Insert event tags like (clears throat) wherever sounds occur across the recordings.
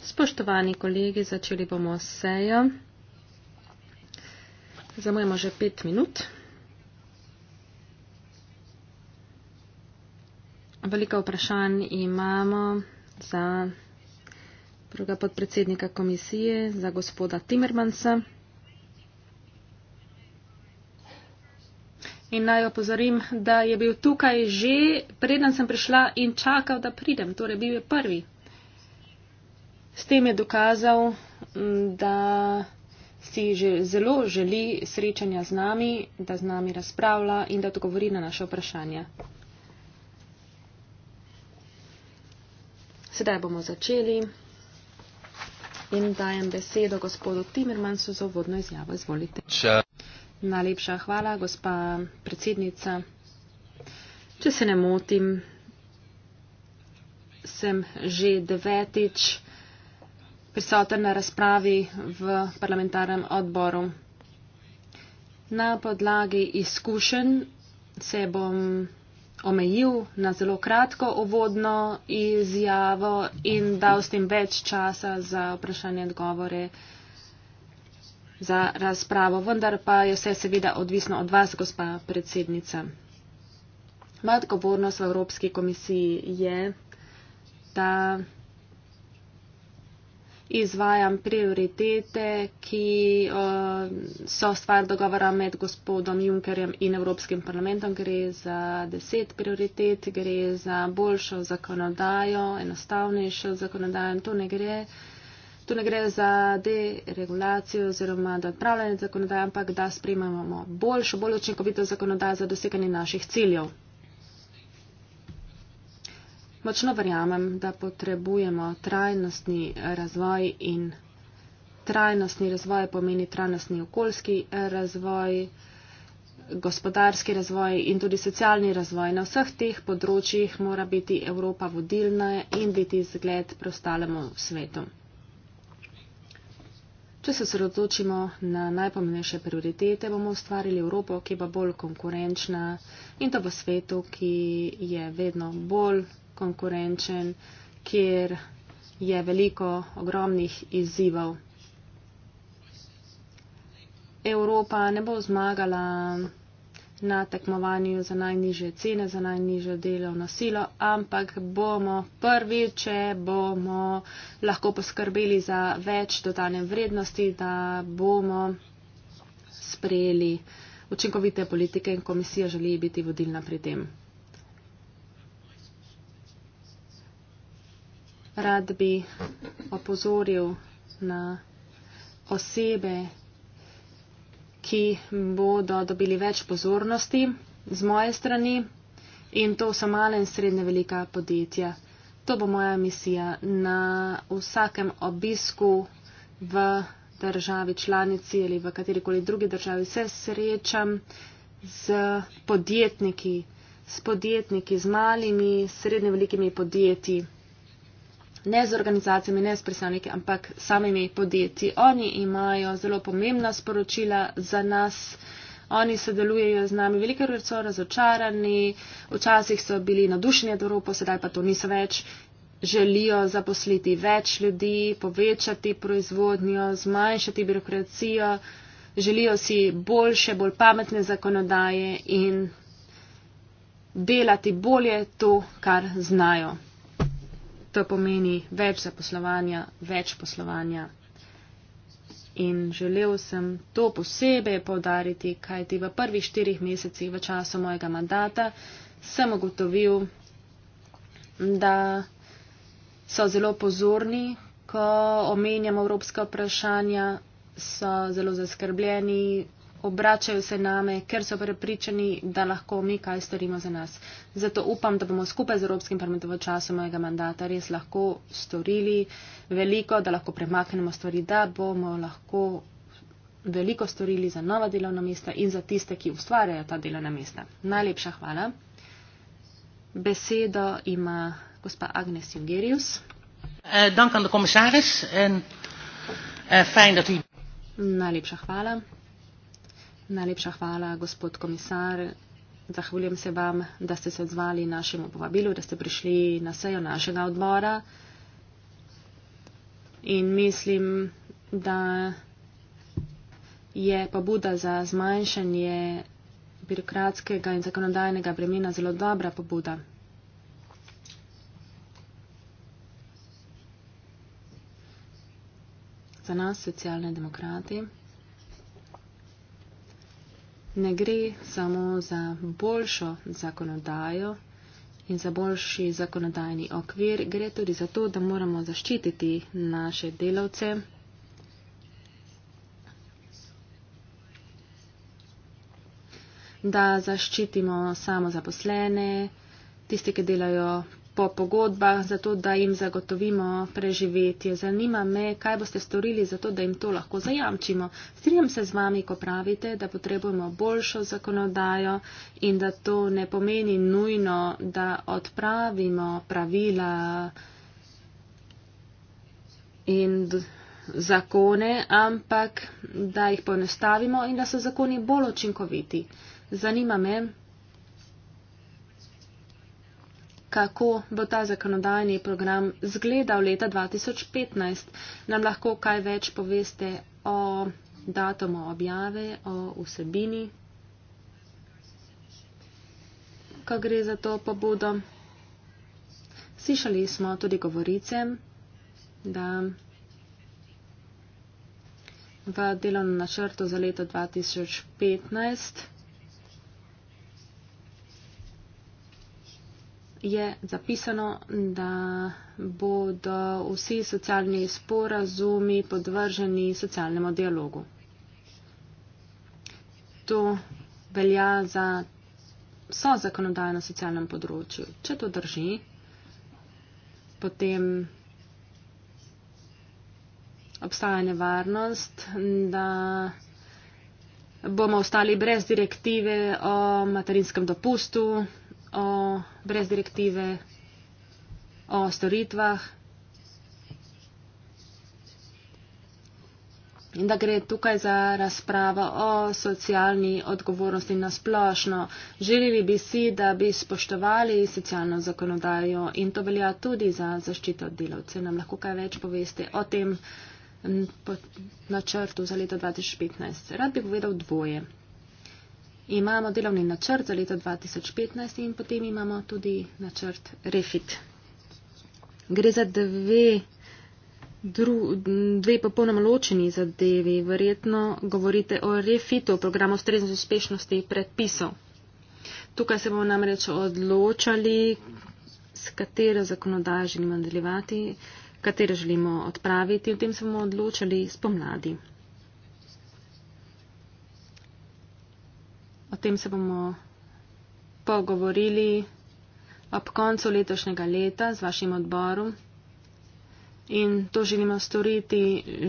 Spoštovani kolegi, začeli bomo sejo. Zamujamo že pet minut. Veliko vprašanj imamo za druga podpredsednika komisije, za gospoda Timmermansa. In naj opozorim, da je bil tukaj že preden sem prišla in čakal, da pridem. Torej, bil je prvi. S tem je dokazal, da si že zelo želi srečanja z nami, da z nami razpravlja in da odgovori na naše vprašanja. Sedaj bomo začeli in dajem besedo gospodu Timmermansu za vodno izjavo. Izvolite. Če... Najlepša hvala, gospa predsednica. Če se ne motim, sem že devetič prisoten na razpravi v parlamentarnem odboru. Na podlagi izkušenj se bom omejil na zelo kratko uvodno izjavo in dal s tem več časa za vprašanje in odgovore za razpravo, vendar pa je vse seveda odvisno od vas, gospa predsednica. Moja odgovornost v Evropski komisiji je, da izvajam prioritete, ki uh, so stvar dogovora med gospodom Junckerjem in Evropskim parlamentom. Gre za deset prioritet, gre za boljšo zakonodajo, enostavnejšo zakonodajo in to ne gre. Uh, Tu ne gre za deregulacijo oziroma da odpravljanje zakonodaje, ampak da sprejmamo boljšo, bolj učinkovito zakonodajo za doseganje naših ciljev. Močno verjamem, da potrebujemo trajnostni razvoj in trajnostni razvoj pomeni trajnostni okoljski razvoj, gospodarski razvoj in tudi socialni razvoj. Na vseh teh področjih mora biti Evropa vodilna in biti zgled preostalemu svetu. Če se sredotočimo na najpomembnejše prioritete, bomo ustvarili Evropo, ki bo bolj konkurenčna in to v svetu, ki je vedno bolj konkurenčen, kjer je veliko ogromnih izzivov. Evropa ne bo zmagala na tekmovanju za najniže cene, za najniže delovno silo, ampak bomo prvi, če bomo lahko poskrbeli za več dodane vrednosti, da bomo sprejeli učinkovite politike in komisija želi biti vodilna pri tem. Rad bi opozoril na osebe, ki bodo dobili več pozornosti z moje strani in to so male in srednje velika podjetja. To bo moja misija na vsakem obisku v državi članici ali v katerikoli drugi državi. Se srečam z podjetniki, s podjetniki, z malimi, srednje velikimi podjetji ne z organizacijami, ne s predstavniki, ampak samimi podjetji. Oni imajo zelo pomembna sporočila za nas. Oni sodelujejo z nami, veliko krat so razočarani, včasih so bili nadušeni od Evropo, sedaj pa to niso več. Želijo zaposliti več ljudi, povečati proizvodnjo, zmanjšati birokracijo, želijo si boljše, bolj pametne zakonodaje in delati bolje to, kar znajo. To pomeni več zaposlovanja, več poslovanja. In želel sem to posebej povdariti, kajti v prvih štirih mesecih v času mojega mandata sem ugotovil, da so zelo pozorni, ko omenjamo evropska vprašanja, so zelo zaskrbljeni, obračajo se name, ker so prepričani, da lahko mi kaj storimo za nas. Zato upam, da bomo skupaj z Evropskim parlamentom v času mojega mandata res lahko storili veliko, da lahko premaknemo stvari, da bomo lahko veliko storili za nova delovna mesta in za tiste, ki ustvarjajo ta delovna mesta. Najlepša hvala. Besedo ima gospa Agnes Jungerius. Eh, eh Najlepša hvala. Najlepša hvala, gospod komisar. Zahvaljujem se vam, da ste se odzvali našemu povabilu, da ste prišli na sejo našega odbora. In mislim, da je pobuda za zmanjšanje birokratskega in zakonodajnega bremena zelo dobra pobuda. Za nas, socialne demokrati ne gre samo za boljšo zakonodajo in za boljši zakonodajni okvir, gre tudi za to, da moramo zaščititi naše delavce. da zaščitimo samo zaposlene, tiste, ki delajo po pogodbah, zato da jim zagotovimo preživetje. Zanima me, kaj boste storili, zato da jim to lahko zajamčimo. Strinjam se z vami, ko pravite, da potrebujemo boljšo zakonodajo in da to ne pomeni nujno, da odpravimo pravila in zakone, ampak da jih ponestavimo in da so zakoni bolj očinkoviti. Zanima me, kako bo ta zakonodajni program zgledal leta 2015, nam lahko kaj več poveste o datumu objave, o vsebini, ko gre za to pobudo. Slišali smo tudi govorice, da v delovnem načrtu za leto 2015 je zapisano, da bodo vsi socialni sporazumi podvrženi socialnemu dialogu. To velja za vso zakonodajo na socialnem področju. Če to drži, potem obstaja nevarnost, da bomo ostali brez direktive o materinskem dopustu, o brez direktive, o storitvah. In da gre tukaj za razpravo o socialni odgovornosti na splošno. Želili bi si, da bi spoštovali socialno zakonodajo in to velja tudi za zaščito delavce. Nam lahko kaj več poveste o tem načrtu za leto 2015. Rad bi povedal dvoje imamo delovni načrt za leto 2015 in potem imamo tudi načrt REFIT. Gre za dve, dru, dve popolnoma ločeni zadevi. Verjetno govorite o REFIT-u, programu ustreznosti in uspešnosti predpisov. Tukaj se bomo namreč odločali, s katero zakonodajo želimo nadaljevati, katero želimo odpraviti. O tem se bomo odločali spomladi. tem se bomo pogovorili ob koncu letošnjega leta z vašim odborom. In to želimo storiti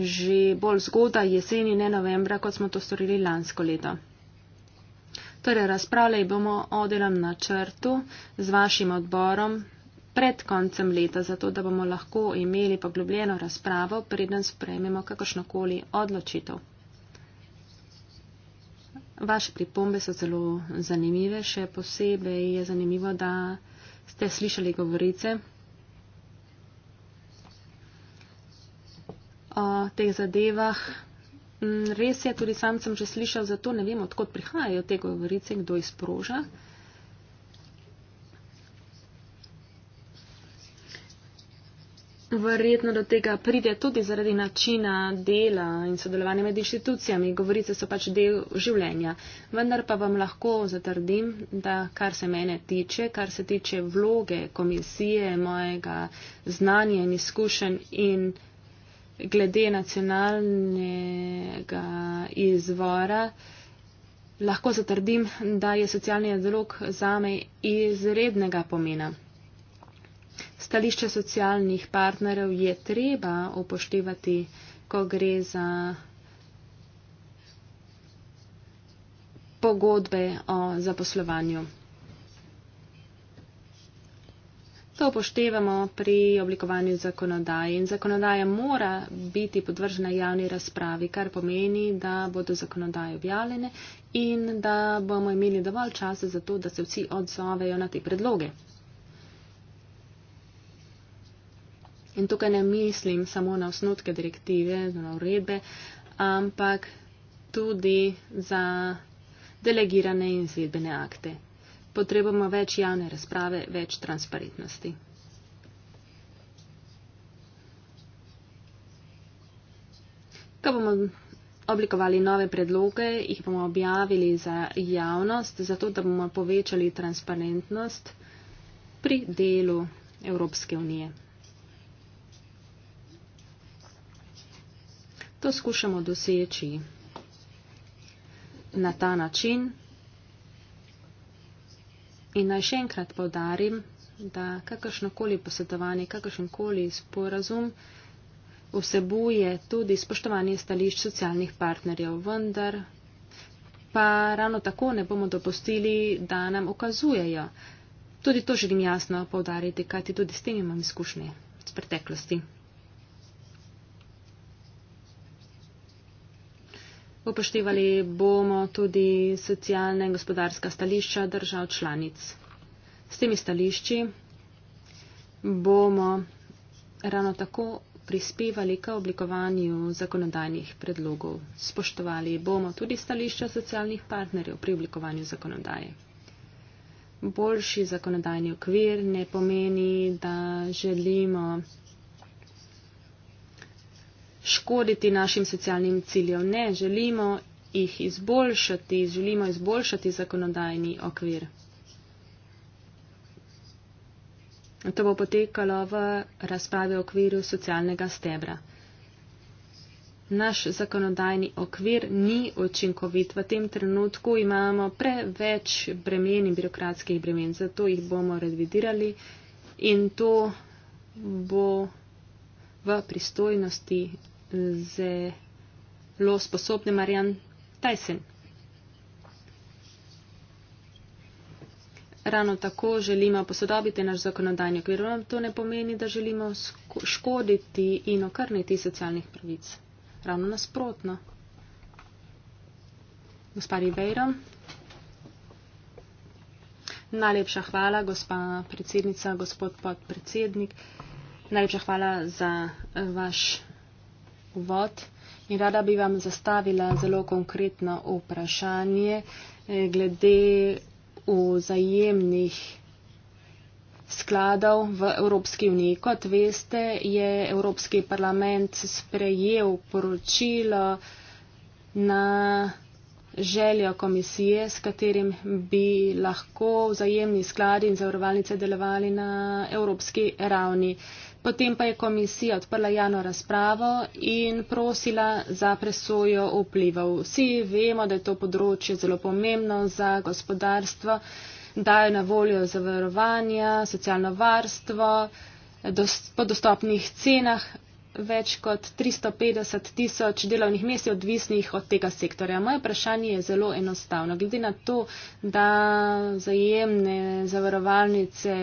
že bolj zgodaj, jeseni, ne novembra, kot smo to storili lansko leto. Torej, razpravljali bomo o delam na črtu z vašim odborom pred koncem leta, zato da bomo lahko imeli poglobljeno razpravo, preden sprejmemo kakršnokoli odločitev. Vaše pripombe so zelo zanimive, še posebej je zanimivo, da ste slišali govorice o teh zadevah. Mm, res je, tudi sam sem že slišal, zato ne vem, odkot prihajajo te govorice, kdo jih sproža. Verjetno do tega pride tudi zaradi načina dela in sodelovanja med inštitucijami. Govorice so pač del življenja. Vendar pa vam lahko zatrdim, da kar se mene tiče, kar se tiče vloge komisije, mojega znanja in izkušenj in glede nacionalnega izvora, lahko zatrdim, da je socialni dialog zame izrednega pomena stališče socialnih partnerev je treba upoštevati, ko gre za pogodbe o zaposlovanju. To upoštevamo pri oblikovanju zakonodaje in zakonodaja mora biti podvržena javni razpravi, kar pomeni, da bodo zakonodaje objavljene in da bomo imeli dovolj časa za to, da se vsi odzovejo na te predloge. In tukaj ne mislim samo na osnutke direktive, na uredbe, ampak tudi za delegirane in zvedbene akte. Potrebujemo več javne razprave, več transparentnosti. Ko bomo oblikovali nove predloge, jih bomo objavili za javnost, zato da bomo povečali transparentnost pri delu Evropske unije. To skušamo doseči na ta način. In naj še enkrat povdarim, da kakršnokoli posvetovanje, kakršnokoli sporazum vsebuje tudi spoštovanje stališč socialnih partnerjev, vendar pa ravno tako ne bomo dopustili, da nam ukazujejo. Tudi to želim jasno povdariti, kajti tudi s tem imam izkušnje iz preteklosti. Upoštevali bomo tudi socialne in gospodarska stališča držav članic. S temi stališči bomo ravno tako prispevali k oblikovanju zakonodajnih predlogov. Spoštovali bomo tudi stališča socialnih partnerjev pri oblikovanju zakonodaje. Boljši zakonodajni okvir ne pomeni, da želimo škoditi našim socialnim ciljem. Ne, želimo jih izboljšati, želimo izboljšati zakonodajni okvir. To bo potekalo v razprave v okviru socialnega stebra. Naš zakonodajni okvir ni učinkovit. V tem trenutku imamo preveč bremen in birokratskih bremen, zato jih bomo revidirali in to bo v pristojnosti zelo sposobne Marian Tyson. Ravno tako želimo posodobiti naš zakonodajni okvir, vam to ne pomeni, da želimo škoditi in okrniti socialnih pravic. Ravno nasprotno. Gospa Ribeiro. Najlepša hvala, gospa predsednica, gospod podpredsednik. Najlepša hvala za eh, vaš uvod in rada bi vam zastavila zelo konkretno vprašanje eh, glede vzajemnih skladov v Evropski uniji. Kot veste, je Evropski parlament sprejel poročilo na željo komisije, s katerim bi lahko vzajemni skladi in zavarovalnice delovali na evropski ravni. Potem pa je komisija odprla javno razpravo in prosila za presojo vplivov. Vsi vemo, da je to področje zelo pomembno za gospodarstvo, dajo na voljo zavarovanja, socialno varstvo, dost, po dostopnih cenah, več kot 350 tisoč delovnih mest je odvisnih od tega sektorja. Moje vprašanje je zelo enostavno. Glede na to, da zajemne zavarovalnice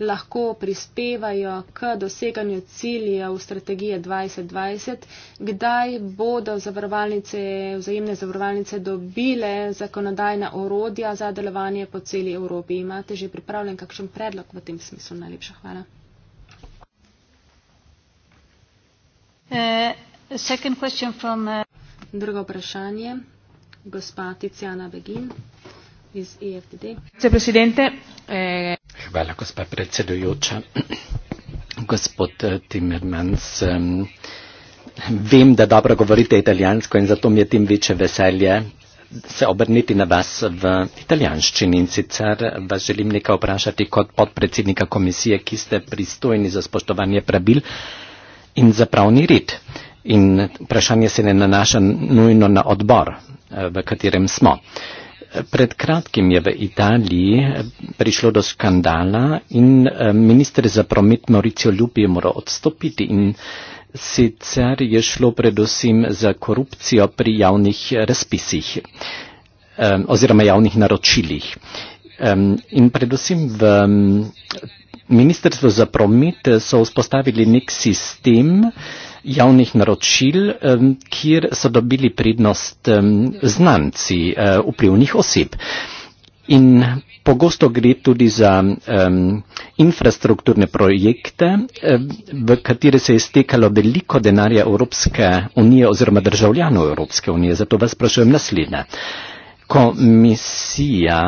lahko prispevajo k doseganju cilja v strategije 2020, kdaj bodo zavarovalnice, vzajemne zavarovalnice dobile zakonodajna orodja za delovanje po celi Evropi? Imate že pripravljen kakšen predlog v tem smislu? Najlepša hvala. Uh, second question from uh, drugo vprašanje gospa Tiziana Begin iz EFTD. Predsedujoče. Eh. Hvala, gospa predsedujoča. (clears throat) Gospod eh, Timmermans, um, vem, da dobro govorite italijansko in zato mi je tim večje veselje se obrniti na vas v italijanščini in sicer vas želim nekaj vprašati kot podpredsednika komisije, ki ste pristojni za spoštovanje pravil. Uh, in za pravni red. In vprašanje se ne nanaša nujno na odbor, eh, v katerem smo. Pred kratkim je v Italiji eh, prišlo do skandala in eh, minister za promet Mauricio Ljubi je moral odstopiti in sicer je šlo predvsem za korupcijo pri javnih razpisih oziroma javnih naročilih. In predvsem v Ministrstvo za promet eh, so vzpostavili nek sistem javnih naročil, kjer so dobili prednost znanci eh, vplivnih oseb. In pogosto gre tudi za um, infrastrukturne projekte, um, v katere se je stekalo veliko denarja Evropske unije oziroma državljanov Evropske unije. Zato vas sprašujem naslednje komisija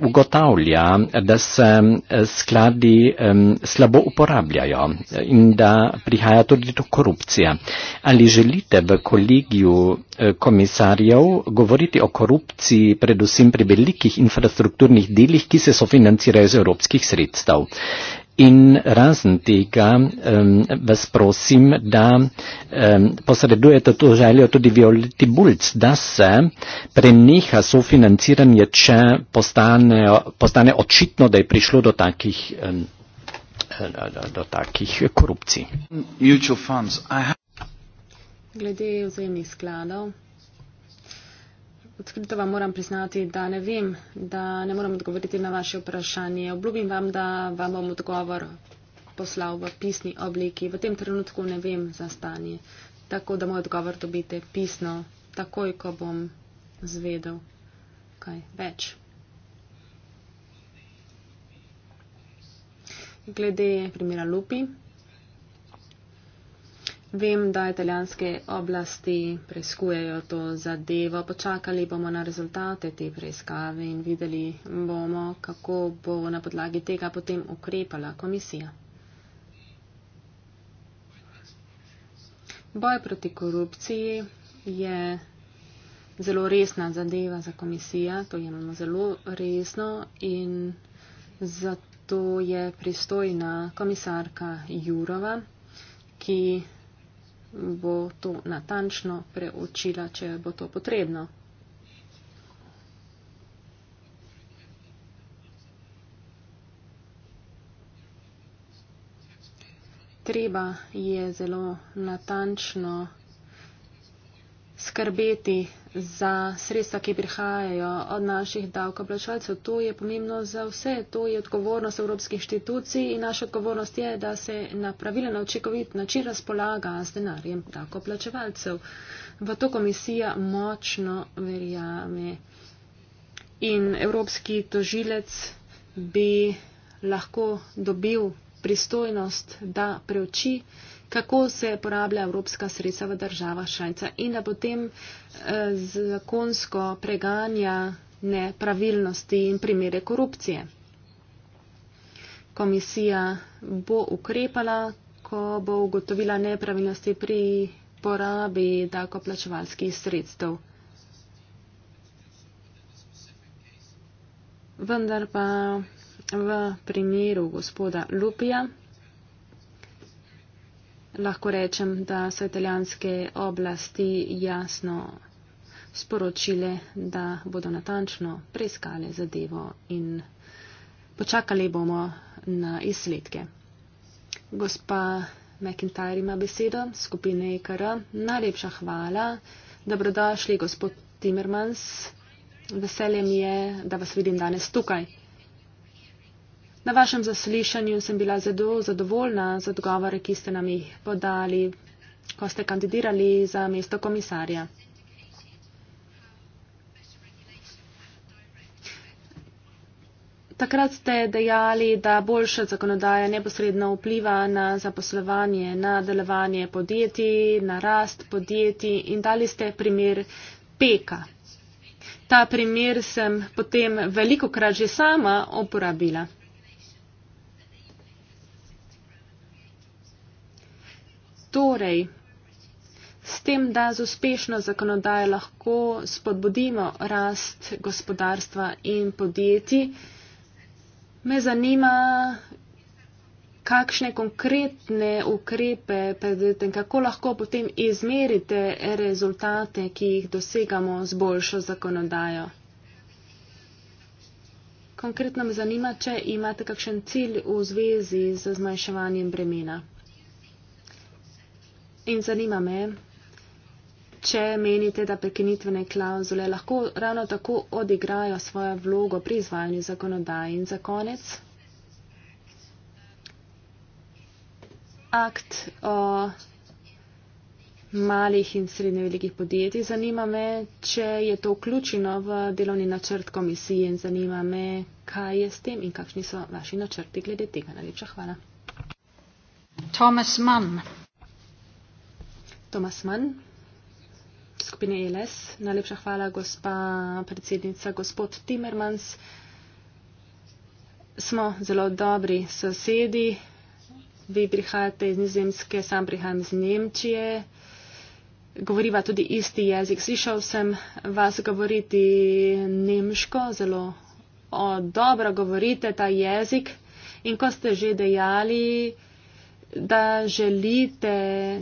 ugotavlja, da se eh, skladi slabo uporabljajo in da prihaja tudi do korupcije. Ali želite v kolegiju eh, komisarjev govoriti o korupciji, predvsem pri velikih infrastrukturnih delih, ki se sofinancirajo iz evropskih sredstev? In razen tega um, vas prosim, da um, posredujete to željo tudi Violeti Bulc, da se preneha sofinanciranje, če postane, postane očitno, da je prišlo do takih, um, do, do takih korupcij. Glede vzajemnih skladov. Odkrito vam moram priznati, da ne vem, da ne moram odgovoriti na vaše vprašanje. Obljubim vam, da vam bom odgovor poslal v pisni obliki. V tem trenutku ne vem za stanje, tako da moj odgovor dobite pisno, takoj, ko bom zvedel kaj več. Glede primera Lupi, Vem, da italijanske oblasti preiskujejo to zadevo. Počakali bomo na rezultate te preiskave in videli bomo, kako bo na podlagi tega potem ukrepala komisija. Boj proti korupciji je zelo resna zadeva za komisijo, to imamo zelo resno in zato je pristojna komisarka Jurova, ki bo to natančno preučila, če bo to potrebno. Treba je zelo natančno skrbeti za sredstva, ki prihajajo od naših davkoplačalcev. To je pomembno za vse, to je odgovornost evropskih inštitucij in naša odgovornost je, da se na pravilen, očekovit način razpolaga z denarjem davkoplačevalcev. V to komisija močno verjame. In evropski tožilec bi lahko dobil pristojnost, da preuči kako se porablja evropska sredstva v državah članica in da potem eh, zakonsko preganja nepravilnosti in primere korupcije. Komisija bo ukrepala, ko bo ugotovila nepravilnosti pri porabi dakoplačevalskih sredstev. Vendar pa v primeru gospoda Lupija lahko rečem, da so italijanske oblasti jasno sporočile, da bodo natančno preiskale zadevo in počakali bomo na izsledke. Gospa McIntyre ima besedo, skupine EKR. Najlepša hvala, dobrodošli, gospod Timmermans. Veselje mi je, da vas vidim danes tukaj. Na vašem zaslišanju sem bila zelo zadovoljna z odgovore, ki ste nam jih podali, ko ste kandidirali za mesto komisarja. Takrat ste dejali, da boljša zakonodaja neposredno vpliva na zaposlovanje, na delovanje podjetij, na rast podjetij in dali ste primer peka. Ta primer sem potem veliko krat že sama uporabila. Torej, s tem, da z uspešno zakonodajo lahko spodbudimo rast gospodarstva in podjetij, me zanima, kakšne konkretne ukrepe predvidite in kako lahko potem izmerite rezultate, ki jih dosegamo z boljšo zakonodajo. Konkretno me zanima, če imate kakšen cilj v zvezi z zmanjševanjem bremena. In zanima me, če menite, da prekinitvene klauzule lahko ravno tako odigrajo svojo vlogo pri izvajanju zakonodaje in za konec. Akt o malih in srednje velikih podjetij. Zanima me, če je to vključeno v delovni načrt komisije in zanima me, kaj je s tem in kakšni so vaši načrti glede tega. Najlepša hvala. Thomas Mann. Tomas Mann, skupine ELS. Najlepša hvala, gospa predsednica, gospod Timmermans. Smo zelo dobri sosedi. Vi prihajate iz Nizozemske, sam prihajam iz Nemčije. Govoriva tudi isti jezik. Slišal sem vas govoriti nemško, zelo o, dobro govorite ta jezik. In ko ste že dejali, da želite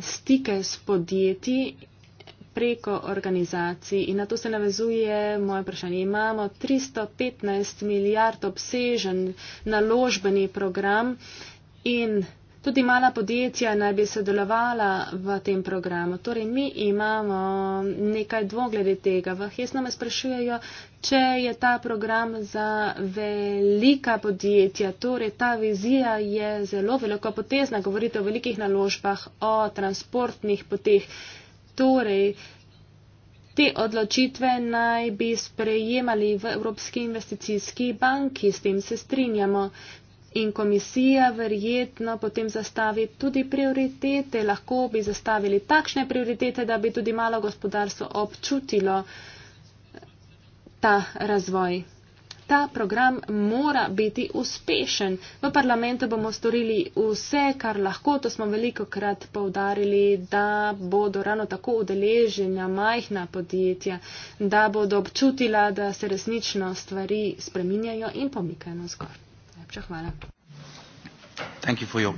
stike s podjetji preko organizacij. In na to se navezuje moje vprašanje. Imamo 315 milijard obsežen naložbeni program in Tudi mala podjetja naj bi sodelovala v tem programu. Torej, mi imamo nekaj dvoglede tega. V Hesno me sprašujejo, če je ta program za velika podjetja. Torej, ta vizija je zelo veliko potezna. Govorite o velikih naložbah, o transportnih poteh. Torej, te odločitve naj bi sprejemali v Evropski investicijski banki. S tem se strinjamo. In komisija verjetno potem zastavi tudi prioritete. Lahko bi zastavili takšne prioritete, da bi tudi malo gospodarstvo občutilo ta razvoj. Ta program mora biti uspešen. V parlamentu bomo storili vse, kar lahko, to smo veliko krat povdarili, da bodo ravno tako udeleženja majhna podjetja, da bodo občutila, da se resnično stvari spreminjajo in pomikajo na zgor. Najlepša hvala. Thank you for your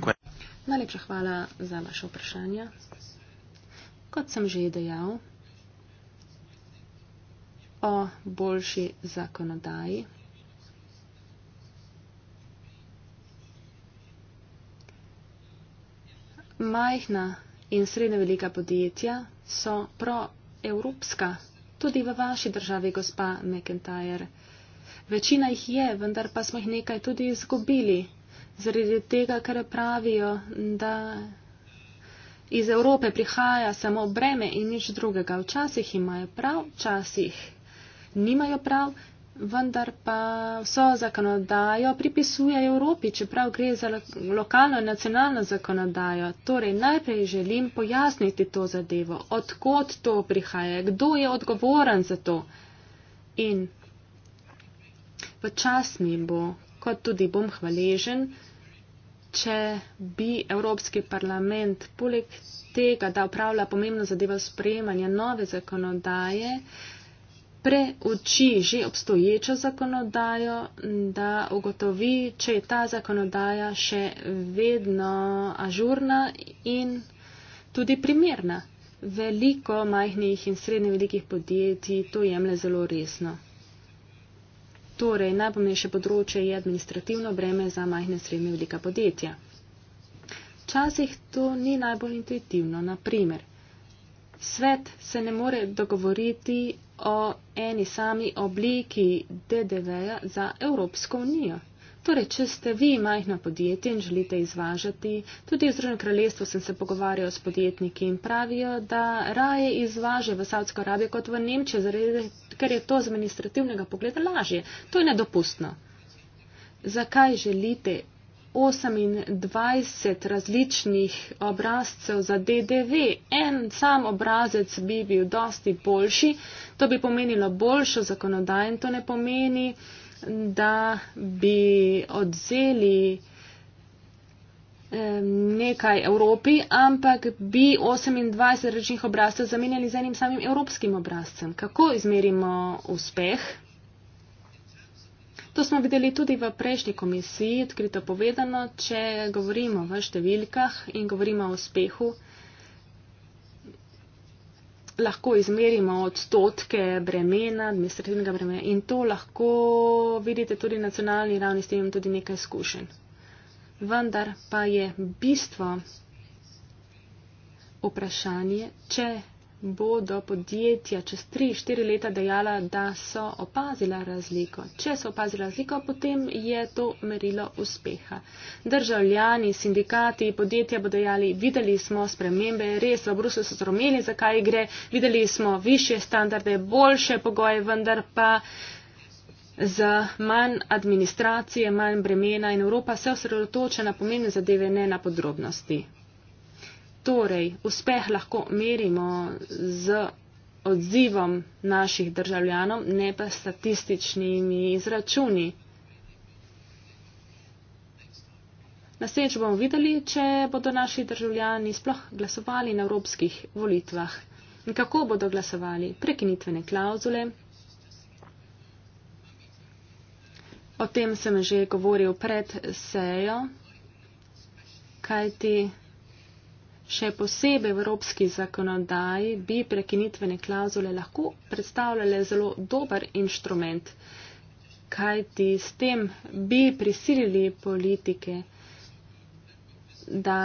Najlepša hvala za vaše vprašanje. Kot sem že dejal, o boljši zakonodaji. Majhna in srednje velika podjetja so proevropska, tudi v vaši državi, gospa McIntyre. Večina jih je, vendar pa smo jih nekaj tudi izgubili, zaradi tega, ker pravijo, da iz Evrope prihaja samo breme in nič drugega. Včasih imajo prav, včasih nimajo prav, vendar pa vso zakonodajo pripisuje Evropi, čeprav gre za lokalno in nacionalno zakonodajo. Torej, najprej želim pojasniti to zadevo, odkot to prihaja, kdo je odgovoren za to. In v čas mi bo, kot tudi bom hvaležen, če bi Evropski parlament poleg tega, da upravlja pomembno zadevo sprejemanja nove zakonodaje, preuči že obstoječo zakonodajo, da ugotovi, če je ta zakonodaja še vedno ažurna in tudi primerna. Veliko majhnih in srednje velikih podjetij to jemlje zelo resno. Torej, najpomembnejše področje je administrativno breme za majhne in srednje velika podjetja. Včasih to ni najbolj intuitivno. Naprimer, svet se ne more dogovoriti o eni sami obliki DDV-ja za Evropsko unijo. Torej, če ste vi majhna podjetja in želite izvažati, tudi v Združenem kraljestvu sem se pogovarjal s podjetniki in pravijo, da raje izvaže v Saudsko Arabijo kot v Nemčijo, zaradi ker je to z administrativnega pogleda lažje. To je nedopustno. Zakaj želite 28 različnih obrazcev za DDV? En sam obrazec bi bil dosti boljši, to bi pomenilo boljšo zakonodajo in to ne pomeni, da bi odzeli Eh, nekaj Evropi, ampak bi 28 različnih obrazcev zamenjali z enim samim evropskim obrazcem. Kako izmerimo uspeh? To smo videli tudi v prejšnji komisiji, odkrito povedano, če govorimo v številkah in govorimo o uspehu, lahko izmerimo odstotke bremena, administrativnega bremena in to lahko vidite tudi na nacionalni ravni, s tem imam tudi nekaj izkušenj vendar pa je bistvo vprašanje, če bodo podjetja čez 3-4 leta dejala, da so opazila razliko. Če so opazila razliko, potem je to merilo uspeha. Državljani, sindikati, podjetja bodo dejali, videli smo spremembe, res v Bruslju so zromeli, zakaj gre, videli smo više standarde, boljše pogoje, vendar pa z manj administracije, manj bremena in Evropa se osredotoča na pomembne zadeve, ne na podrobnosti. Torej, uspeh lahko merimo z odzivom naših državljanov, ne pa statističnimi izračuni. Naslednjič bomo videli, če bodo naši državljani sploh glasovali na evropskih volitvah in kako bodo glasovali prekinitvene klauzule. O tem sem že govoril pred sejo, kajti še posebej v evropski zakonodaji bi prekinitvene klauzule lahko predstavljale zelo dober inštrument, kajti s tem bi prisilili politike, da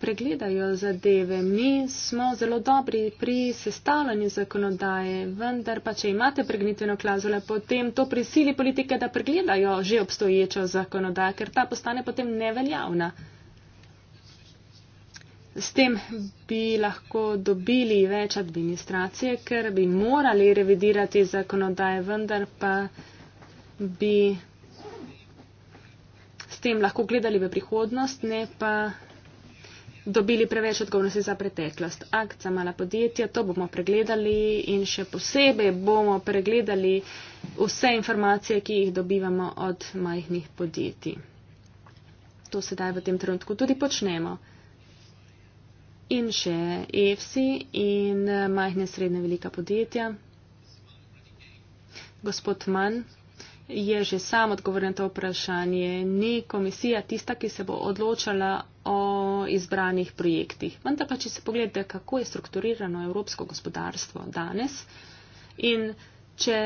pregledajo zadeve. Mi smo zelo dobri pri sestavljanju zakonodaje, vendar pa če imate pregnitveno klazule, potem to prisili politike, da pregledajo že obstoječo zakonodajo, ker ta postane potem neveljavna. S tem bi lahko dobili več administracije, ker bi morali revidirati zakonodaje, vendar pa bi s tem lahko gledali v prihodnost, ne pa dobili preveč odgovornosti za preteklost. Akt za mala podjetja, to bomo pregledali in še posebej bomo pregledali vse informacije, ki jih dobivamo od majhnih podjetij. To sedaj v tem trenutku tudi počnemo. In še EFSI in majhne srednje velika podjetja. Gospod Mann je že sam odgovoril na to vprašanje. Ni komisija tista, ki se bo odločala o izbranih projektih. Vendar pa, če se pogledate, kako je strukturirano evropsko gospodarstvo danes in če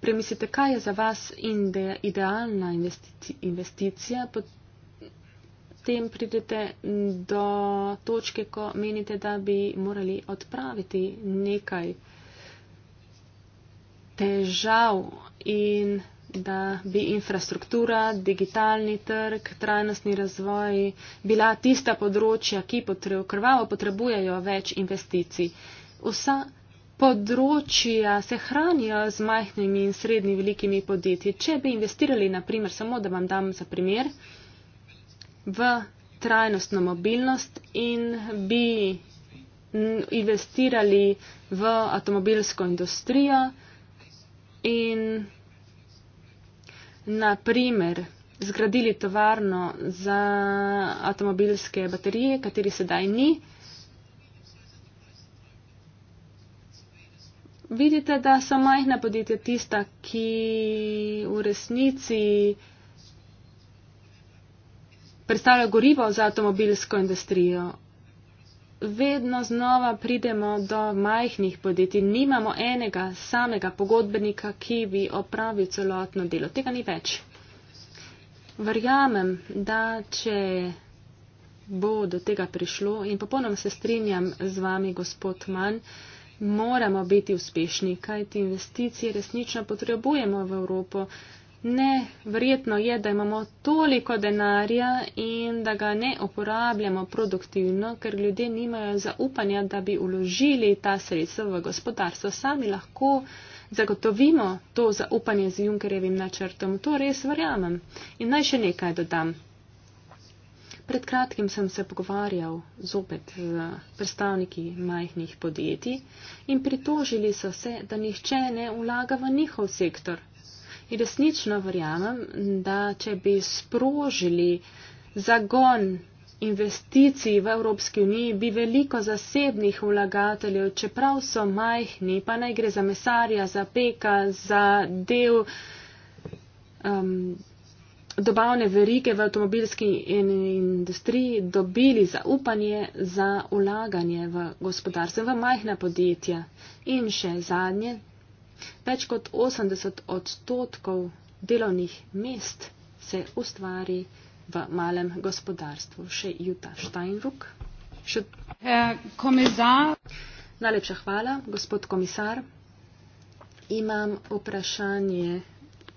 premislite, kaj je za vas ide, idealna investicija, potem potem pridete do točke, ko menite, da bi morali odpraviti nekaj težav in da bi infrastruktura, digitalni trg, trajnostni razvoj bila tista področja, ki potrebu, krvavo potrebujejo več investicij. Vsa področja se hranijo z majhnimi in srednji velikimi podjetji. Če bi investirali, naprimer, samo da vam dam za primer, v trajnostno mobilnost in bi investirali v avtomobilsko industrijo in naprimer zgradili tovarno za avtomobilske baterije, kateri sedaj ni. Vidite, da so majhna podjetja tista, ki v resnici predstavlja gorivo za avtomobilsko industrijo. Vedno znova pridemo do majhnih podjetij. Nimamo enega samega pogodbenika, ki bi opravil celotno delo. Tega ni več. Verjamem, da če bo do tega prišlo in popolnoma se strinjam z vami, gospod Mann, moramo biti uspešni, kajti investicije resnično potrebujemo v Evropo ne, verjetno je, da imamo toliko denarja in da ga ne uporabljamo produktivno, ker ljudje nimajo zaupanja, da bi uložili ta sredstva v gospodarstvo. Sami lahko zagotovimo to zaupanje z Junkerjevim načrtom. To res verjamem. In naj še nekaj dodam. Pred kratkim sem se pogovarjal zopet z predstavniki majhnih podjetij in pritožili so se, da nihče ne vlaga v njihov sektor, resnično verjamem, da če bi sprožili zagon investicij v Evropski uniji, bi veliko zasebnih vlagateljev, čeprav so majhni, pa naj gre za mesarja, za peka, za del um, dobavne verige v avtomobilski in industriji, dobili zaupanje za ulaganje v gospodarstvo, v majhna podjetja. In še zadnje, Več kot 80 odstotkov delovnih mest se ustvari v malem gospodarstvu. Še Juta Steinruck. Še... Komisar. Najlepša hvala, gospod komisar. Imam vprašanje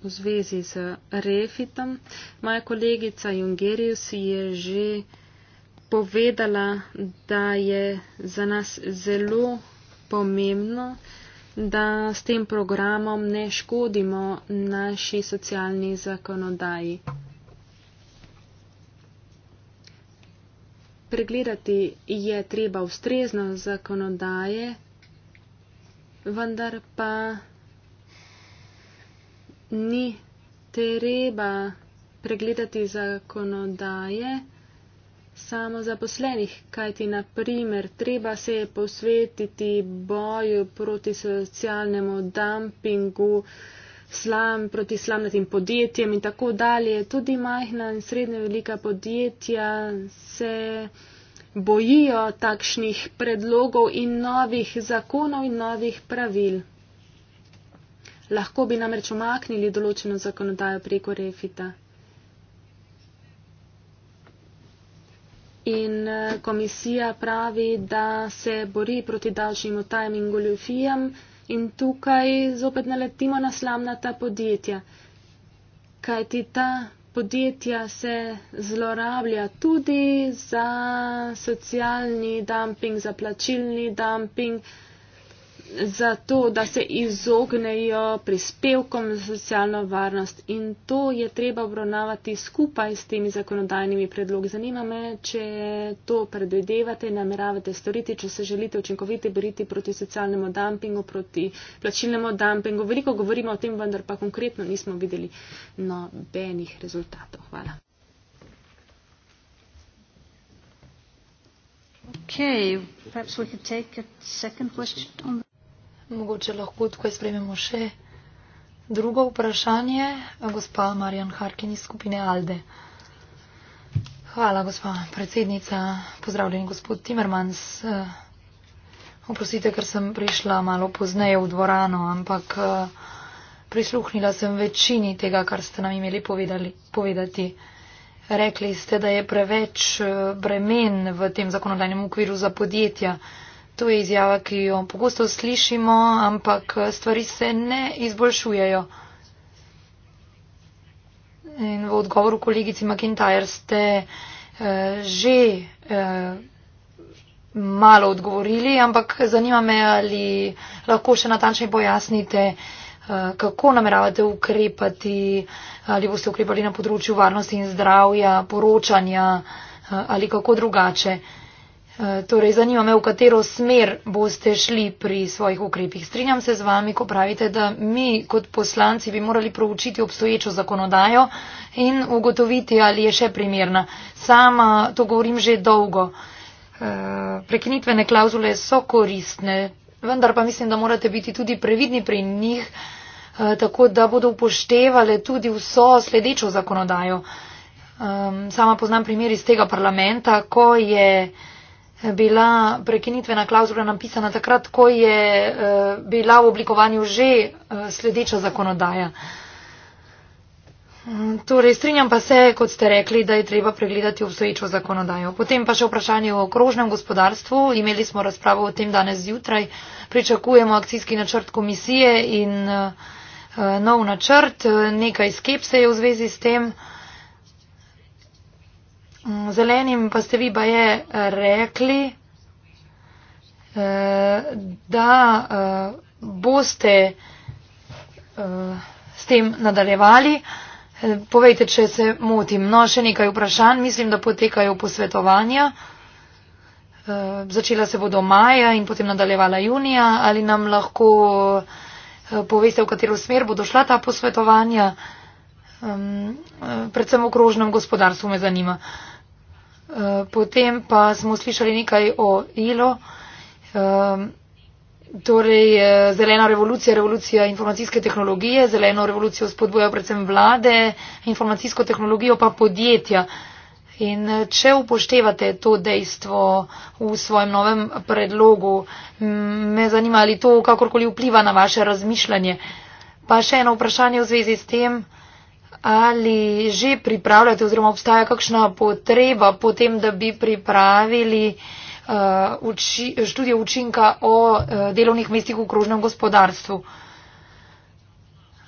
v zvezi z refitom. Moja kolegica Jungerius je že povedala, da je za nas zelo pomembno, da s tem programom ne škodimo naši socialni zakonodaji. Pregledati je treba ustrezno zakonodaje, vendar pa ni treba pregledati zakonodaje, samo zaposlenih, kajti na primer treba se je posvetiti boju proti socialnemu dumpingu, slam, proti slamnatim podjetjem in tako dalje. Tudi majhna in srednje velika podjetja se bojijo takšnih predlogov in novih zakonov in novih pravil. Lahko bi namreč omaknili določeno zakonodajo preko refita. in eh, komisija pravi, da se bori proti davčnim otajem in goljofijam in tukaj zopet naletimo na slamnata podjetja. Kaj ti ta podjetja se zlorablja tudi za socialni dumping, za plačilni dumping, uh, za to, da se izognejo prispevkom za socialno varnost in to je treba obravnavati skupaj s temi zakonodajnimi predlogi. Zanima me, če to predvidevate, nameravate storiti, če se želite učinkoviti boriti proti socialnemu dumpingu, proti plačilnemu dumpingu. Veliko govorimo o tem, vendar pa konkretno nismo videli nobenih rezultatov. Hvala. Okay, perhaps we could take a second question on the Mogoče lahko tukaj sprememo še drugo vprašanje. Gospa Marjan Harkin iz skupine Alde. Hvala, gospa predsednica. Pozdravljen, gospod Timmermans. Eh, oprostite, ker sem prišla malo pozneje v dvorano, ampak eh, prisluhnila sem večini tega, kar ste nam imeli povedali, povedati. Rekli ste, da je preveč eh, bremen v tem zakonodajnem okviru za podjetja. To je izjava, ki jo pogosto slišimo, ampak eh, stvari se ne izboljšujejo. In v odgovoru kolegici McIntyre ste uh, že uh, malo odgovorili, ampak zanima me, ali lahko še natančneje pojasnite, uh, kako nameravate ukrepati, ali boste ukrepali na področju varnosti in zdravja, poročanja uh, ali kako drugače. Uh, Torej, zanima me, v katero smer boste šli pri svojih ukrepih. Strinjam se z vami, ko pravite, da mi kot poslanci bi morali proučiti obstoječo zakonodajo in ugotoviti, ali je še primerna. Sama to govorim že dolgo. E, Prekinitvene klauzule so koristne, vendar pa mislim, da morate biti tudi previdni pri njih, e, tako da bodo upoštevale tudi vso sledečo zakonodajo. E, sama poznam primer iz tega parlamenta, ko je bila prekinitvena klauzula napisana takrat, ko je eh, bila v oblikovanju že eh, sledeča zakonodaja. Mm, torej, strinjam pa se, kot ste rekli, da je treba pregledati obstoječo zakonodajo. Potem pa še vprašanje o okrožnem gospodarstvu. Imeli smo razpravo o tem danes zjutraj. Pričakujemo akcijski načrt komisije in uh, nov načrt. Nekaj skepse je v zvezi s tem. Uh, Mm, zelenim pa ste vi pa je eh, rekli, eh, da eh, boste s tem nadaljevali. Povejte, če se motim. No, še nekaj vprašanj. Mislim, da potekajo posvetovanja. Začela se bodo maja in potem nadaljevala junija. Ali nam lahko poveste, v katero smer bodo šla ta posvetovanja? Mm, predvsem v krožnem gospodarstvu me zanima. Eh, potem pa smo slišali nekaj o ILO, ehm, torej eh, zelena revolucija, revolucija informacijske tehnologije, zeleno revolucijo spodbujajo predvsem vlade, informacijsko tehnologijo pa podjetja. In eh, če upoštevate to dejstvo v svojem novem predlogu, me zanima, ali to kakorkoli vpliva na vaše razmišljanje. Pa še eno vprašanje v zvezi s tem ali že pripravljate oziroma obstaja kakšna potreba potem, da bi pripravili eh, uči, študijo učinka o eh, delovnih mestih v krožnem gospodarstvu.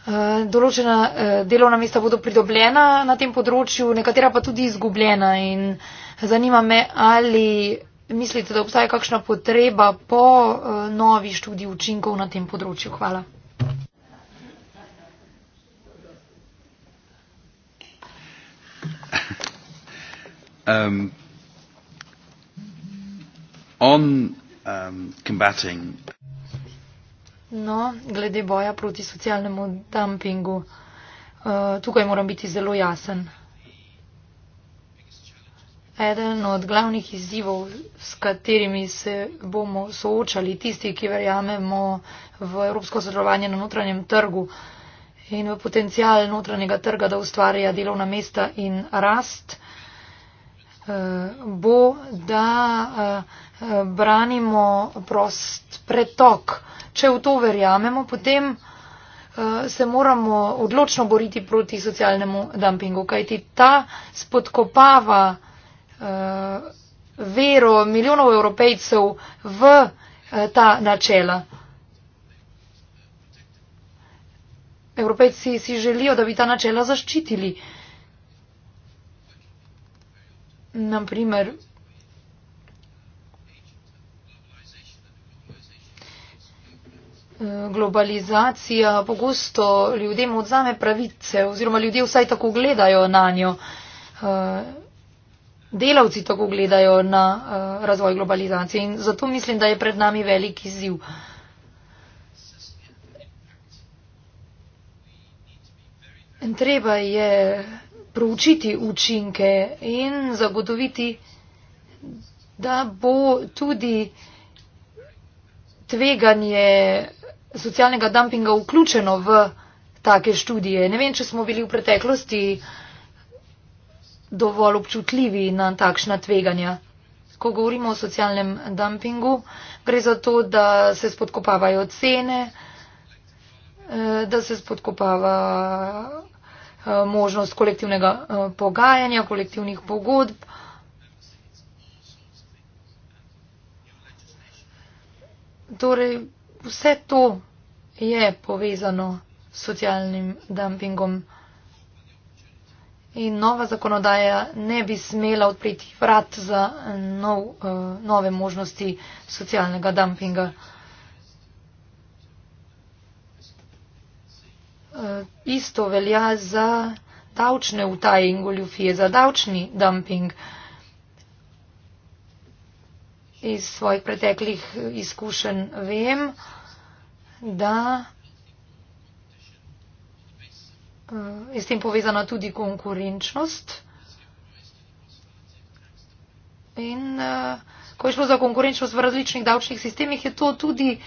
Eh, določena delovna mesta bodo pridobljena na tem področju, nekatera pa tudi izgubljena in zanima me, ali mislite, da obstaja kakšna potreba po novi študiji učinkov na tem področju. Hvala. um, on um, combating. No, glede boja proti socialnemu dumpingu, uh, tukaj moram biti zelo jasen. Eden od glavnih izzivov, s katerimi se bomo soočali, tisti, ki verjamemo v evropsko sodelovanje na notranjem trgu in v potencijal notranjega trga, da ustvarja delovna mesta in rast, Eh, bo, da eh, branimo prost pretok. Če v to verjamemo, potem eh, se moramo odločno boriti proti socialnemu dumpingu, kajti ta spodkopava vero milijonov evropejcev v ta načela. Evropejci si želijo, da bi ta načela zaščitili например, globalizacija pogosto ljudem odzame pravice oziroma ljudje vsaj tako gledajo na njo. Eh, delavci tako gledajo na eh, razvoj globalizacije in zato mislim, da je pred nami velik izziv. Treba je proučiti učinke in zagotoviti, da bo tudi tveganje socialnega dumpinga vključeno v take študije. Ne vem, če smo bili v preteklosti dovolj občutljivi na takšna tveganja. Ko govorimo o socialnem dumpingu, gre za to, da se spodkopavajo cene, eh, da se spodkopava Eh, možnost kolektivnega eh, pogajanja, kolektivnih pogodb. Torej, vse to je povezano s socialnim dumpingom in nova zakonodaja ne bi smela odpreti vrat za nov, eh, nove možnosti socialnega dumpinga. Eh, isto velja za davčne utaje in goljufije, za davčni dumping. Iz svojih preteklih izkušenj vem, da eh, je s tem povezana tudi konkurenčnost. In eh, ko je šlo za konkurenčnost v različnih davčnih sistemih, je to tudi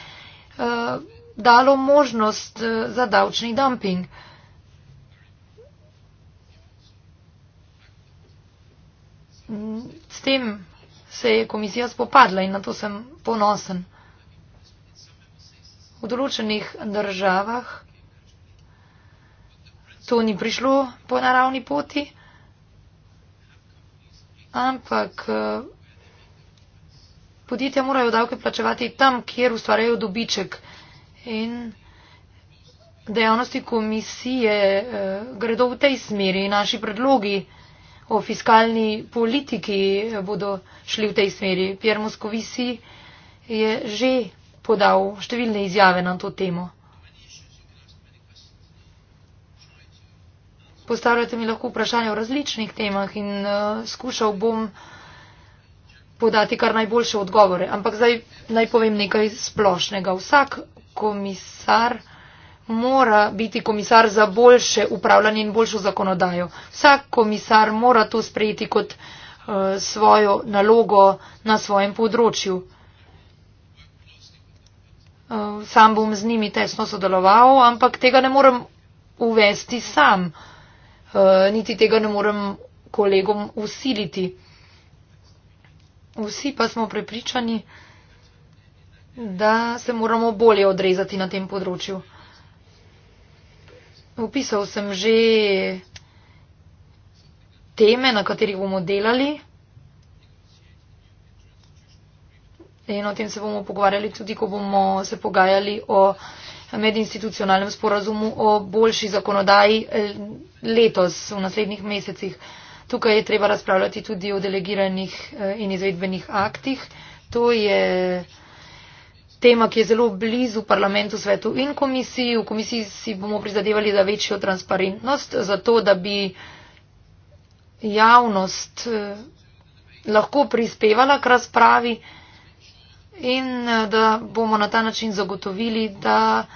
dalo možnost eh, za davčni dumping. S tem se je komisija spopadla in na to sem ponosen. V določenih državah to ni prišlo po naravni poti, ampak eh, podjetja morajo davke plačevati tam, kjer ustvarjajo dobiček. In dejavnosti komisije eh, gredo v tej smeri. Naši predlogi o fiskalni politiki eh, bodo šli v tej smeri. Pierre Moscovici je že podal številne izjave na to temo. Postavljate mi lahko vprašanje o različnih temah in uh, skušal bom podati kar najboljše odgovore. Ampak zdaj naj povem nekaj splošnega. Vsak komisar mora biti komisar za boljše upravljanje in boljšo zakonodajo. Vsak komisar mora to sprejeti kot uh, svojo nalogo na svojem področju. Uh, sam bom z njimi tesno sodeloval, ampak tega ne morem uvesti sam, uh, niti tega ne morem kolegom usiliti. Vsi pa smo prepričani, da se moramo bolje odrezati na tem področju. Upisal sem že teme, na katerih bomo delali in o tem se bomo pogovarjali tudi, ko bomo se pogajali o medinstitucionalnem sporazumu o boljši zakonodaji eh, letos v naslednjih mesecih. Tukaj je treba razpravljati tudi o delegiranih eh, in izvedbenih aktih. To je tema, ki je zelo blizu parlamentu, svetu in komisiji. V komisiji si bomo prizadevali za večjo transparentnost, zato da bi javnost eh, lahko prispevala k razpravi in eh, da bomo na ta način zagotovili, da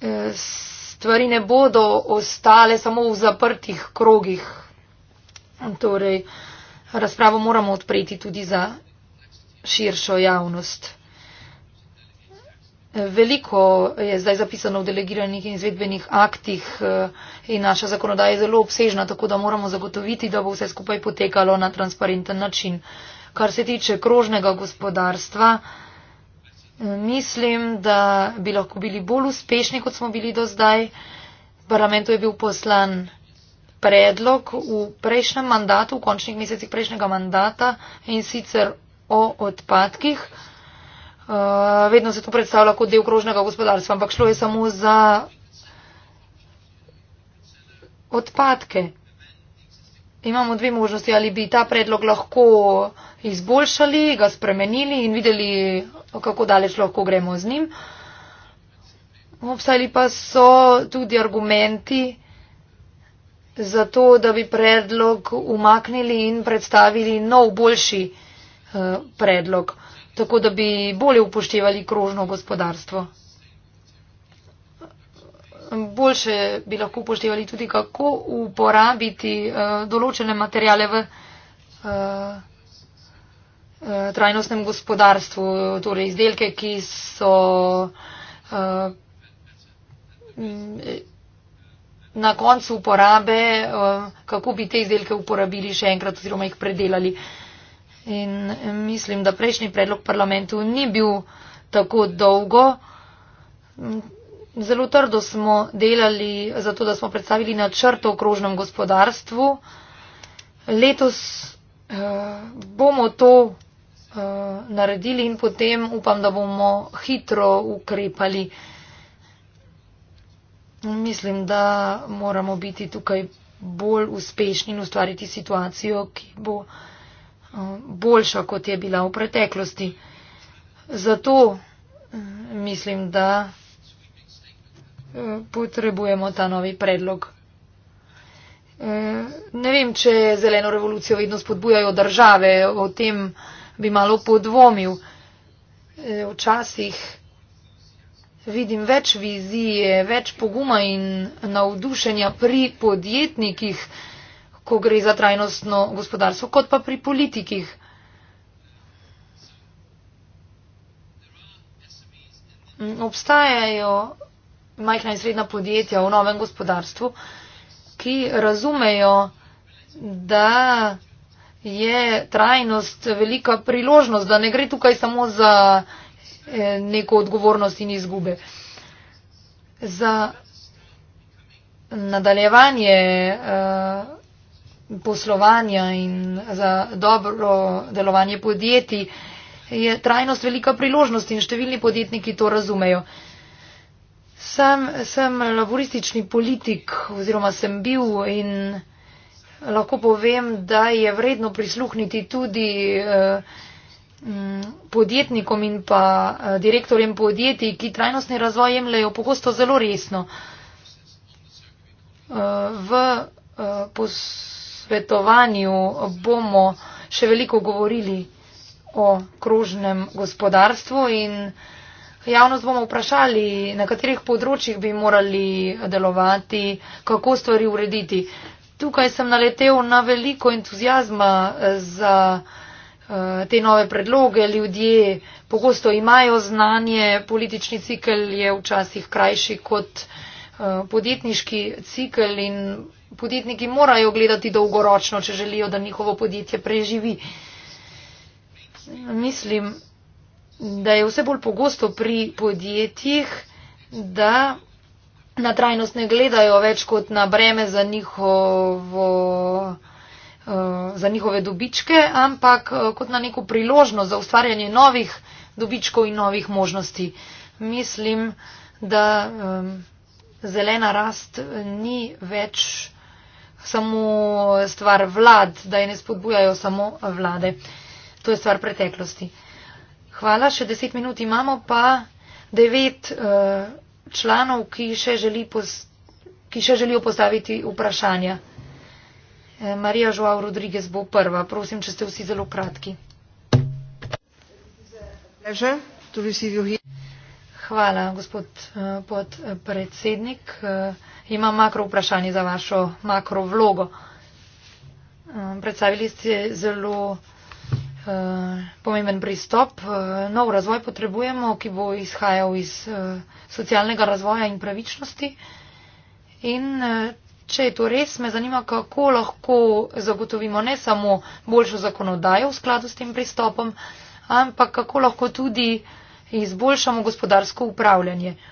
eh, stvari ne bodo ostale samo v zaprtih krogih. Torej, razpravo moramo odpreti tudi za širšo javnost. Veliko je zdaj zapisano v delegiranih in izvedbenih aktih eh, in naša zakonodaja je zelo obsežna, tako da moramo zagotoviti, da bo vse skupaj potekalo na transparenten način. Kar se tiče krožnega gospodarstva, eh, mislim, da bi lahko bili bolj uspešni, kot smo bili do zdaj. Parlamentu je bil poslan predlog v prejšnjem mandatu, v končnih mesecih prejšnjega mandata in sicer o odpadkih. Eh, vedno se to predstavlja kot del krožnega gospodarstva, ampak šlo je samo za odpadke. Imamo dve možnosti, ali bi ta predlog lahko izboljšali, ga spremenili in videli, kako daleč lahko gremo z njim. Obstajali pa so tudi argumenti za to, da bi predlog umaknili in predstavili nov, boljši predlog. Eh, predlog, tako da bi bolje upoštevali krožno gospodarstvo. Boljše bi lahko upoštevali tudi, kako uporabiti eh, določene materijale v eh, trajnostnem gospodarstvu, torej izdelke, ki so na koncu uporabe, kako bi te izdelke uporabili še enkrat oziroma jih predelali. In mislim, da prejšnji predlog parlamentu ni bil tako dolgo. Zelo trdo smo delali zato, da smo predstavili načrte o krožnem gospodarstvu. Letos eh, bomo to eh, naredili in potem upam, da bomo hitro ukrepali. Mislim, da moramo biti tukaj bolj uspešni in ustvariti situacijo, ki bo. Eh, boljša, kot je bila v preteklosti. Zato eh, mislim, da eh, potrebujemo ta novi predlog. Eh, ne vem, če zeleno revolucijo vedno spodbujajo države, o tem bi malo podvomil. Včasih vidim več vizije, več poguma in navdušenja pri podjetnikih, ko gre za trajnostno gospodarstvo, kot pa pri politikih. Obstajajo majhna in srednja podjetja v novem gospodarstvu, ki razumejo, da je trajnost velika priložnost, da ne gre tukaj samo za eh, neko odgovornost in izgube. Za nadaljevanje uh, poslovanja in za dobro delovanje podjetij je trajnost velika priložnost in številni podjetniki to razumejo. Sam sem laboristični politik oziroma sem bil in lahko povem, da je vredno prisluhniti tudi eh, podjetnikom in pa eh, direktorjem podjetij, ki trajnostni razvoj jemljajo pogosto zelo resno. Eh, v posl svetovanju bomo še veliko govorili o krožnem gospodarstvu in javnost bomo vprašali, na katerih področjih bi morali delovati, kako stvari urediti. Tukaj sem naletel na veliko entuzijazma za eh, te nove predloge. Ljudje pogosto imajo znanje, politični cikl je včasih krajši kot eh, podjetniški cikl in Podjetniki morajo gledati dolgoročno, če želijo, da njihovo podjetje preživi. Mislim, da je vse bolj pogosto pri podjetjih, da na trajnost ne gledajo več kot na breme za, njihovo, eh, za njihove dobičke, ampak eh, kot na neko priložnost za ustvarjanje novih dobičkov in novih možnosti. Mislim, da eh, zelena rast ni več samo stvar vlad, da je ne spodbujajo samo vlade. To je stvar preteklosti. Hvala, še deset minut imamo pa devet uh, članov, ki še, želi ki še želijo postaviti vprašanja. Eh, Marija Žoav Rodriguez bo prva. Prosim, če ste vsi zelo kratki. Hvala, gospod eh, podpredsednik. Uh, imam makro vprašanje za vašo makro vlogo. Ehm, predstavili ste zelo uh, pomemben pristop. Uh, nov razvoj potrebujemo, ki bo izhajal iz uh, socialnega razvoja in pravičnosti. In uh, če je to res, me zanima, kako lahko zagotovimo ne samo boljšo zakonodajo v skladu s tem pristopom, ampak kako lahko tudi izboljšamo gospodarsko upravljanje. Uh,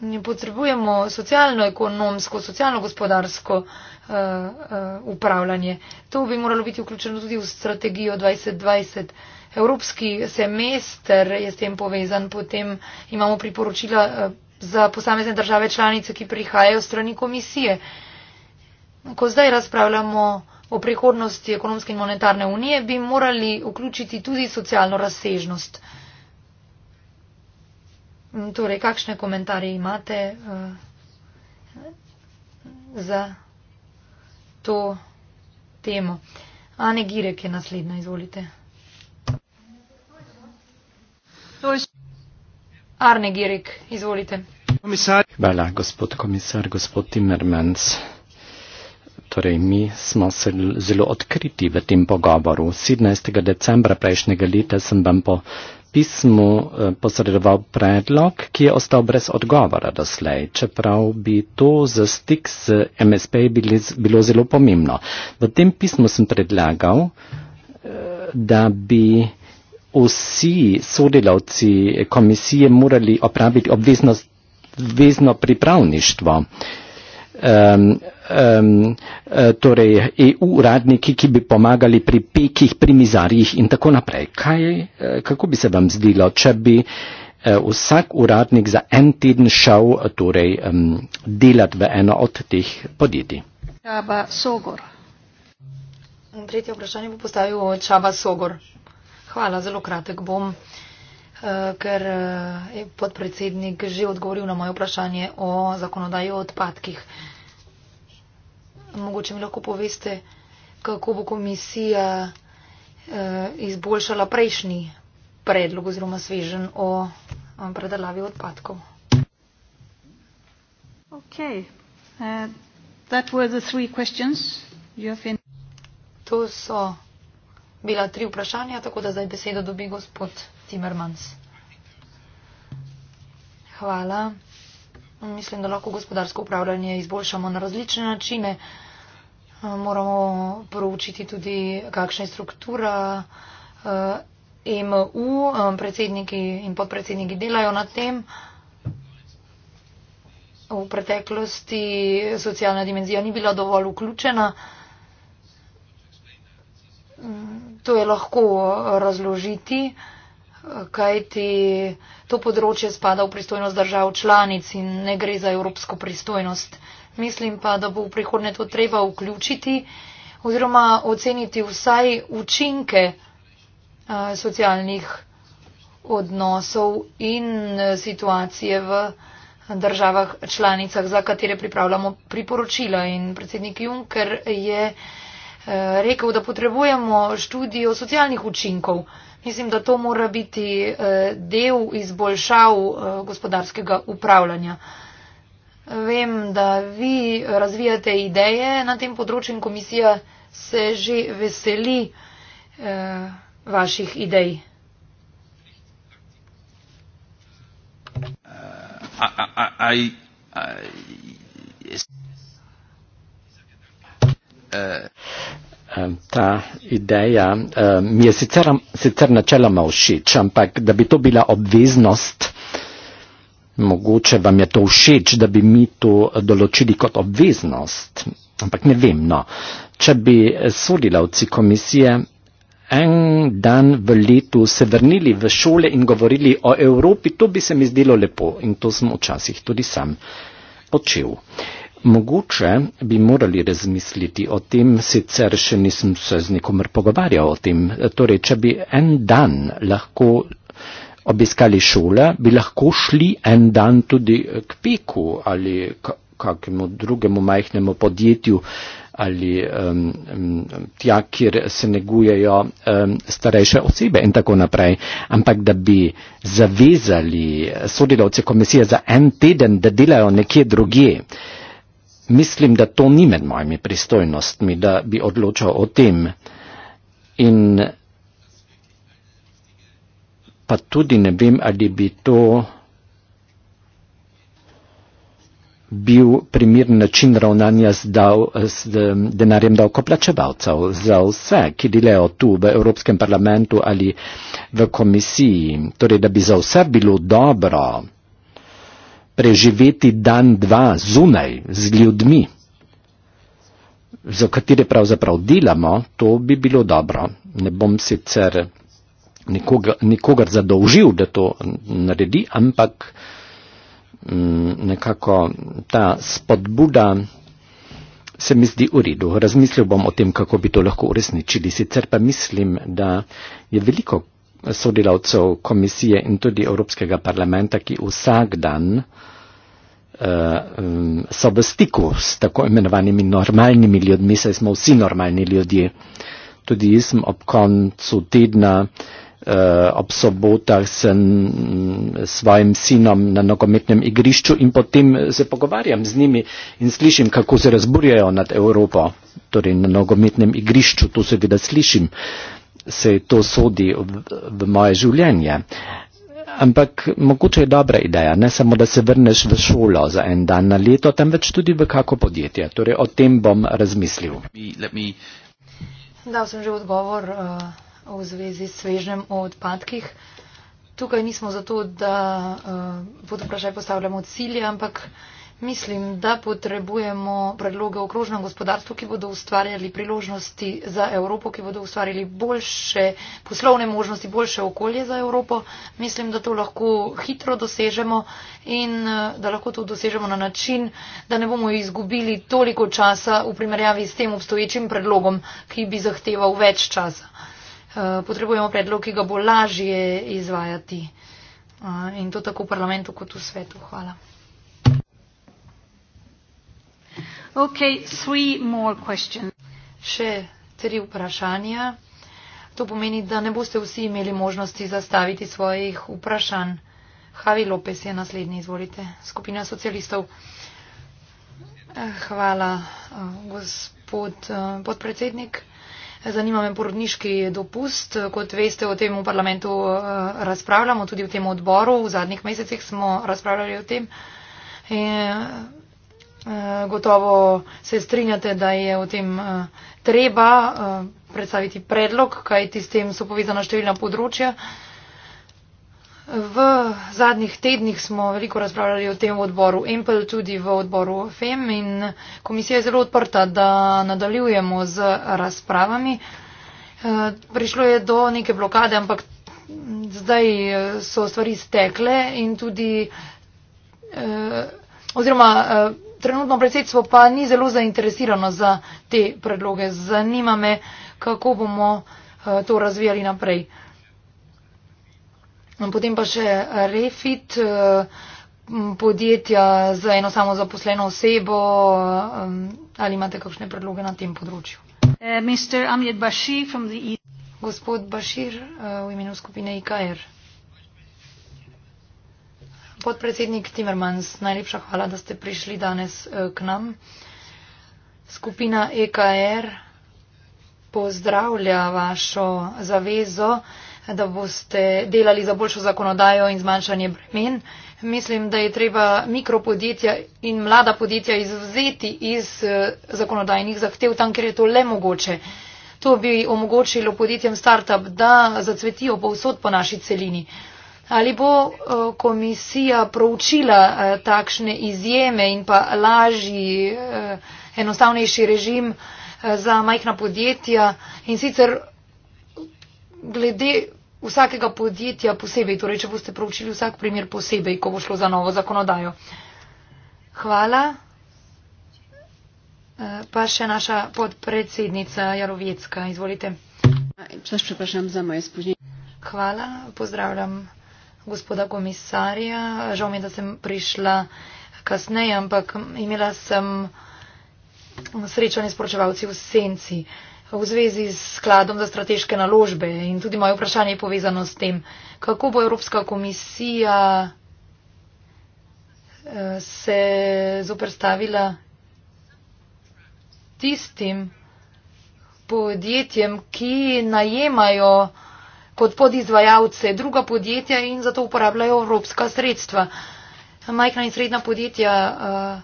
potrebujemo socialno-ekonomsko, socialno-gospodarsko uh, eh, uh, eh, upravljanje. To bi moralo biti vključeno tudi v strategijo 2020. Evropski semester je s tem povezan, potem imamo priporočila uh, za posamezne države članice, ki prihajajo strani komisije. Ko zdaj razpravljamo o prihodnosti ekonomske in monetarne unije, bi morali vključiti tudi socialno razsežnost. Uh, Torej, kakšne komentarje imate eh, za to temo? Ane Girek je naslednja, izvolite. Arne Girek, izvolite. Hvala, gospod komisar, gospod Timmermans. Torej, mi smo se zelo odkriti v tem pogovoru. 17. decembra prejšnjega leta sem vam po pismu eh, posredoval predlog, ki je ostal brez odgovora doslej, čeprav bi to za stik z MSP bilo zelo pomembno. V tem pismu sem predlagal, eh, da bi vsi sodelavci komisije morali opraviti obvezno, obvezno pripravništvo. Uh, um, um, torej EU uradniki, ki bi pomagali pri pikih, pri mizarjih in tako naprej. Kaj, e, kako bi se vam zdelo, če bi e, vsak uradnik za en teden šel torej, um, delati v eno od teh podjetij? Čaba Sogor. Tretje vprašanje bo postavil Čaba Sogor. Hvala, zelo kratek bom, ker je podpredsednik že odgovoril na moje vprašanje o zakonodaji o odpadkih mogoče mi lahko poveste, kako bo komisija eh, izboljšala prejšnji predlog oziroma svežen o eh, predelavi odpadkov. Okay. Uh, to so bila tri vprašanja, tako da zdaj besedo dobi gospod Timmermans. Hvala. Mislim, da lahko gospodarsko upravljanje izboljšamo na različne načine. Eh, moramo proučiti tudi, kakšna je struktura EMU, eh, eh, predsedniki in podpredsedniki delajo na tem. V preteklosti socialna dimenzija ni bila dovolj vključena. Mm, to je lahko razložiti kajti to področje spada v pristojnost držav članic in ne gre za evropsko pristojnost. Mislim pa, da bo v prihodnje to treba vključiti oziroma oceniti vsaj učinke socialnih odnosov in situacije v državah članicah, za katere pripravljamo priporočila. In predsednik Juncker je rekel, da potrebujemo študijo socialnih učinkov. Mislim, da to mora biti eh, del izboljšav eh, gospodarskega upravljanja. Vem, da vi razvijate ideje na tem področju in komisija se že veseli eh, vaših idej. Uh, I, I, I, yes. uh. Eh, ta ideja eh, mi je sicer, sicer načeloma všeč, ampak da bi to bila obveznost, mogoče vam je to všeč, da bi mi to določili kot obveznost, ampak ne vem. No. Če bi sodelavci komisije en dan v letu se vrnili v šole in govorili o Evropi, to bi se mi zdelo lepo in to sem včasih tudi sam počel. Mogoče bi morali razmisliti o tem, sicer še nisem se z nikomer pogovarjal o tem. Torej, če bi en dan lahko obiskali šole, bi lahko šli en dan tudi k peku ali kakemu drugemu majhnemu podjetju ali um, tja, kjer se negujejo um, starejše osebe in tako naprej. Ampak da bi zavezali sodelavce komisije za en teden, da delajo nekje drugje, uh, mislim, da to ni med mojimi pristojnostmi, da bi odločal o tem. In pa tudi ne vem, ali bi to bil primern način ravnanja z, dal, z denarjem davkoplačevalcev za vse, ki delajo tu v Evropskem parlamentu ali v komisiji. Torej, da bi za vse bilo dobro, preživeti dan, dva zunaj z ljudmi, za katere pravzaprav delamo, to bi bilo dobro. Ne bom sicer nikoga, nikogar zadolžil, da to naredi, ampak mm, nekako ta spodbuda se mi zdi v redu. Razmislil bom o tem, kako bi to lahko uresničili. Sicer pa mislim, da je veliko sodelavcev komisije in tudi Evropskega parlamenta, ki vsak dan uh, so v stiku s tako imenovanimi normalnimi ljudmi, saj smo vsi normalni ljudje. Tudi jaz sem ob koncu tedna, uh, ob sobotah sem mm, s svojim sinom na nogometnem igrišču in potem se pogovarjam z njimi in slišim, kako se razburjajo nad Evropo. Torej na nogometnem igrišču to seveda slišim se to sodi v, v moje življenje. Ampak mogoče je dobra ideja, ne samo, da se vrneš v šolo za en dan na leto, temveč tudi v kako podjetje. Torej, o tem bom razmislil. Dal sem že odgovor uh, v zvezi s svežnjem o odpadkih. Tukaj nismo zato, da uh, pod vprašaj postavljamo cilje, ampak uh, Mislim, da potrebujemo predloge v okrožnem gospodarstvu, ki bodo ustvarjali priložnosti za Evropo, ki bodo ustvarjali boljše poslovne možnosti, boljše okolje za Evropo. Mislim, da to lahko hitro dosežemo in eh, da lahko to dosežemo na način, da ne bomo izgubili toliko časa v primerjavi s tem obstoječim predlogom, ki bi zahteval več časa. Eh, potrebujemo predlog, ki ga bo lažje izvajati. Eh, in to tako v parlamentu kot v svetu. Hvala. Okay, three more questions. Še tri vprašanja. To pomeni, da ne boste vsi imeli možnosti zastaviti svojih vprašanj. Javi Lopes je naslednji, izvolite, skupina socialistov. Hvala, gospod podpredsednik. Zanima me porodniški dopust. Kot veste, o tem v parlamentu razpravljamo, tudi v tem odboru. V zadnjih mesecih smo razpravljali o tem. E, Eh, gotovo se strinjate, da je o tem eh, treba eh, predstaviti predlog, kajti s tem so povezana številna področja. V zadnjih tednih smo veliko razpravljali o tem v odboru EMPL, tudi v odboru FEM in komisija je zelo odprta, da nadaljujemo z razpravami. Prišlo je do neke blokade, ampak zdaj so stvari stekle in tudi oziroma trenutno predsedstvo pa ni zelo zainteresirano za te predloge. Zanima me, kako bomo eh, to razvijali naprej. Potem pa še Refit, eh, podjetja za eno samo zaposleno osebo. Eh, ali imate kakšne predloge na tem področju? Uh, Gospod Bashir uh, v imenu skupine IKR. Podpredsednik Timmermans, najlepša hvala, da ste prišli danes eh, k nam. Skupina EKR pozdravlja vašo zavezo, da boste delali za boljšo zakonodajo in zmanjšanje bremen. Mislim, da je treba mikropodjetja in mlada podjetja izvzeti iz eh, zakonodajnih zahtev tam, kjer je to le mogoče. To bi omogočilo podjetjem startup, da zacvetijo povsod po naši celini. Ali bo eh, komisija proučila eh, takšne izjeme in pa lažji, eh, enostavnejši režim za majhna podjetja in sicer glede vsakega podjetja posebej, torej če boste proučili vsak primer posebej, ko bo šlo za novo zakonodajo. Hvala. Pa še naša podpredsednica Jarovjecka. Izvolite. Hvala. Pozdravljam gospoda komisarja. Žal mi je, da sem prišla kasneje, ampak imela sem srečanje s poročevalci v senci v zvezi s skladom za strateške naložbe in tudi moje vprašanje je povezano s tem, kako bo Evropska komisija eh, se zoprstavila tistim podjetjem, ki najemajo kot podizvajalce druga podjetja in zato uporabljajo evropska sredstva. Majhna in srednja podjetja uh,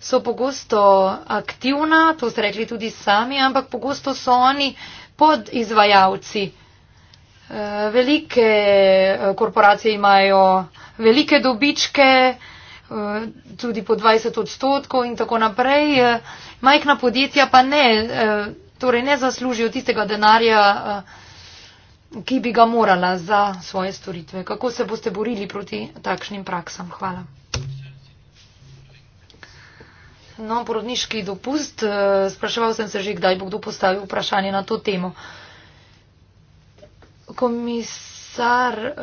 so pogosto aktivna, to ste rekli tudi sami, ampak pogosto so oni podizvajalci. Uh, velike eh, korporacije imajo velike dobičke, uh, tudi po 20 odstotkov in tako naprej. Uh, majhna podjetja pa ne, uh, torej ne zaslužijo tistega denarja. Uh, ki bi ga morala za svoje storitve. Kako se boste borili proti takšnim praksam? Hvala. No, porodniški dopust. Eh, spraševal sem se že, kdaj bo kdo postavil vprašanje na to temo. Komisar eh,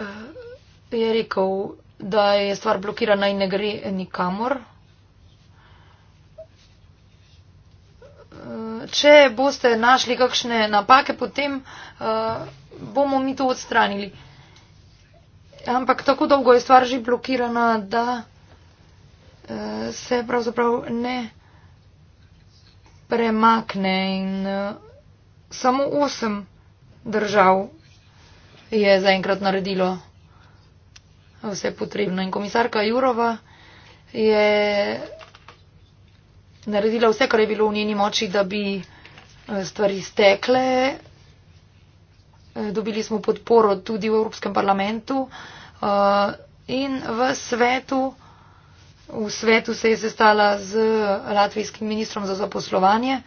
je rekel, da je stvar blokirana in ne gre nikamor. Eh, če boste našli kakšne napake, potem eh, bomo mi to odstranili. Ampak tako dolgo je stvar že blokirana, da eh, se pravzaprav ne premakne in samo osem držav je zaenkrat naredilo vse potrebno. In komisarka Jurova je naredila vse, kar je bilo v njeni moči, da bi eh, stvari stekle. Eh, dobili smo podporo tudi v Evropskem parlamentu eh, in v svetu. V svetu se je sestala z latvijskim ministrom za zaposlovanje.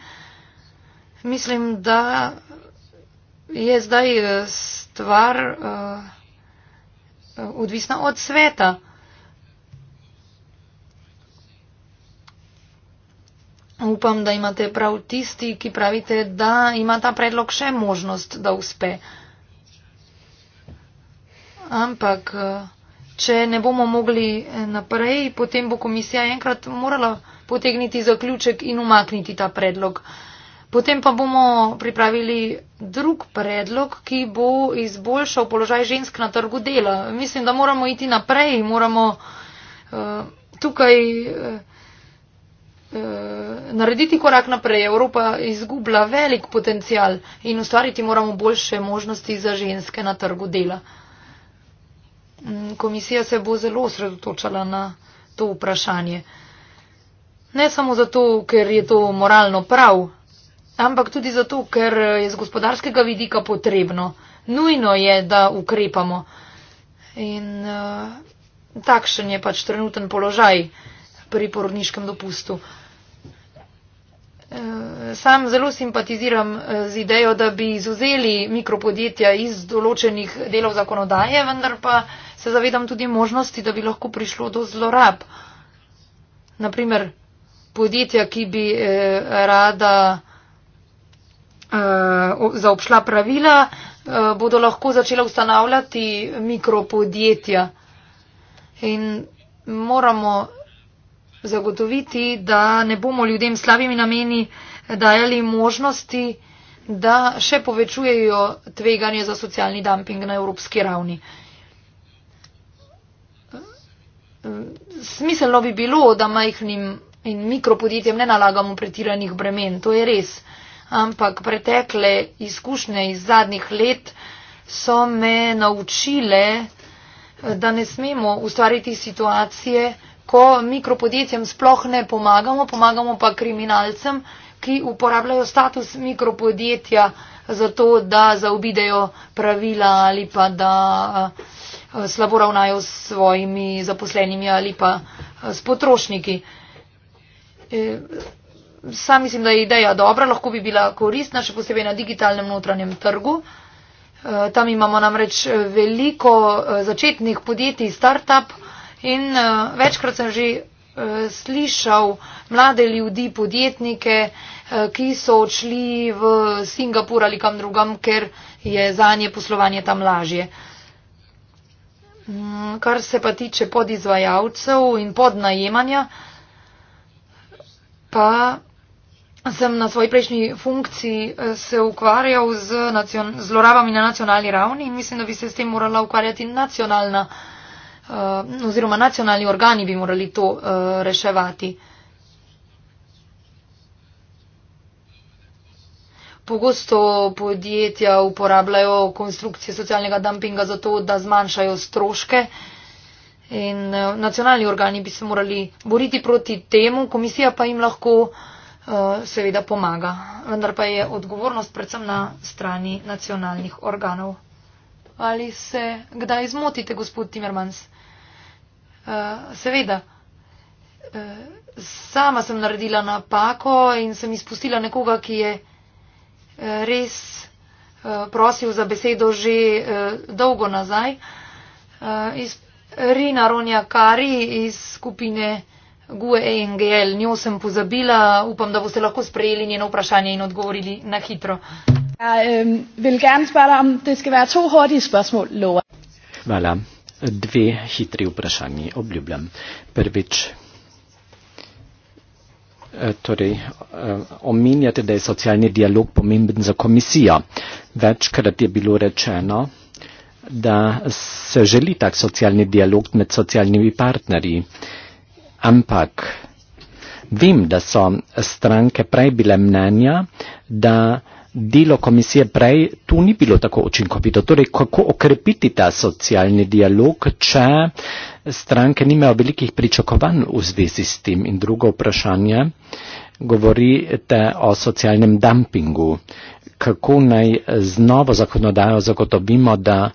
Mislim, da je zdaj stvar odvisna od sveta. upam, da imate prav tisti, ki pravite, da ima ta predlog še možnost, da uspe. Ampak, eh, če ne bomo mogli eh, naprej, potem bo komisija enkrat morala potegniti zaključek in umakniti ta predlog. Potem pa bomo pripravili drug predlog, ki bo izboljšal položaj žensk na trgu dela. Mislim, da moramo iti naprej, moramo uh, tukaj. Uh, Eh, narediti korak naprej. Evropa izgubila velik potencial in ustvariti moramo boljše možnosti za ženske na trgu dela. Mm, komisija se bo zelo osredotočala na to vprašanje. Ne samo zato, ker je to moralno prav, ampak tudi zato, ker je z gospodarskega vidika potrebno. Nujno je, da ukrepamo. In uh, takšen je pač trenuten položaj pri porodniškem dopustu. Eh, sam zelo simpatiziram eh, z idejo, da bi izuzeli mikropodjetja iz določenih delov zakonodaje, vendar pa se zavedam tudi možnosti, da bi lahko prišlo do zlorab. Naprimer, podjetja, ki bi eh, rada zaobšla pravila, bodo lahko začela ustanavljati mikropodjetja. In moramo zagotoviti, da ne bomo ljudem s slabimi nameni eh, dajali možnosti, da še povečujejo tveganje za socialni dumping na evropski ravni. Eh, smiselno bi bilo, da majhnim in mikropodjetjem ne nalagamo pretiranih bremen, to je res. Ampak pretekle izkušnje iz zadnjih let so me naučile, eh, da ne smemo ustvariti situacije, ko mikropodjetjem sploh ne pomagamo, pomagamo pa kriminalcem, ki uporabljajo status mikropodjetja za to, da zaobidejo pravila ali pa da eh, slabo ravnajo s svojimi zaposlenimi ali pa eh, s potrošniki. Eh, sam mislim, da je ideja dobra, lahko bi bila koristna, še posebej na digitalnem notranjem trgu. Tam imamo namreč veliko začetnih podjetij, start-up, In uh, večkrat sem že uh, slišal mlade ljudi, podjetnike, uh, ki so odšli v Singapur ali kam drugam, ker je za nje poslovanje tam lažje. Mm, kar se pa tiče podizvajalcev in podnajemanja, pa. Sem na svoji prejšnji funkciji se ukvarjal z nacion- zlorabami na nacionalni ravni in mislim, da bi se s tem morala ukvarjati nacionalna uh, Eh, oziroma nacionalni organi bi morali to eh, reševati. Pogosto podjetja uporabljajo konstrukcije socialnega dumpinga zato, da zmanjšajo stroške in eh, nacionalni organi bi se morali boriti proti temu, komisija pa jim lahko seveda pomaga. Vendar pa je odgovornost predvsem na strani nacionalnih organov. Ali se kdaj zmotite, gospod Timmermans? Eh, seveda, eh, sama sem naredila napako in sem izpustila nekoga, ki je eh, res prosil za besedo že dolgo nazaj. Iz Rina Ronja Kari iz skupine GUE ENGL. Njo sem pozabila, upam, da boste lahko sprejeli njeno vprašanje in odgovorili na hitro. Ja, um, vil gerne spørge dig, om det skal være to hurtige spørgsmål, Lova. Hvala dve hitri vprašanji, obljubljam. Prvič, eh, torej, eh, omenjate, da je socialni dialog pomemben za komisijo. Večkrat je bilo rečeno, da se želi tak socialni dialog med socialnimi partnerji, ampak vem, da so stranke prej bile mnenja, da delo komisije prej, tu ni bilo tako očinkovito. Torej, kako okrepiti ta socialni dialog, če stranke nimajo velikih pričakovanj v zvezi s tem? In drugo vprašanje, govorite o socialnem dumpingu. Kako naj z novo zakonodajo zagotovimo, da.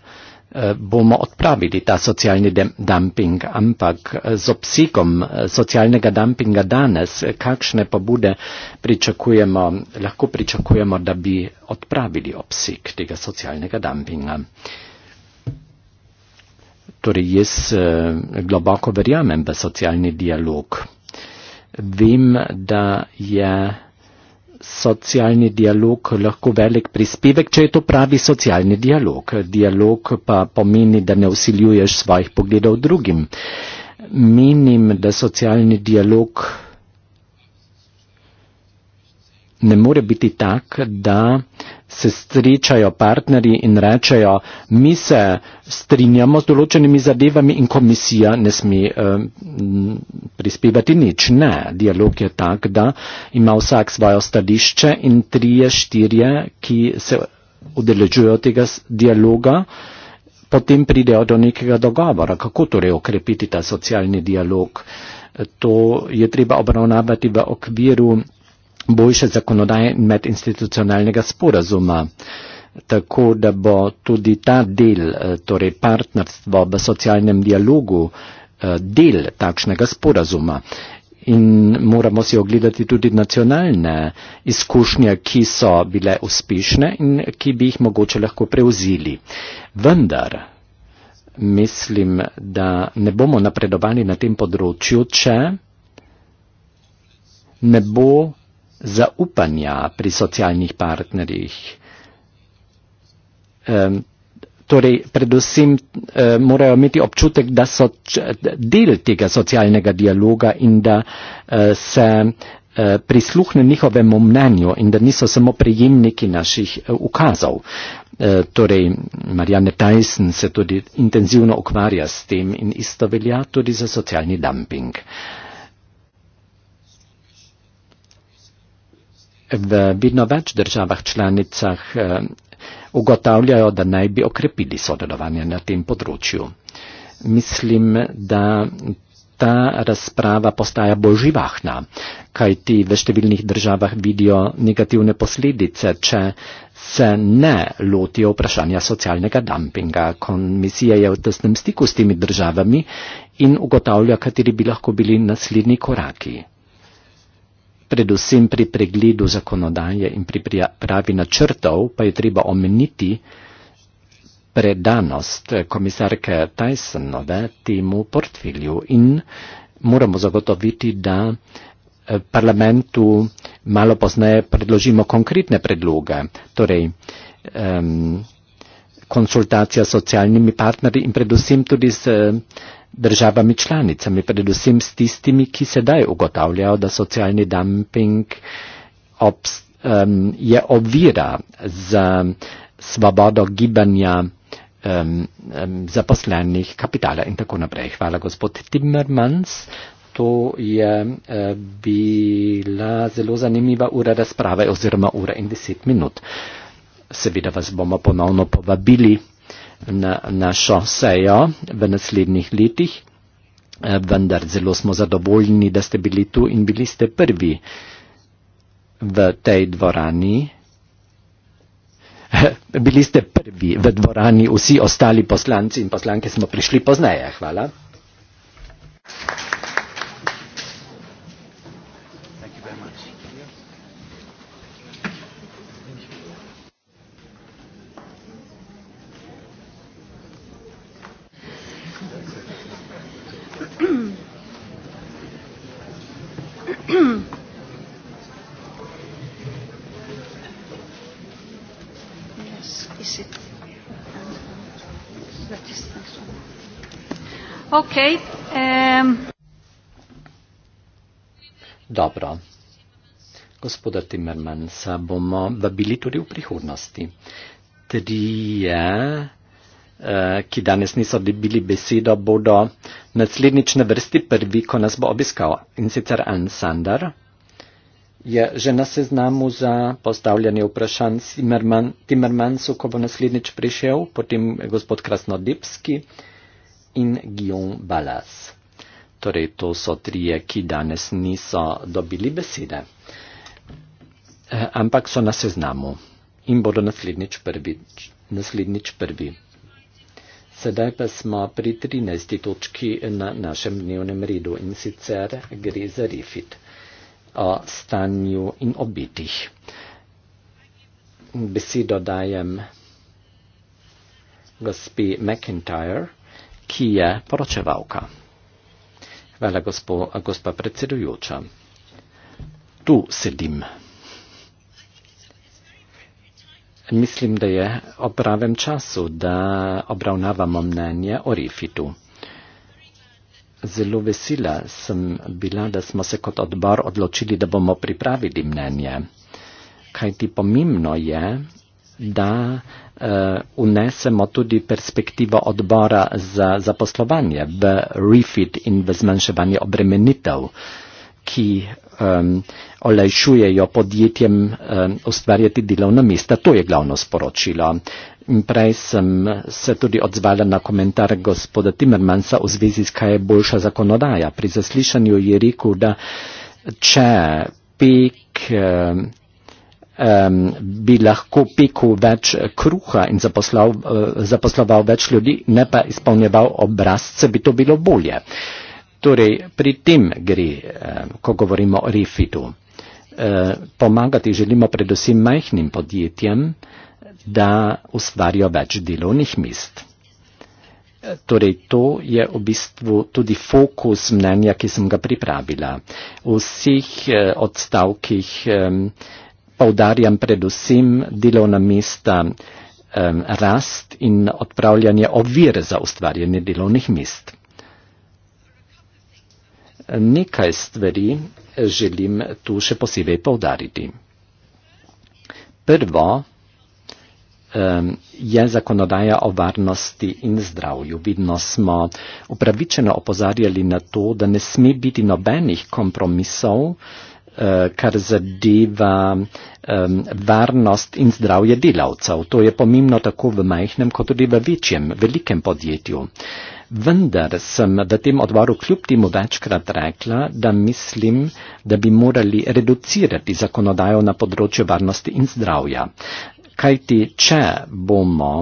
Eh, bomo odpravili ta socialni dumping, ampak eh, z obsegom eh, socialnega dumpinga danes, kakšne pobude pričakujemo, lahko pričakujemo, da bi odpravili obseg tega socialnega dumpinga. Torej, jaz globoko verjamem v socialni dialog. Vem, da je socialni dialog lahko velik prispevek, če je to pravi socialni dialog. Dialog pa pomeni, da ne usiljuješ svojih pogledov drugim. Menim, da socialni dialog ne more biti tak, da se srečajo partnerji in rečejo, mi se strinjamo z določenimi zadevami in komisija ne sme uh, prispevati nič. Ne, dialog je tak, da ima vsak svojo stališče in trije, štirje, ki se udeležujo tega dialoga, potem pridejo do nekega dogovora, kako torej okrepiti ta socialni dialog. To je treba obravnavati v okviru boljše zakonodaje in medinstitucionalnega sporazuma. Tako da bo tudi ta del, eh, torej partnerstvo v socialnem dialogu, eh, del takšnega sporazuma. In moramo si ogledati tudi nacionalne izkušnje, ki so bile uspešne in ki bi jih mogoče lahko prevzeli. Vendar mislim, da ne bomo napredovali na tem področju, če ne bo zaupanja pri socialnih partnerjih. Um, torej, predvsem um, morajo imeti občutek, da so del tega socialnega dialoga in da uh, se eh, prisluhne njihovemu mnenju in da niso samo prejemniki naših ukazov. Torej, Marianne Tyson se tudi intenzivno ukvarja s tem in isto velja tudi za socialni dumping. v vidno več državah članicah eh, ugotavljajo, da naj bi okrepili sodelovanje na tem področju. Mislim, da ta razprava postaja bolj živahna, kaj ti v številnih državah vidijo negativne posledice, če se ne lotijo vprašanja socialnega dumpinga. Komisija je v tesnem stiku s temi državami in ugotavlja, kateri bi lahko bili naslednji koraki predvsem pri pregledu zakonodaje in pri pripravi načrtov pa je treba omeniti predanost eh, komisarke Tysonove temu portfelju in moramo zagotoviti, da eh, parlamentu malo pozneje predložimo konkretne predloge, torej um, konsultacija s socialnimi partnerji in predvsem tudi s uh, državami članicami, predvsem s tistimi, ki sedaj ugotavljajo, da socialni dumping obs, um, je ovira za svobodo gibanja um, um, zaposlenih kapitala in tako naprej. Hvala, gospod Timmermans. To je eh, bila zelo zanimiva ura razprave oziroma ura in deset minut. Seveda vas bomo ponovno povabili na našo sejo v naslednjih letih, eh, vendar zelo smo zadovoljni, da ste bili tu in bili ste prvi v tej dvorani. Eh, bili ste prvi v dvorani, vsi ostali poslanci in poslanke smo prišli pozneje. Hvala. Okay. Um. Dobro. Gospoda Timmermansa bomo vabili tudi v prihodnosti. Trije, eh, ki danes niso dobili besedo, bodo naslednjič na vrsti prvi, ko nas bo obiskal. In sicer Ann Sander je že na seznamu za postavljanje vprašanj Timmermansu, ko bo naslednjič prišel, potem gospod Krasnodipski in Gion Balas. Torej, to so trije, ki danes niso dobili besede, eh, ampak so na seznamu in bodo naslednjič prvi. Naslednjič prvi. Sedaj pa smo pri 13. točki na našem dnevnem redu in sicer gre za refit o stanju in obitih. Besedo dajem gospe McIntyre ki je poročevalka. Hvala, gospo, gospa predsedujoča. Tu sedim. Mislim, da je o pravem času, da obravnavamo mnenje o Rifitu. Zelo vesela sem bila, da smo se kot odbor odločili, da bomo pripravili mnenje. Kaj ti pomembno je, da uh, unesemo tudi perspektivo odbora za zaposlovanje v refit in v zmanjševanje obremenitev, ki um, olajšujejo podjetjem um, ustvarjati delovna mesta. To je glavno sporočilo. Prej sem se tudi odzvala na komentar gospoda Timmermansa v zvezi s kaj je boljša zakonodaja. Pri zaslišanju je rekel, da če pek um, um, bi lahko pekel več eh, kruha in zaposloval, uh, eh, zaposloval več ljudi, ne pa izpolnjeval obrazce, bi to bilo bolje. Torej, pri tem gre, uh, ko govorimo o refitu. Uh, pomagati želimo predvsem majhnim podjetjem, da ustvarijo več delovnih mest. Torej, to je v bistvu tudi fokus mnenja, ki sem ga pripravila. V vseh odstavkih poudarjam predvsem delovna mesta, um, rast in odpravljanje ovir za ustvarjanje delovnih mest. Nekaj stvari želim tu še posebej poudariti. Prvo um, je zakonodaja o varnosti in zdravju. Vidno smo upravičeno opozarjali na to, da ne sme biti nobenih kompromisov Eh, kar zadeva um, varnost in zdravje delavcev. To je pomembno tako v majhnem, kot tudi v večjem, velikem podjetju. Vendar sem v tem odboru kljub temu večkrat rekla, da mislim, da bi morali reducirati zakonodajo na področju varnosti in zdravja. Kajti, če bomo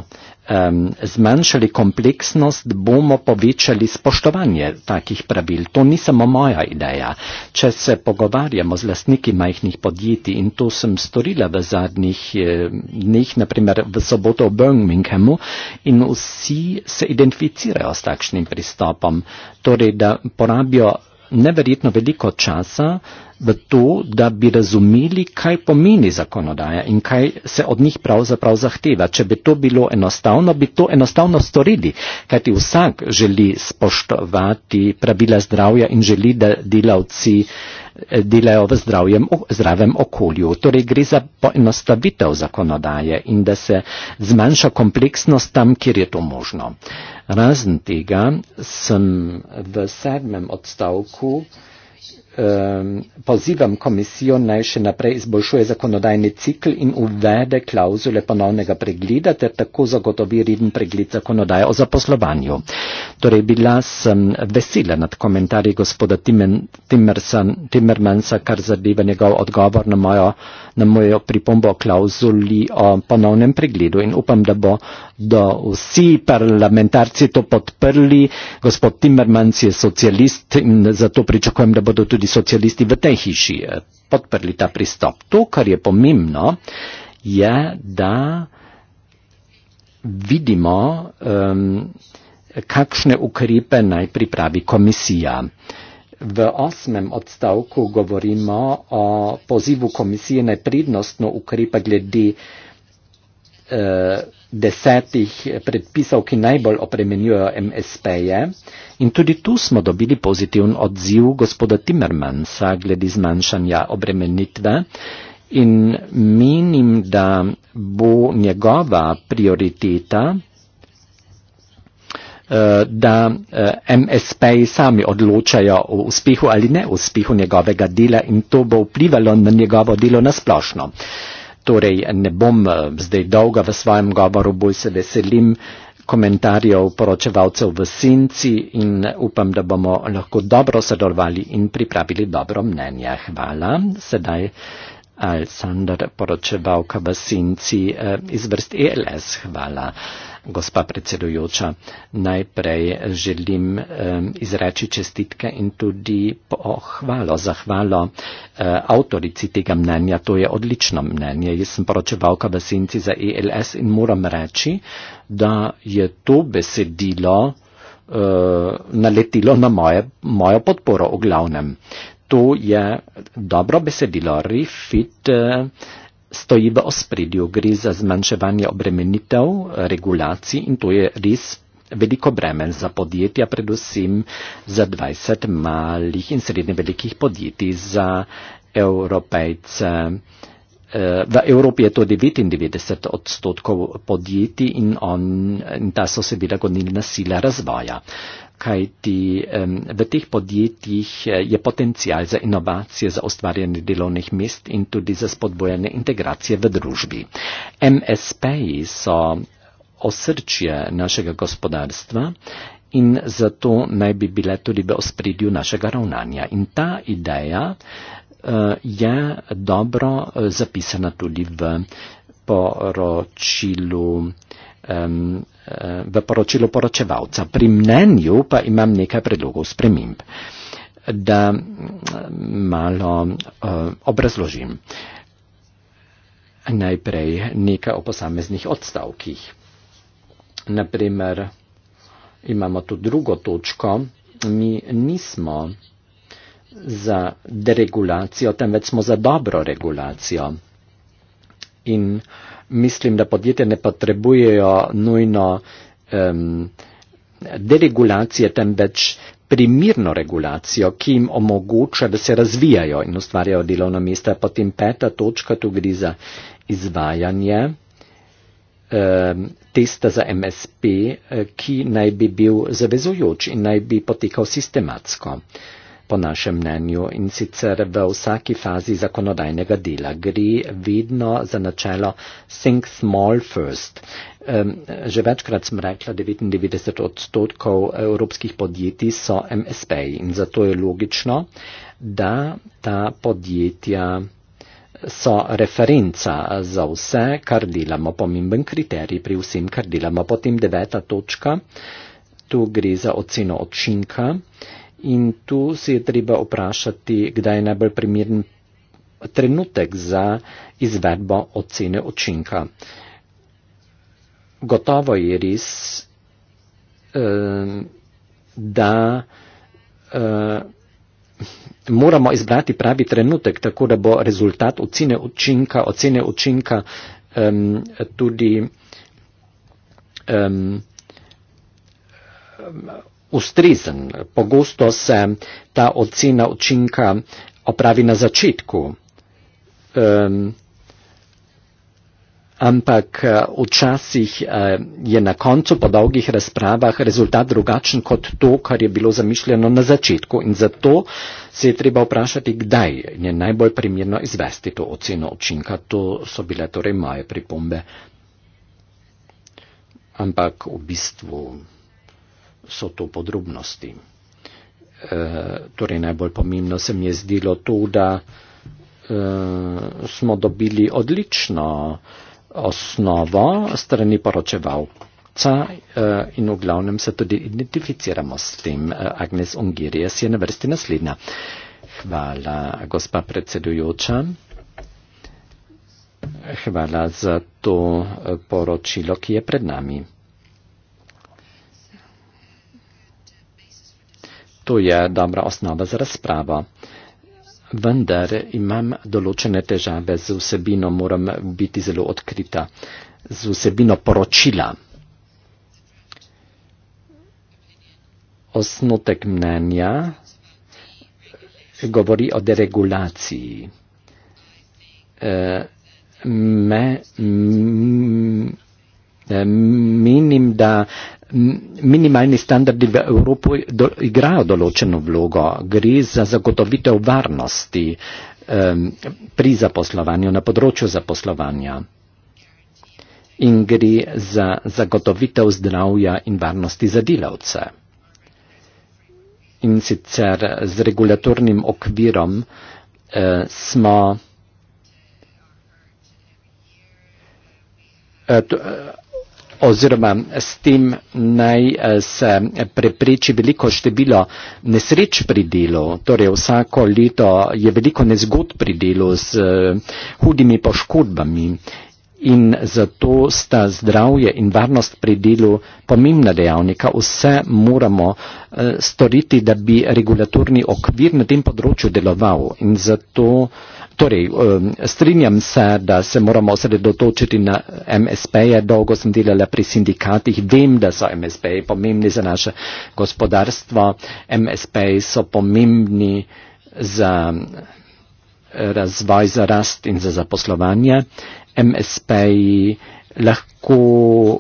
um, zmanjšali kompleksnost, bomo povečali spoštovanje takih pravil. To ni samo moja ideja. Če se pogovarjamo z lastniki majhnih podjetij in to sem storila v zadnjih eh, dneh, naprimer v soboto v Birminghamu, in vsi se identificirajo s takšnim pristopom, torej da porabijo neverjetno veliko časa v to, da bi razumeli, kaj pomeni zakonodaja in kaj se od njih pravzaprav zahteva. Če bi to bilo enostavno, bi to enostavno storili, kajti vsak želi spoštovati pravila zdravja in želi, da delavci uh, delajo v zdravjem, zdravem okolju. Torej gre za poenostavitev zakonodaje in da se zmanjša kompleksnost tam, kjer je to možno. Razen tega sem v sedmem odstavku Ehm, pozivam komisijo naj še naprej izboljšuje zakonodajni cikl in uvede klauzule ponovnega pregleda ter tako zagotovi reden pregled zakonodaje o zaposlovanju. Torej bila sem vesela nad komentarji gospoda Timmermansa, kar zadeva njegov odgovor na mojo, na mojo pripombo klauzuli o ponovnem pregledu in upam, da bo da vsi parlamentarci to podprli. Gospod Timmermans je socialist in zato pričakujem, da bodo tudi socialisti v tej hiši eh, podprli ta pristop. To, kar je pomembno, je, da vidimo, um, kakšne ukrepe naj pripravi komisija. V osmem odstavku govorimo o pozivu komisije naj prednostno ukrepa glede uh, desetih predpisov, ki najbolj opremenjujejo MSP-je. In tudi tu smo dobili pozitiven odziv gospoda Timmermansa glede zmanjšanja obremenitve. In menim, da bo njegova prioriteta, eh, da eh, MSP sami odločajo o uspehu ali ne uspehu njegovega dela in to bo vplivalo na njegovo delo nasplošno. Torej, ne bom eh, zdaj dolga v svojem govoru, bolj se veselim komentarjev poročevalcev v Sinci in eh, upam, da bomo lahko dobro sodelovali in pripravili dobro mnenje. Hvala. Sedaj Alexander Poročevalka Basinci eh, iz vrst ELS. Hvala, gospa predsedujoča. Najprej želim eh, izreči čestitke in tudi pohvalo, zahvalo eh, avtorici tega mnenja. To je odlično mnenje. Jaz sem poročevalka Basinci za ELS in moram reči, da je to besedilo naletilo na moje, mojo podporo v glavnem to je dobro besedilo. Refit eh, stoji v ospredju, gre za zmanjševanje obremenitev, regulacij in to je res veliko bremen za podjetja, predvsem za 20 malih in srednje velikih podjetij, za evropejce. Eh, v Evropi je to 99 odstotkov podjetij in, on, in ta so seveda gonilna sila razvoja. Kaj ti v teh podjetjih eh, je potencial za inovacije, za ustvarjanje delovnih mest in tudi za spodbojanje integracije v družbi. MSP-ji so osrčje našega gospodarstva in zato naj bi bile tudi v ospredju našega ravnanja. In ta ideja Eh, je dobro eh, zapisana tudi v poročilu, eh, v poročilu poročevalca. Pri mnenju pa imam nekaj predlogov sprememb, da mm, malo obrazložim. Najprej nekaj o posameznih odstavkih. Naprimer, imamo tu drugo točko. Mi nismo za deregulacijo, temveč smo za dobro regulacijo. In mislim, da podjetja ne potrebujejo nujno um, deregulacije, temveč primirno regulacijo, ki jim omogoča, da se razvijajo in ustvarjajo delovna mesta. Potem peta točka, tu gre za izvajanje um, testa za MSP, eh, ki naj bi bil zavezujoč in naj bi potekal sistematsko. Uh, po našem mnenju. In sicer v vsaki fazi zakonodajnega dela gre vedno za načelo think small first. Že večkrat sem rekla, 99 odstotkov evropskih podjetij so MSP in zato je logično, da ta podjetja so referenca za vse, kar delamo, pomemben kriterij pri vsem, kar delamo. Potem deveta točka, tu gre za oceno očinka. In tu se je treba vprašati, kdaj je najbolj primern trenutek za izvedbo ocene učinka. Gotovo je res, eh, da eh, moramo izbrati pravi trenutek, tako da bo rezultat ocene učinka, ocene učinka tudi ustrezen. Pogosto se ta ocena učinka opravi na začetku. Um, ampak eh, včasih eh, je na koncu po dolgih razpravah rezultat drugačen kot to, kar je bilo zamišljeno na začetku in zato se je treba vprašati, kdaj je najbolj primerno izvesti to oceno učinka. To so bile torej moje pripombe. Ampak v bistvu so to podrobnosti. E, torej, najbolj pomembno se mi je zdelo to, da e, smo dobili odlično osnovo strani poročevalca e, in v glavnem se tudi identificiramo s tem. E, Agnes Ungirjes je na vrsti naslednja. Hvala, gospa predsedujoča. Hvala za to e, poročilo, ki je pred nami. to je dobra osnova za razpravo. Vendar imam določene težave z vsebino, moram biti zelo odkrita, z vsebino poročila. Osnotek mnenja govori o deregulaciji. E, me, m, menim, da Minimalni standardi v Evropi do, igrajo določeno vlogo. Gre za zagotovitev varnosti um, pri zaposlovanju, na področju zaposlovanja. In gre za zagotovitev zdravja in varnosti za delavce. In sicer z regulatornim okvirom uh, smo. Uh, to, uh, oziroma s tem naj eh, se eh, prepreči veliko število nesreč pri delu. Torej vsako leto je veliko nezgod pri delu z eh, hudimi poškodbami in zato sta zdravje in varnost pri delu pomembna dejavnika. Vse moramo storiti, da bi regulatorni okvir na tem področju deloval in zato Torej, um, strinjam se, da se moramo osredotočiti na MSP. -je. Dolgo sem delala pri sindikatih, vem, da so MSP pomembni za naše gospodarstvo. MSP so pomembni za eh, razvoj, za rast in za zaposlovanje. MSP lahko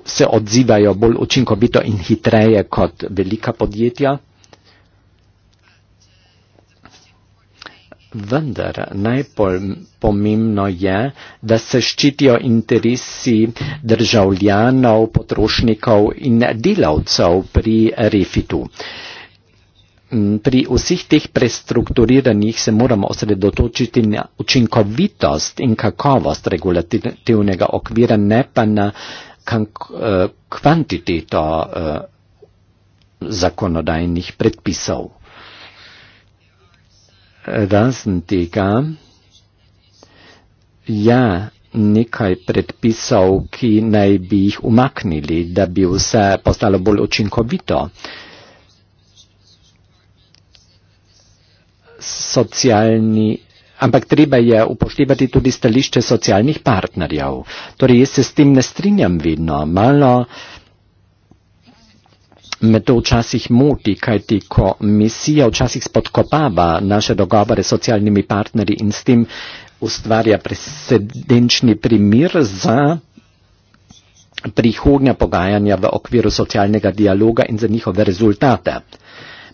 se odzivajo bolj učinkovito in hitreje kot velika podjetja. Vendar najpomembno je, da se ščitijo interesi državljanov, potrošnikov in delavcev pri refitu. Mm, pri vseh teh prestrukturiranjih se moramo osredotočiti na učinkovitost in kakovost regulativnega okvira, ne pa na eh, kvantiteto eh, zakonodajnih predpisov razen tega, ja, nekaj predpisov, ki naj bi jih umaknili, da bi vse postalo bolj učinkovito. Socialni, ampak treba je upoštevati tudi stališče socialnih partnerjev. Torej, jaz se s tem ne strinjam vedno. Malo me to včasih moti, kajti ko misija včasih spodkopava naše dogovore s socialnimi partnerji in s tem ustvarja presedenčni primir za prihodnja pogajanja v okviru socialnega dialoga in za njihove rezultate.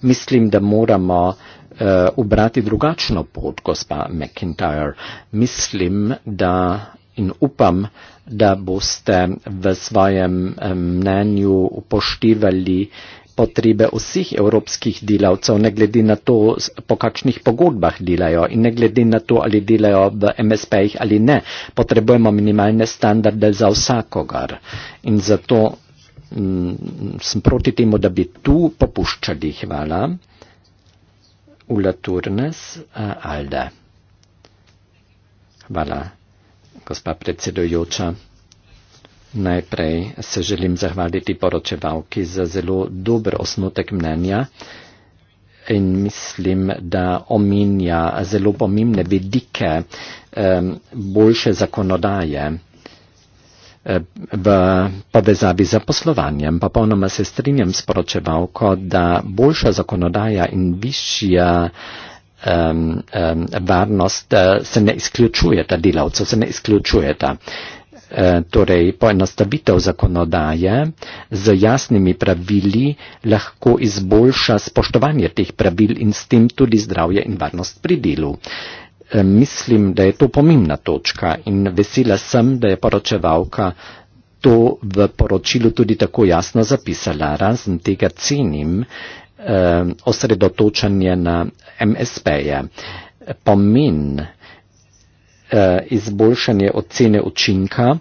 Mislim, da moramo uh, ubrati drugačno pot, gospa McIntyre. Mislim, da in upam, da boste v svojem mnenju upoštevali potrebe vseh evropskih delavcev, ne glede na to, po kakšnih pogodbah delajo in ne glede na to, ali delajo v MSP-jih ali ne. Potrebujemo minimalne standarde za vsakogar in zato m, mm, sem proti temu, da bi tu popuščali. Hvala. Ula Turnes, eh, Alde. Hvala gospa predsedujoča. Najprej se želim zahvaliti poročevalki za zelo dober osnutek mnenja in mislim, da omenja zelo pomembne vidike um, boljše zakonodaje v povezavi z zaposlovanjem. Popolnoma se strinjam s poročevalko, da boljša zakonodaja in višja um, um, varnost, uh, se ne izključujeta, delavcev se ne izključujeta. E, torej, poenostavitev zakonodaje z jasnimi pravili lahko izboljša spoštovanje teh pravil in s tem tudi zdravje in varnost pri delu. E, mislim, da je to pomembna točka in vesela sem, da je poročevalka to v poročilu tudi tako jasno zapisala. Razen tega cenim, Ehm, osredotočanje na MSP-je. Pomen eh, izboljšanje ocene učinka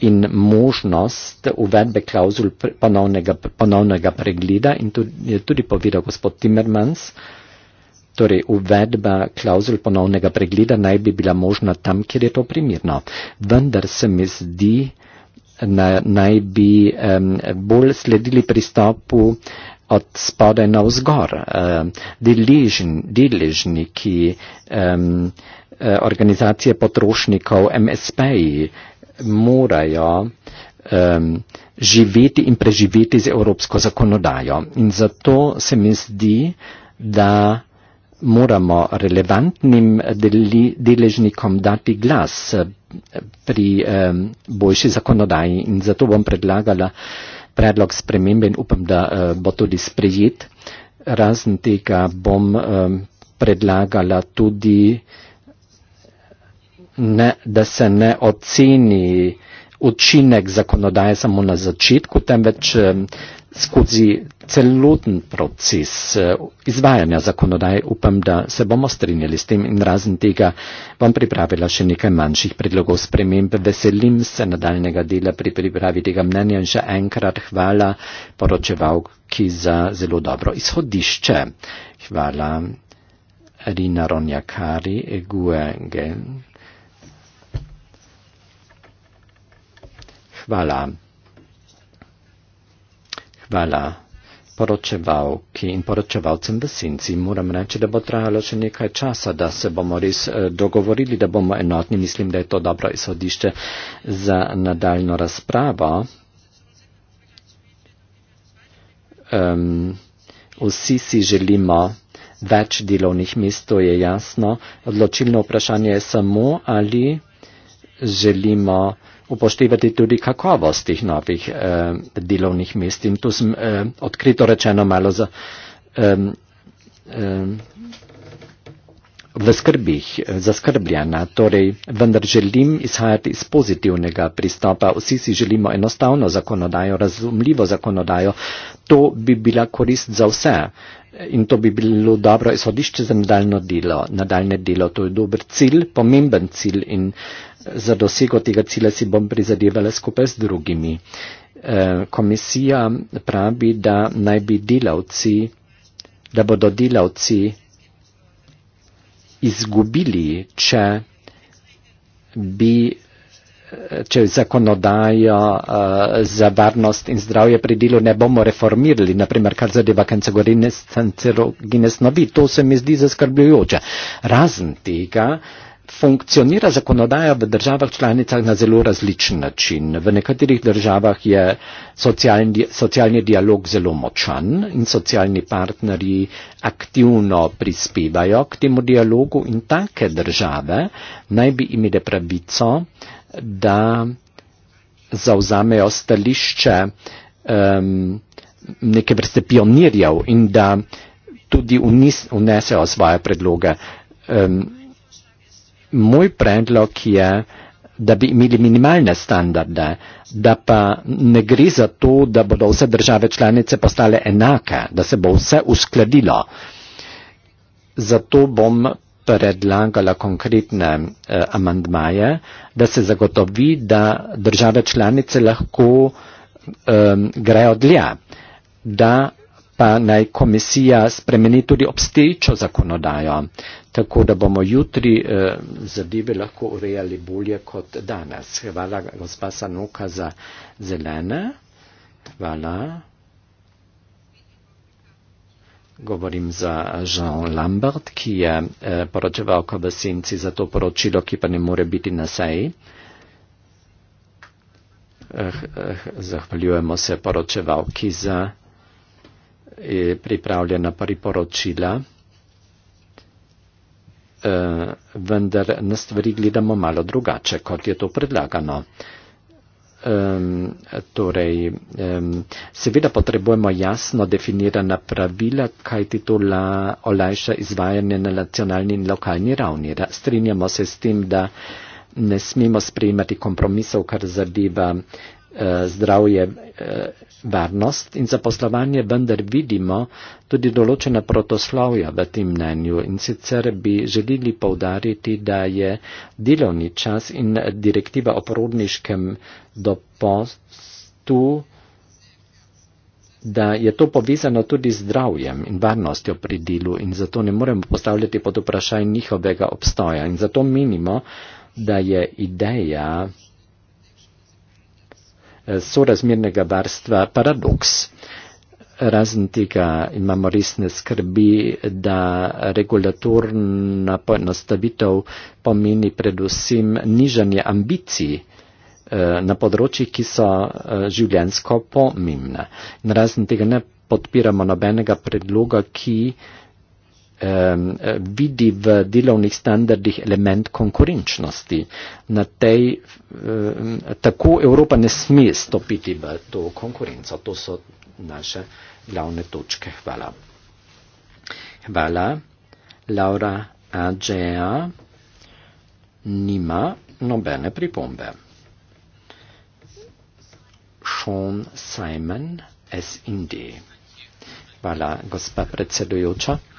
in možnost uvedbe klauzul ponovnega, ponovnega pregleda in tudi, je tudi povedal gospod Timmermans, torej uvedba klauzul ponovnega pregleda naj bi bila možna tam, kjer je to primirno. Vendar se mi zdi, da naj bi um, bolj sledili pristopu uh, od spodaj na vzgor, eh, deležni, ki eh, organizacije potrošnikov MSP-ji morajo živeti in preživeti z evropsko zakonodajo. In zato se mi zdi, da moramo relevantnim deležnikom dati glas eh, pri boljši zakonodaji. In zato bom predlagala, predlog spremembe in upam, da uh, bo tudi sprejet. Razen tega bom um, predlagala tudi, ne, da se ne oceni učinek zakonodaje samo na začetku, temveč um, skozi celoten proces eh, izvajanja zakonodaje. Upam, da se bomo strinjali s tem in razen tega bom pripravila še nekaj manjših predlogov sprememb. Veselim se nadaljnega dela pri pripravi tega mnenja in še enkrat hvala poročevalki za zelo dobro izhodišče. Hvala Rina Ronjakari, Eguengen. Hvala. Voilà. Poročeval, ki in poročevalcem v senci, moram reči, da bo trajalo še nekaj časa, da se bomo res eh, dogovorili, da bomo enotni. Mislim, da je to dobro izhodišče za nadaljno razpravo. Um, vsi si želimo več delovnih mest, to je jasno. Odločilno vprašanje je samo, ali želimo upoštevati tudi kakovost teh novih eh, delovnih mest. In tu sem eh, odkrito rečeno malo za, eh, eh, v skrbih, eh, zaskrbljena. Torej, vendar želim izhajati iz pozitivnega pristopa. Vsi si želimo enostavno zakonodajo, razumljivo zakonodajo. To bi bila korist za vse. In to bi bilo dobro izhodišče za nadaljno delo. Nadaljne delo, to je dober cilj, pomemben cilj. In, eh, za dosego tega cilja si bom prizadevala skupaj z drugimi. Eh, komisija pravi, da naj bi delavci, da bodo delavci izgubili, če bi če zakonodajo uh, eh, za varnost in zdravje pri delu ne bomo reformirali, naprimer kar zadeva kancerogine snovi, to se mi zdi zaskrbljujoče. Razen tega, uh, funkcionira zakonodaja v državah članicah na zelo različen način. V nekaterih državah je socialni, socialni dialog zelo močan in socialni partnerji aktivno prispevajo k temu dialogu in take države naj bi imele pravico, da zauzamejo stališče um, neke vrste pionirjev in da tudi unis, unesejo svoje predloge. Um, moj predlog je, da bi imeli minimalne standarde, da pa ne gre za to, da bodo vse države članice postale enake, da se bo vse uskladilo. Zato bom predlagala konkretne eh, amandmaje, da se zagotovi, da države članice lahko eh, grejo dlje, da pa naj komisija spremeni tudi obstečo zakonodajo, tako da bomo jutri eh, zadeve lahko urejali bolje kot danes. Hvala, gospa Sanuka, za zelene. Hvala. Govorim za Jean Lambert, ki je eh, poročeval v senci za to poročilo, ki pa ne more biti na seji. Eh, eh, zahvaljujemo se poročevalki za pripravljena priporočila, eh, vendar na stvari gledamo malo drugače, kot je to predlagano. Torej, seveda potrebujemo jasno definirana pravila, kaj ti to olajša izvajanje na nacionalni in lokalni ravni. Strinjamo se s tem, da ne smemo sprejemati kompromisov, kar zadeva Eh, zdravje, eh, varnost in zaposlovanje, vendar vidimo tudi določena protoslovja v tem mnenju in sicer bi želili povdariti, da je delovni čas in direktiva o porodniškem dopustu da je to povezano tudi z zdravjem in varnostjo pri delu in zato ne moremo postavljati pod vprašaj njihovega obstoja. In zato menimo, da je ideja sorazmernega varstva paradoks. Razen tega imamo resne skrbi, da regulatorna poenostavitev pomeni predvsem nižanje ambicij eh, na področjih, ki so eh, življensko pomembna. Razen tega ne podpiramo nobenega predloga, ki uh, Ehm, vidi v delovnih standardih element konkurenčnosti. Tej, ehm, tako Evropa ne sme stopiti v to konkurenco. To so naše glavne točke. Hvala. Hvala. Laura Adžeja nima nobene pripombe. Sean Simon, SND. Hvala, gospa predsedujoča.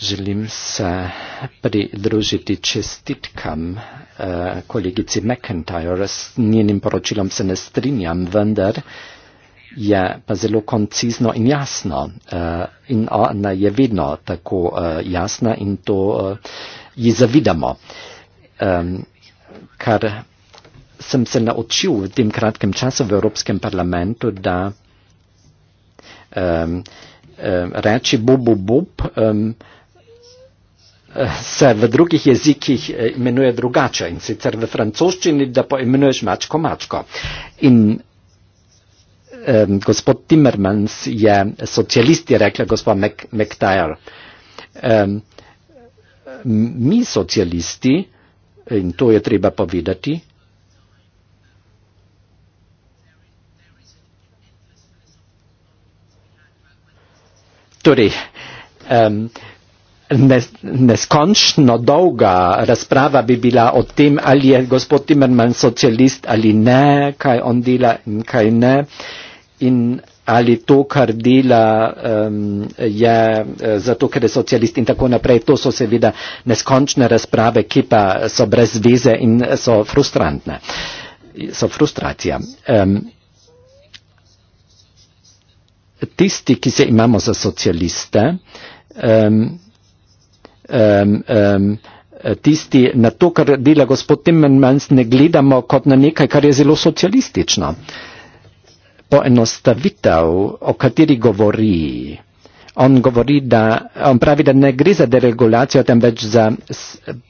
Želim se pridružiti čestitkam eh, kolegici McIntyre. S njenim poročilom se ne strinjam, vendar je pa zelo koncizno in jasno. Eh, in ona je vedno tako eh, jasna in to eh, ji zavidamo. Eh, kar sem se naučil v tem kratkem času v Evropskem parlamentu, da eh, eh, reči bob, bob, bob. Eh, se v drugih jezikih eh, imenuje drugače in sicer v francoščini, da poimenuješ mačko mačko. In eh, gospod Timmermans je socialist, je rekla gospod McTyre. Eh, mi socialisti, in to je treba povedati, torej, eh, neskončno dolga razprava bi bila o tem, ali je gospod Timerman socialist ali ne, kaj on dela in kaj ne. In ali to, kar dela, um, je eh, zato, ker je socialist in tako naprej. To so seveda neskončne razprave, ki pa so brez veze in so frustrantne. So frustracija. Um, tisti, ki se imamo za socialiste, um, um, um, tisti, na to, kar dela gospod Timmermans, ne gledamo kot na nekaj, kar je zelo socialistično. Poenostavitev, o kateri govori, on, govori da, on pravi, da ne gre za deregulacijo, temveč za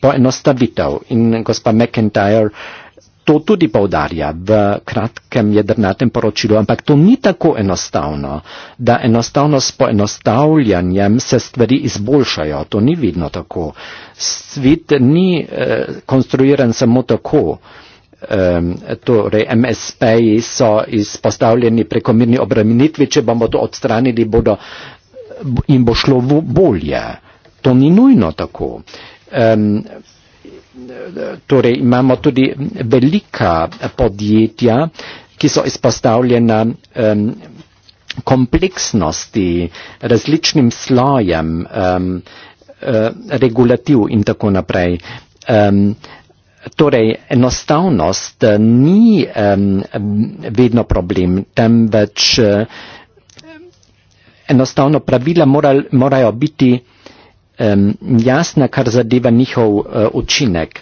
poenostavitev. In gospa McIntyre uh, to tudi povdarja v kratkem jedrnatem poročilu, ampak to ni tako enostavno, da enostavno s poenostavljanjem se stvari izboljšajo, to ni vidno tako. Svet ni eh, konstruiran samo tako, eh, torej MSP-ji so izpostavljeni prekomirni obremenitvi, če bomo to odstranili, bodo, jim bo šlo bolje. To ni nujno tako. Eh, torej imamo tudi velika podjetja, ki so izpostavljena um, kompleksnosti, različnim slojem um, regulativ in tako naprej. Um, torej, enostavnost e, ni um, vedno problem, temveč um, enostavno pravila mora, morajo biti um, jasna, kar zadeva njihov uh, učinek.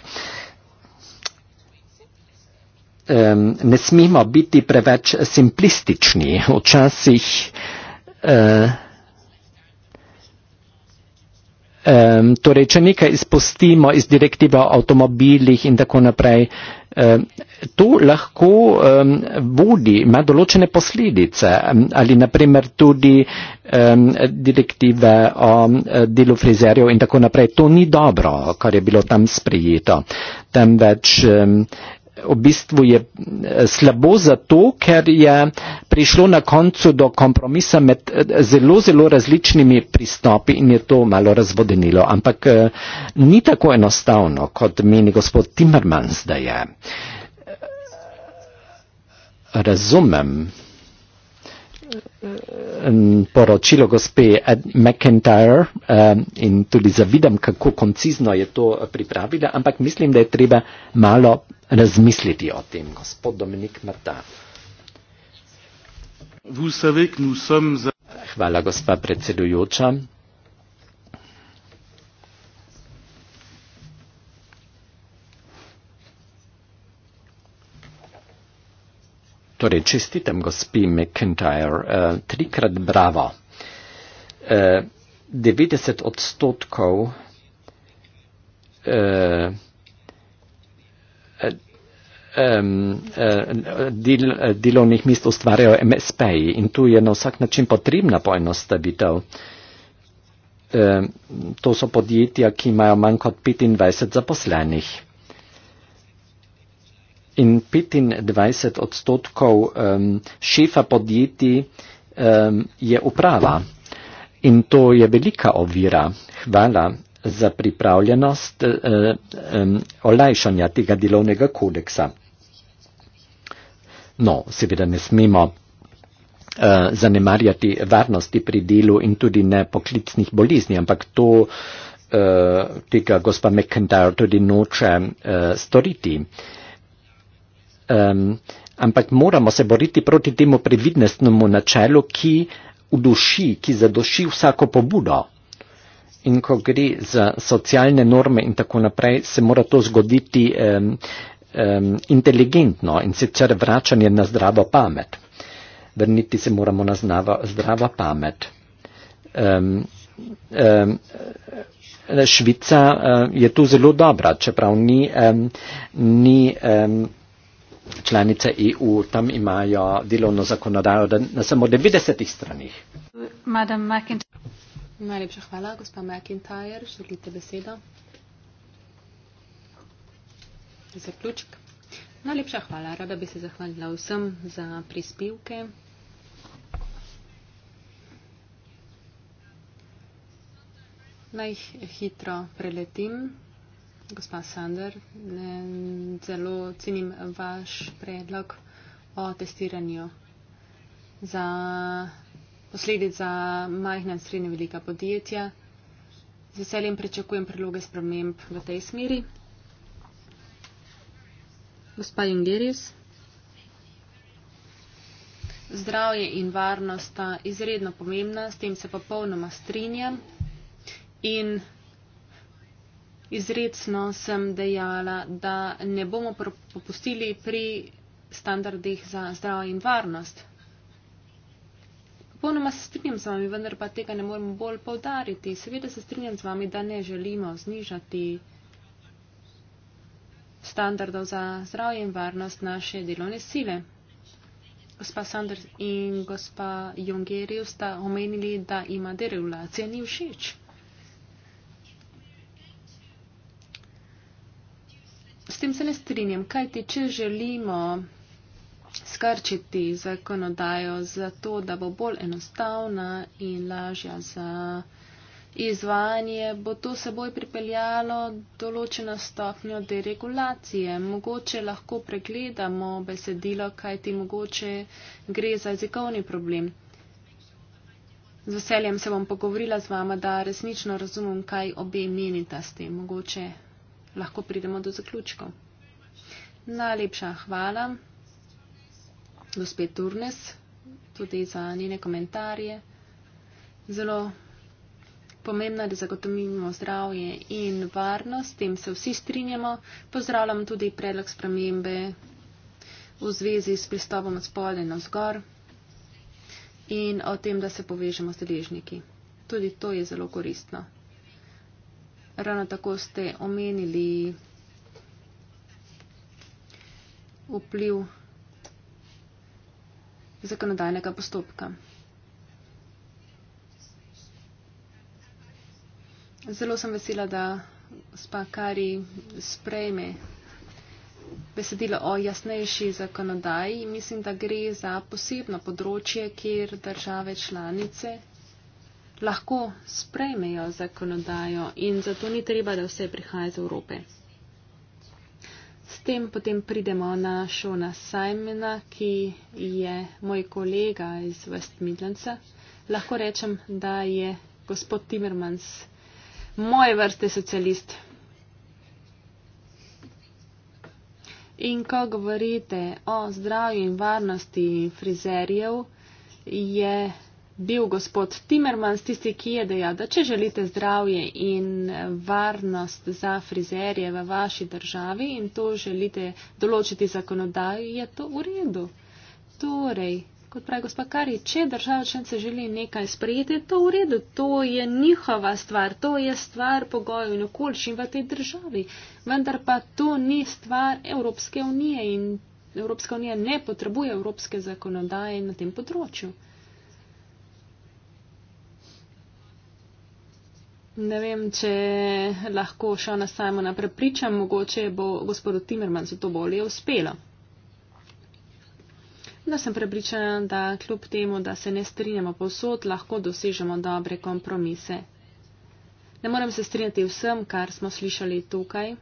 Um, ne smemo biti preveč simplistični. Včasih uh, um, torej, če nekaj izpustimo iz direktive o avtomobilih in tako naprej, Ehm, tu lahko ehm, vodi, ima določene posledice ehm, ali naprimer tudi direktive o eh, delu frizerjev in tako naprej. To ni dobro, kar je bilo tam sprejeto, temveč v bistvu je eh, slabo zato, ker je prišlo na koncu do kompromisa med eh, zelo, zelo različnimi pristopi in je to malo razvodenilo. Ampak eh, ni tako enostavno, kot meni gospod Timmermans, da je. Razumem um, poročilo gospe Ed McIntyre um, in tudi zavidam, kako koncizno je to pripravila, ampak mislim, da je treba malo razmisliti o tem, gospod Dominik Mata. Hvala, gospa predsedujoča. Torej, čestitam gospi McIntyre, uh, trikrat bravo. Uh, eh, 90 odstotkov uh, Um, uh, del, uh, delovnih mest ustvarjajo MSP-ji in tu je na vsak način potrebna poenostavitev. Uh, to so podjetja, ki imajo manj kot 25 zaposlenih in 25 odstotkov um, šefa podjetij um, je uprava. In to je velika ovira. Hvala za pripravljenost um, olajšanja tega delovnega kodeksa. No, seveda ne smemo uh, zanemarjati varnosti pri delu in tudi ne poklicnih bolezni, ampak to uh, tega gospa McIntyre tudi noče uh, storiti. Uh, um, ampak moramo se boriti proti temu previdnostnemu načelu, ki uduši, ki zadoši vsako pobudo. In ko gre za socialne norme in tako naprej, se mora to zgoditi um, um, inteligentno in sicer vračanje na zdravo pamet. Vrniti se moramo na znavo, zdravo pamet. Um, um, Švica um, je tu zelo dobra, čeprav ni. Um, ni um, članice EU tam imajo delovno zakonodajo na samo 90 stranih. Najlepša hvala, gospa McIntyre. Želite besedo? Zaključek. Najlepša hvala. Rada bi se zahvalila vsem za prispevke. Naj hitro preletim gospa Sander, zelo cenim vaš predlog o testiranju za posledic za majhna in srednje velika podjetja. Z veseljem pričakujem priloge sprememb v tej smeri. Gospa Jungerius. Zdravje in varnost sta izredno pomembna, s tem se popolnoma strinjam. In izredno sem dejala, da ne bomo popustili pri standardih za zdravje in varnost. Popolnoma se strinjam z vami, vendar pa tega ne moremo bolj povdariti. Seveda se strinjam z vami, da ne želimo znižati standardov za zdravje in varnost naše delovne sile. Gospa Sanders in gospa Jongeri sta omenili, da ima deregulacija ni všeč. tem se ne strinjam, kaj ti, če želimo skrčiti zakonodajo za to, da bo bolj enostavna in lažja za izvajanje, bo to seboj pripeljalo določeno stopnjo deregulacije. Mogoče lahko pregledamo besedilo, kaj ti mogoče gre za jezikovni problem. Z veseljem se bom pogovorila z vama, da resnično razumem, kaj obe menita s tem. Mogoče lahko pridemo do zaključkov. Najlepša hvala, gospe Turnes, tudi za njene komentarje. Zelo pomembno je, da zagotovimo zdravje in varnost, s tem se vsi strinjamo. Pozdravljam tudi predlog spremembe v zvezi s pristopom od spodaj na vzgor in o tem, da se povežemo z deležniki. Tudi to je zelo koristno. Ravno tako ste omenili vpliv zakonodajnega postopka. Zelo sem vesela, da spa Kari sprejme besedilo o jasnejši zakonodaji. Mislim, da gre za posebno področje, kjer države članice lahko sprejmejo zakonodajo in zato ni treba, da vse prihaja iz Evrope. S tem potem pridemo na Šona Simona, ki je moj kolega iz West Midlandsa. Lahko rečem, da je gospod Timmermans moje vrste socialist. In ko govorite o zdravju in varnosti frizerjev, je bil gospod Timmermans tisti, ki je dejal, da če želite zdravje in varnost za frizerje v vaši državi in to želite določiti zakonodaji, je to v redu. Torej, kot pravi gospod Kari, če država članica želi nekaj sprejeti, je to v redu, to je njihova stvar, to je stvar pogojev in okoliščin v tej državi. Vendar pa to ni stvar Evropske unije in Evropska unija ne potrebuje evropske zakonodaje na tem področju. Ne vem, če lahko Šona Simona prepričam, mogoče bo gospodu Timmermansu to bolje uspelo. No, sem prepričana, da kljub temu, da se ne strinjamo povsod, lahko dosežemo dobre kompromise. Ne morem se strinjati vsem, kar smo slišali tukaj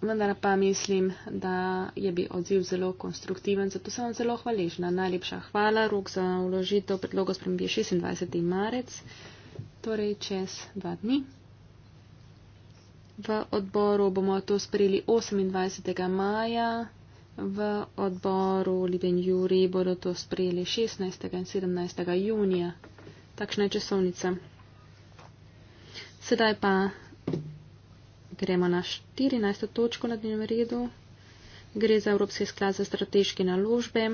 vendar pa mislim, da je bil odziv zelo konstruktiven, zato sem vam zelo hvaležna. Najlepša hvala, rok za uložitev predloga spremembe je 26. marec, torej čez dva dni. V odboru bomo to sprejeli 28. maja, v odboru Liben Juri bodo to sprejeli 16. in 17. junija. Takšna je časovnica. Sedaj pa Gremo na 14. točko na dnevnem redu. Gre za Evropski sklad za strateške naložbe,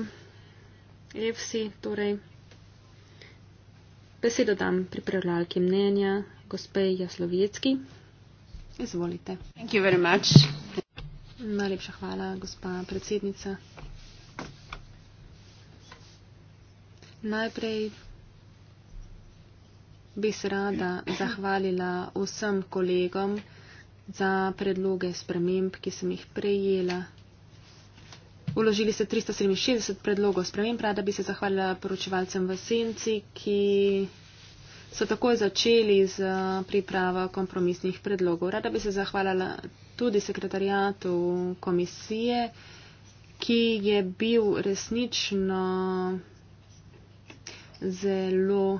EFSI. Torej. Besedo dam pripravljalki mnenja, gospej Jaslovecki. Izvolite. Najlepša hvala, gospa predsednica. Najprej bi se rada zahvalila vsem kolegom, za predloge sprememb, ki sem jih prejela. Uložili ste 367 predlogov sprememb, rada bi se zahvalila poročevalcem v Senci, ki so takoj začeli z eh, pripravo kompromisnih predlogov. Rada bi se zahvalila tudi sekretarijatu komisije, ki je bil resnično zelo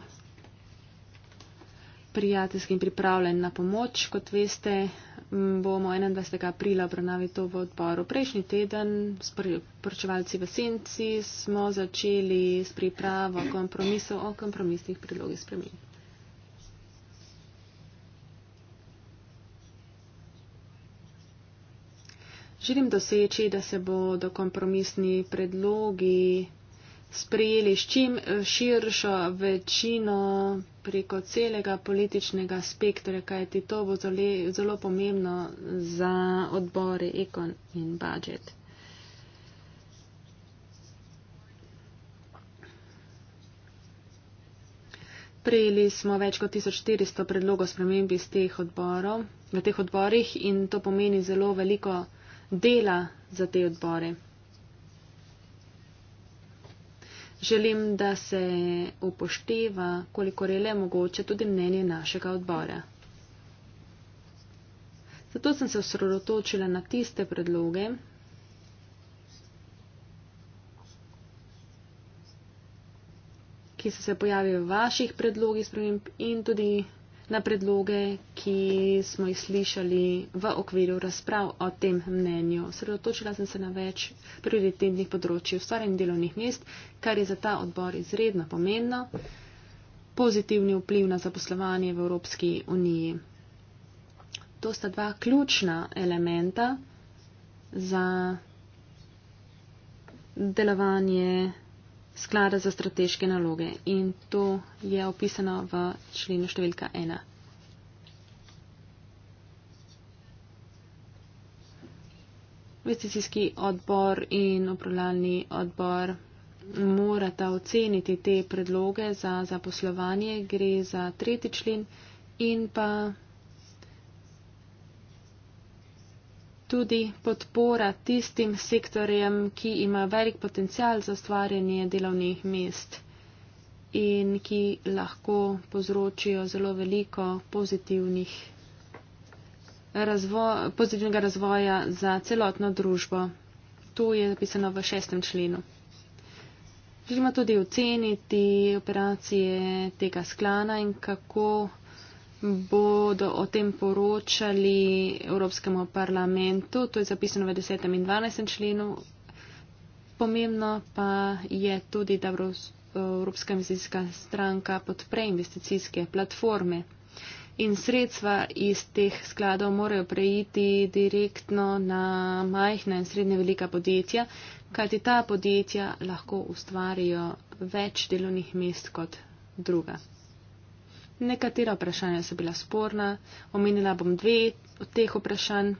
prijateljski in pripravljen na pomoč. Kot veste, bomo 21. aprila obravnavi to v odboru. Prejšnji teden s poročevalci v senci smo začeli s pripravo kompromisov o kompromisnih predlogih spremenj. Želim doseči, da se bodo kompromisni predlogi sprejeli s čim eh, širšo večino preko celega političnega spektra, kajti to bo zelo, zelo pomembno za odbore ekon in budžet. Prejeli smo več kot 1400 predlogov spremembi z teh odborov, v teh odborih in to pomeni zelo veliko dela za te odbore. Želim, da se upošteva, kolikor je le mogoče, tudi mnenje našega odbora. Zato sem se osredotočila na tiste predloge, ki so se pojavili v vaših predlogih sprememb in tudi na predloge, ki smo jih slišali v okviru razprav o tem mnenju. Sredotočila sem se na več prioritetnih področji ustvarjanja delovnih mest, kar je za ta odbor izredno pomembno. Pozitivni vpliv na zaposlovanje v Evropski uniji. To sta dva ključna elementa za delovanje sklada za strateške naloge in to je opisano v členu številka 1. Investicijski odbor in upravljalni odbor morata oceniti te predloge za zaposlovanje. Gre za tretji člen in pa tudi podpora tistim sektorjem, ki ima velik potencial za stvarjanje delovnih mest in ki lahko povzročijo zelo veliko pozitivnih razvo pozitivnega razvoja za celotno družbo. To je zapisano v šestem členu. Želimo tudi oceniti operacije tega sklana in kako bodo o tem poročali Evropskemu parlamentu, to je zapisano v 10. in 12. členu. Pomembno pa je tudi, da Evropska investicijska stranka podpre investicijske platforme in sredstva iz teh skladov morajo prejiti direktno na majhna in srednje velika podjetja, kajti ta podjetja lahko ustvarijo več delovnih mest kot druga. Nekatera vprašanja so bila sporna, omenila bom dve od teh vprašanj.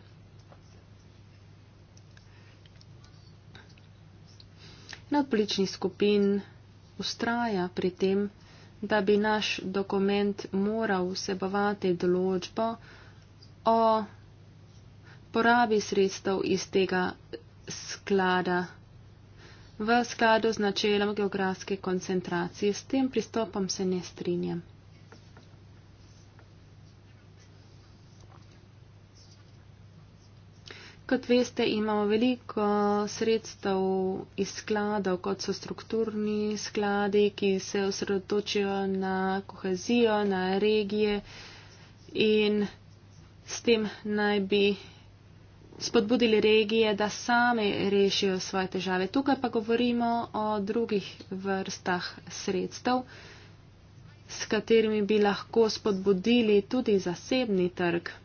Na odplični skupin ustraja pri tem, da bi naš dokument moral vsebovati določbo o porabi sredstev iz tega sklada v skladu z načelom geografske koncentracije. S tem pristopom se ne strinjam. Kot veste, imamo veliko sredstev iz skladov, kot so strukturni skladi, ki se osredotočijo na kohezijo, na regije in s tem naj bi spodbudili regije, da same rešijo svoje težave. Tukaj pa govorimo o drugih vrstah sredstev, s katerimi bi lahko spodbudili tudi zasebni trg.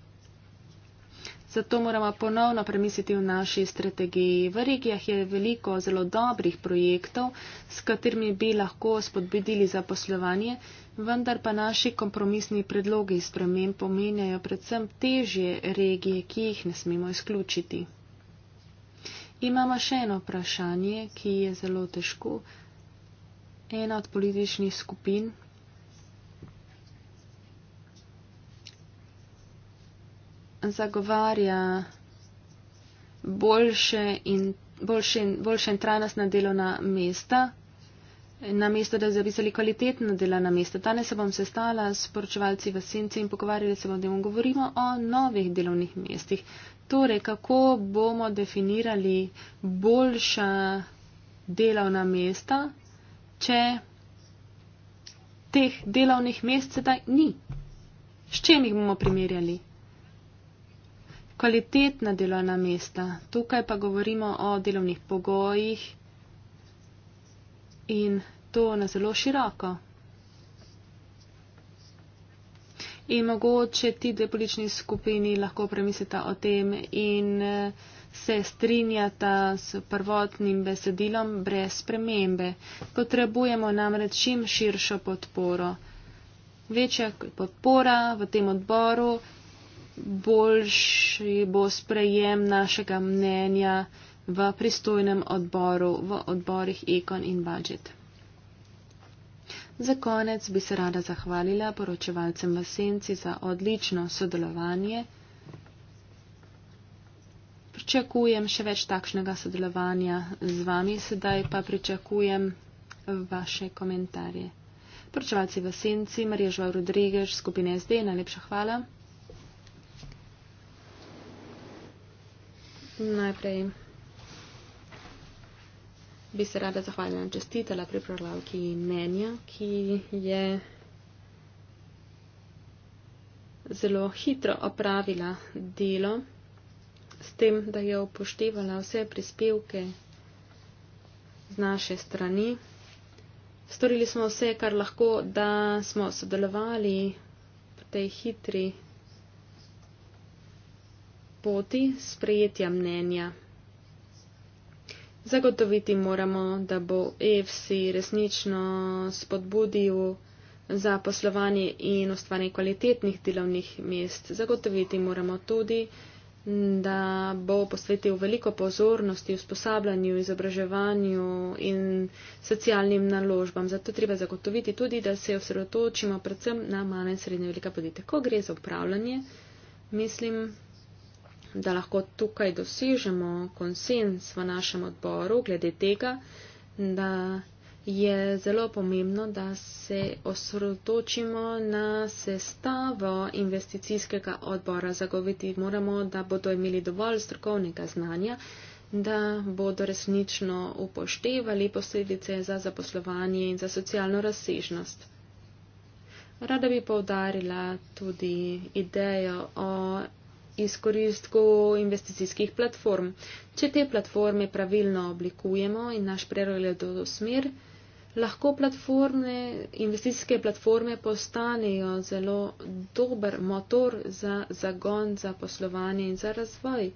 Zato moramo ponovno premisliti v naši strategiji. V regijah je veliko zelo dobrih projektov, s katerimi bi lahko spodbudili zaposlovanje, vendar pa naši kompromisni predlogi spremem pomenjajo predvsem težje regije, ki jih ne smemo izključiti. Imamo še eno vprašanje, ki je zelo težko. Ena od političnih skupin zagovarja boljše in, boljše, boljše in trajnostna delovna mesta, na mesto, da bi zapisali kvalitetna delovna mesta. Danes se bom sestala s poročevalci v Senci in pogovarjali se bom, da bom govorimo o novih delovnih mestih. Torej, kako bomo definirali boljša delovna mesta, če teh delovnih mest sedaj ni. S čem jih bomo primerjali? kvalitetna delovna mesta. Tukaj pa govorimo o delovnih pogojih in to na zelo široko. In mogoče ti dve politični skupini lahko premislita o tem in eh, se strinjata s prvotnim besedilom brez spremembe. Potrebujemo namreč čim širšo podporo. Večja podpora v tem odboru boljši bo sprejem našega mnenja v pristojnem odboru, v odborih Ekon in Budget. Za konec bi se rada zahvalila poročevalcem v Senci za odlično sodelovanje. Pričakujem še več takšnega sodelovanja z vami, sedaj pa pričakujem vaše komentarje. Poročevalci v Senci, Marija Žval Rodrigež, skupina SD, najlepša hvala. Najprej bi se rada zahvalila in čestitela pripravljavki menja, ki je zelo hitro opravila delo s tem, da je upoštevala vse prispevke z naše strani. Storili smo vse, kar lahko, da smo sodelovali pri tej hitri poti sprejetja mnenja. Zagotoviti moramo, da bo EFSI resnično spodbudil za poslovanje in ustvarjanje kvalitetnih delovnih mest. Zagotoviti moramo tudi, da bo posvetil veliko pozornosti usposabljanju, izobraževanju in socialnim naložbam. Zato treba zagotoviti tudi, da se osredotočimo predvsem na manj in srednje velika podjetja. Ko gre za upravljanje, mislim, da lahko tukaj dosežemo konsens v našem odboru glede tega, da je zelo pomembno, da se osredotočimo na sestavo investicijskega odbora. Zagoviti moramo, da bodo imeli dovolj strokovnega znanja, da bodo resnično upoštevali posledice za zaposlovanje in za socialno razsežnost. Rada bi povdarila tudi idejo o izkoristkov investicijskih platform. Če te platforme pravilno oblikujemo in naš prerogled v smer, lahko platforme, investicijske platforme postanejo zelo dober motor za zagon, za poslovanje in za razvoj.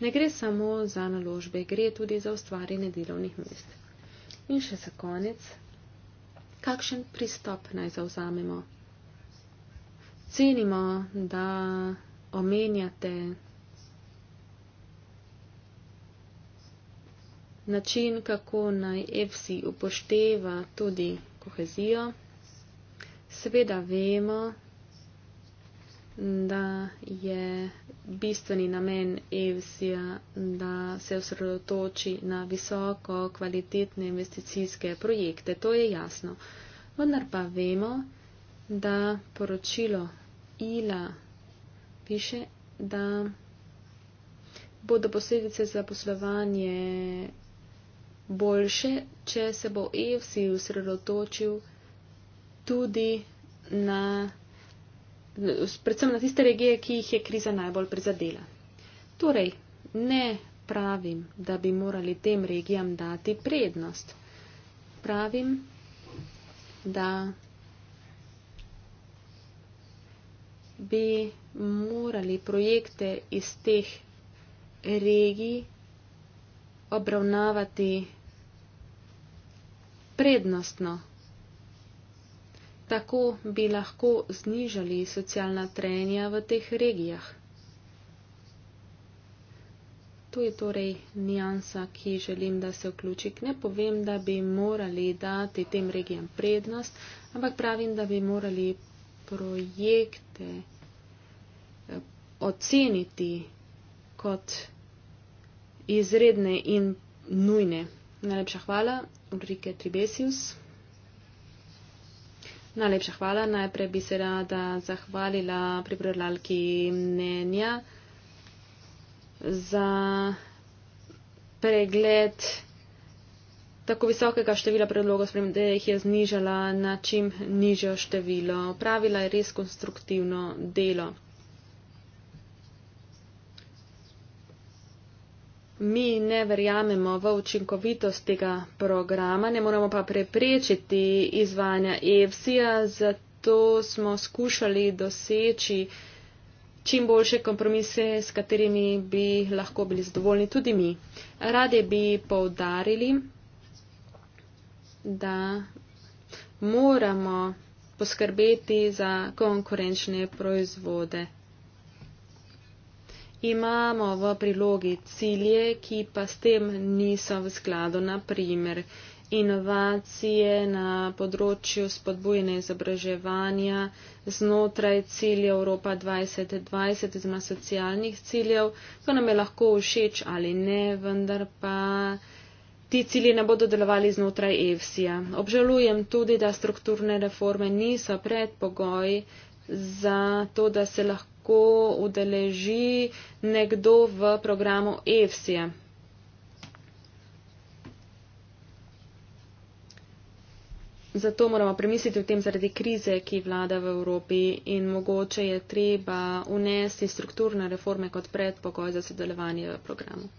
Ne gre samo za naložbe, gre tudi za ustvarjanje delovnih mest. In še za konec, kakšen pristop naj zauzamemo? Cenimo, da omenjate način, kako naj EFSI upošteva tudi kohezijo. Seveda vemo, da je bistveni namen EFSI-ja, da se osredotoči na visoko kvalitetne investicijske projekte. To je jasno. Vendar pa vemo, da poročilo ILA piše, da bodo posledice za poslovanje boljše, če se bo EFSI usredotočil tudi na, predvsem na tiste regije, ki jih je kriza najbolj prizadela. Torej, ne pravim, da bi morali tem regijam dati prednost. Pravim, da bi morali projekte iz teh regij obravnavati prednostno. Tako bi lahko znižali socialna trenja v teh regijah. To je torej nijansa, ki želim, da se vključi. Ne povem, da bi morali dati tem regijam prednost, ampak pravim, da bi morali projekte eh, oceniti kot izredne in nujne. Najlepša hvala, Ulrike Tribesius. Najlepša hvala. Najprej bi se rada zahvalila pripravljalki mnenja za pregled tako visokega števila predlogov sprememb, da jih je znižala na čim nižjo število. Pravila je res konstruktivno delo. Mi ne verjamemo v učinkovitost tega programa, ne moramo pa preprečiti izvajanja EFSI-ja, zato smo skušali doseči čim boljše kompromise, s katerimi bi lahko bili zadovoljni tudi mi. Rade bi poudarili, da moramo poskrbeti za konkurenčne proizvode. Imamo v prilogi cilje, ki pa s tem niso v skladu, naprimer inovacije na področju spodbujene izobraževanja znotraj ciljev Evropa 2020, oziroma socialnih ciljev, to nam je lahko všeč ali ne, vendar pa Ti cilji ne bodo delovali znotraj EFSI-ja. Obžalujem tudi, da strukturne reforme niso predpogoj za to, da se lahko udeleži nekdo v programu EFSI-ja. Zato moramo premisliti o tem zaradi krize, ki vlada v Evropi in mogoče je treba unesti strukturne reforme kot predpogoj za sodelovanje v programu.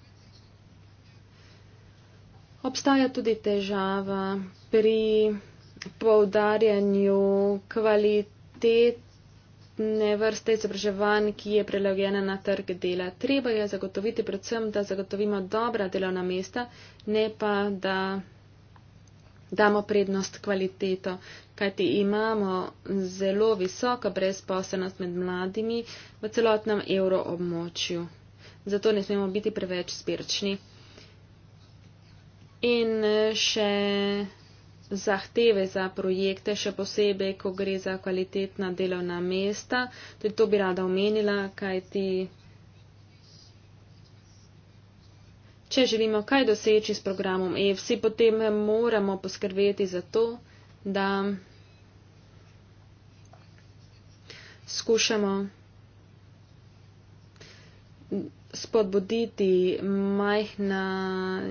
Obstaja tudi težava pri poudarjanju kvalitetne vrste izobraževanj, ki je prelogena na trg dela. Treba je zagotoviti predvsem, da zagotovimo dobra delovna mesta, ne pa, da damo prednost kvaliteto, kajti imamo zelo visoko brezposobnost med mladimi v celotnem evroobmočju. Zato ne smemo biti preveč spirčni in eh, še zahteve za projekte, še posebej, ko gre za kvalitetna delovna mesta. Tudi to bi rada omenila, kaj ti. Če želimo kaj doseči s programom EFSI, potem moramo poskrbeti za to, da skušamo spodbuditi majhna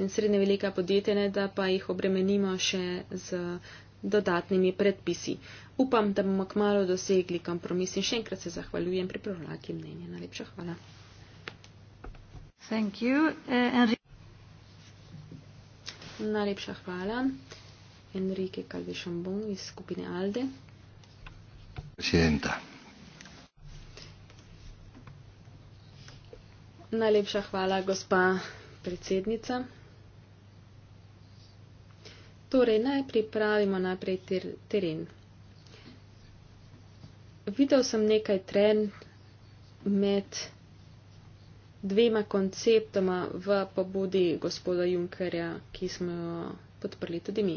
in srednje velika podjetja, ne da pa jih obremenimo še z dodatnimi predpisi. Upam, da bomo kmalo dosegli kompromis in še enkrat se zahvaljujem pri prvlaki mnenja. Najlepša hvala. Eh, Najlepša hvala. Enrique Calvešambon iz skupine Alde. Presidenta. Najlepša hvala, gospa predsednica. Torej, najprej pravimo naprej ter, teren. Videl sem nekaj tren med dvema konceptoma v pobudi gospoda Junkerja, ki smo jo podprli tudi mi.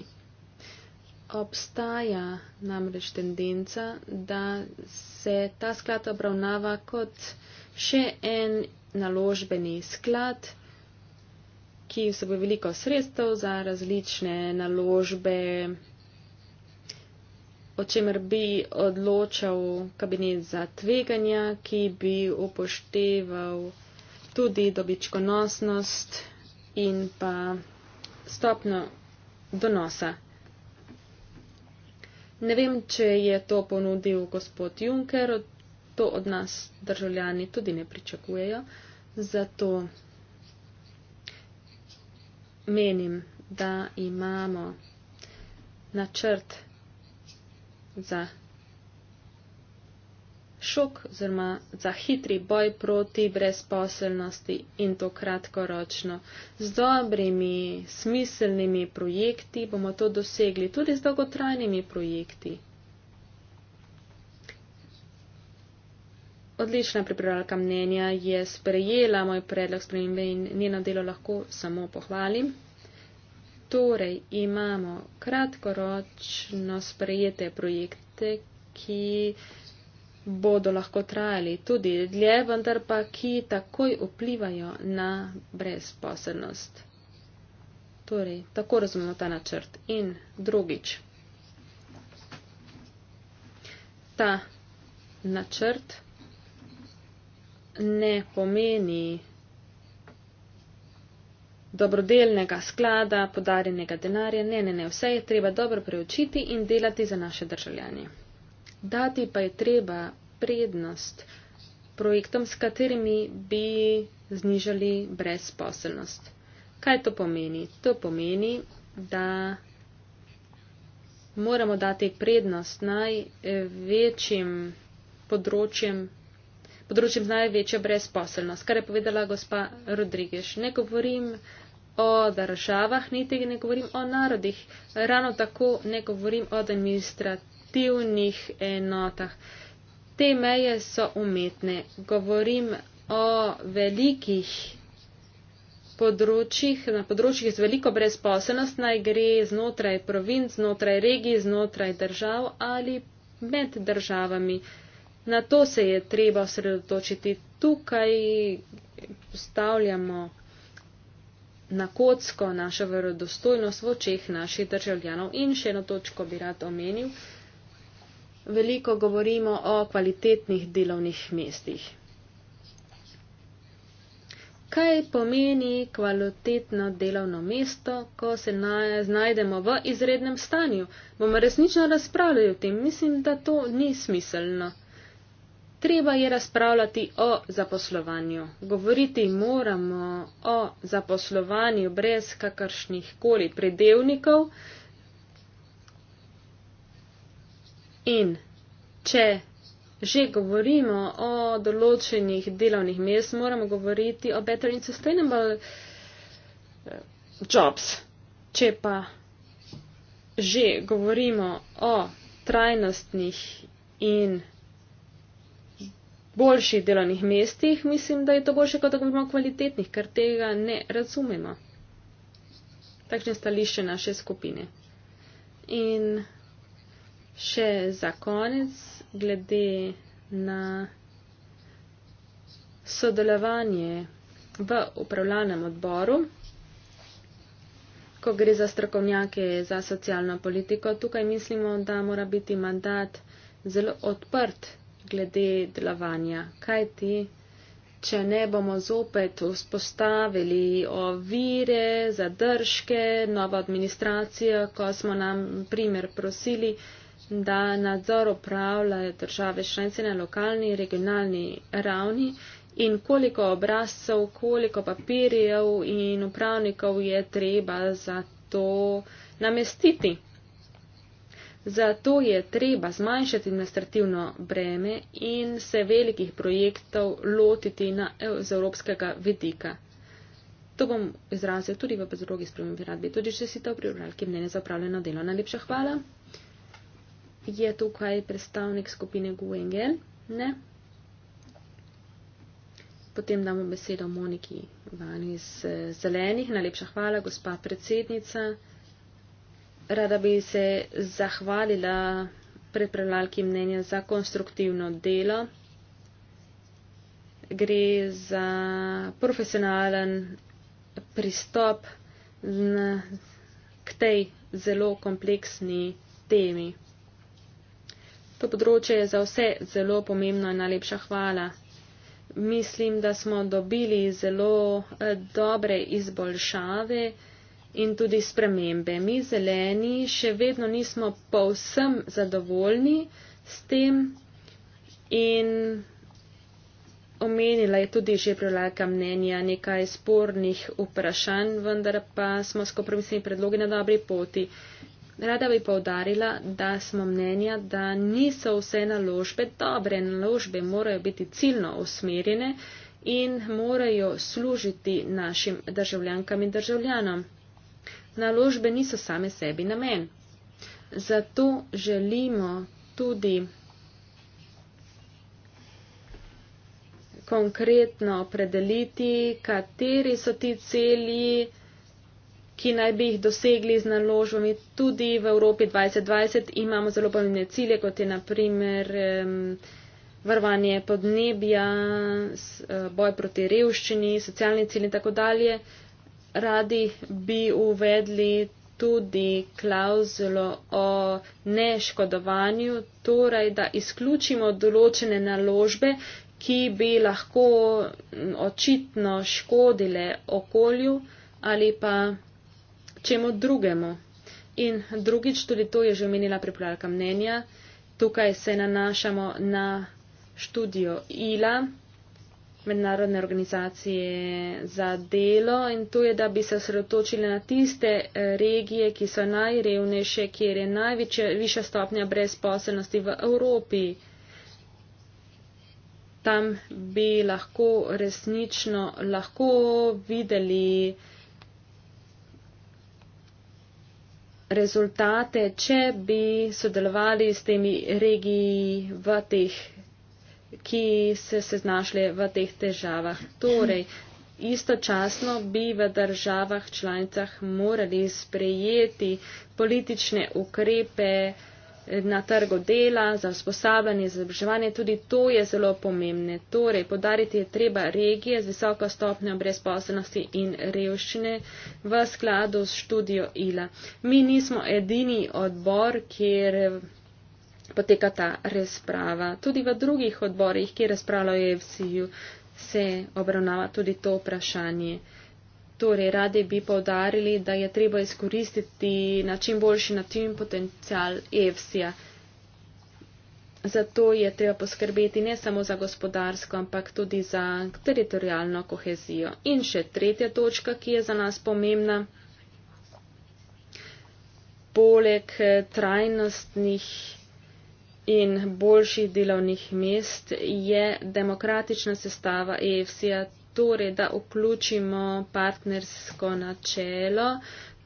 Obstaja namreč tendenca, da se ta sklad obravnava kot še en naložbeni sklad, ki se bo veliko sredstev za različne naložbe, o čemer bi odločal kabinet za tveganja, ki bi upošteval tudi dobičkonosnost in pa stopno donosa. Ne vem, če je to ponudil gospod Juncker, to od nas državljani tudi ne pričakujejo. Zato menim, da imamo načrt za šok oziroma za hitri boj proti brezposelnosti in to kratkoročno. Z dobrimi, smiselnimi projekti bomo to dosegli tudi z dolgotrajnimi projekti. odlična pripravljalka mnenja je sprejela moj predlog spremembe in njeno delo lahko samo pohvalim. Torej imamo kratkoročno sprejete projekte, ki bodo lahko trajali tudi dlje, vendar pa ki takoj vplivajo na brezposobnost. Torej, tako razumemo ta načrt. In drugič, ta načrt ne pomeni dobrodelnega sklada, podarjenega denarja, ne, ne, ne, vse je treba dobro preučiti in delati za naše državljanje. Dati pa je treba prednost projektom, s katerimi bi znižali brezposelnost. Kaj to pomeni? To pomeni, da moramo dati prednost največjim področjem področjem z največjo brezposelnost, kar je povedala gospa Rodrigež. Ne govorim o državah, niti ne govorim o narodih, ravno tako ne govorim o administrativnih enotah. Te meje so umetne. Govorim o velikih področjih, na področjih z veliko brezposelnost, naj gre znotraj provinc, znotraj regij, znotraj držav ali med državami. Na to se je treba osredotočiti. Tukaj postavljamo na kocko našo verodostojnost v očeh naših državljanov. In še eno točko bi rad omenil. Veliko govorimo o kvalitetnih delovnih mestih. Kaj pomeni kvalitetno delovno mesto, ko se znajdemo v izrednem stanju? Bomo resnično razpravljali o tem? Mislim, da to ni smiselno treba je razpravljati o zaposlovanju. Govoriti moramo o zaposlovanju brez kakršnih koli predevnikov. In če že govorimo o določenih delovnih mest, moramo govoriti o better and sustainable eh, jobs. Če pa že govorimo o trajnostnih in boljših delovnih mestih, mislim, da je to boljše, kot da govorimo o kvalitetnih, ker tega ne razumemo. Takšne stališče naše skupine. In še za konec, glede na sodelovanje v upravljanem odboru, ko gre za strokovnjake za socialno politiko, tukaj mislimo, da mora biti mandat zelo odprt glede delovanja. Kaj ti, če ne bomo zopet vzpostavili ovire, zadržke, novo administracijo, ko smo nam primer prosili, da nadzor upravljajo države šlence na lokalni, regionalni ravni in koliko obrazcev, koliko papirjev in upravnikov je treba za to namestiti. Zato je treba zmanjšati administrativno breme in se velikih projektov lotiti na z evropskega vidika. To bom izrazil tudi v drugi spremembi radbi, tudi če si to pri uralki mnenje za upravljeno delo. Najlepša hvala. Je tukaj predstavnik skupine Guengel? Ne. Potem damo besedo Moniki Vani iz Zelenih. Najlepša hvala, gospa predsednica. Rada bi se zahvalila prepravljalki mnenja za konstruktivno delo. Gre za profesionalen pristop k tej zelo kompleksni temi. To področje je za vse zelo pomembno in najlepša hvala. Mislim, da smo dobili zelo eh, dobre izboljšave in tudi spremembe. Mi zeleni še vedno nismo povsem zadovoljni s tem in omenila je tudi že prilaka mnenja nekaj spornih vprašanj, vendar pa smo s kompromisnimi predlogi na dobri poti. Rada bi povdarila, da smo mnenja, da niso vse naložbe dobre. Naložbe morajo biti ciljno usmerjene in morajo služiti našim državljankam in državljanom naložbe niso same sebi namen. Zato želimo tudi konkretno opredeliti, kateri so ti celi, ki naj bi jih dosegli z naložbami. Tudi v Evropi 2020 imamo zelo pomembne cilje, kot je naprimer varovanje podnebja, eh, boj proti revščini, socialni cilj in tako dalje radi bi uvedli tudi klauzulo o neškodovanju, torej da izključimo določene naložbe, ki bi lahko očitno škodile okolju ali pa čemu drugemu. In drugič, tudi to je že omenila pripravljalka mnenja, tukaj se nanašamo na študijo ILA mednarodne organizacije za delo in to je, da bi se osredotočili na tiste eh, regije, ki so najrevnejše, kjer je najvišja stopnja brezposelnosti v Evropi. Tam bi lahko resnično lahko videli rezultate, če bi sodelovali s temi regiji v teh ki se, se znašle v teh težavah. Torej, istočasno bi v državah članicah morali sprejeti politične ukrepe na trgu dela, za usposabljanje, za obraževanje, tudi to je zelo pomembne. Torej, podariti je treba regije z visoko stopnjo brezposobnosti in revščine v skladu s študijo ILA. Mi nismo edini odbor, kjer poteka ta razprava. Tudi v drugih odborih, ki razpravljajo o e FCU, se obravnava tudi to vprašanje. Torej, radi bi povdarili, da je treba izkoristiti na čim boljši način potencial EFSI-ja. Zato je treba poskrbeti ne samo za gospodarsko, ampak tudi za teritorijalno kohezijo. In še tretja točka, ki je za nas pomembna, poleg eh, trajnostnih in boljših delovnih mest je demokratična sestava EFSI-a, torej da vključimo partnersko načelo,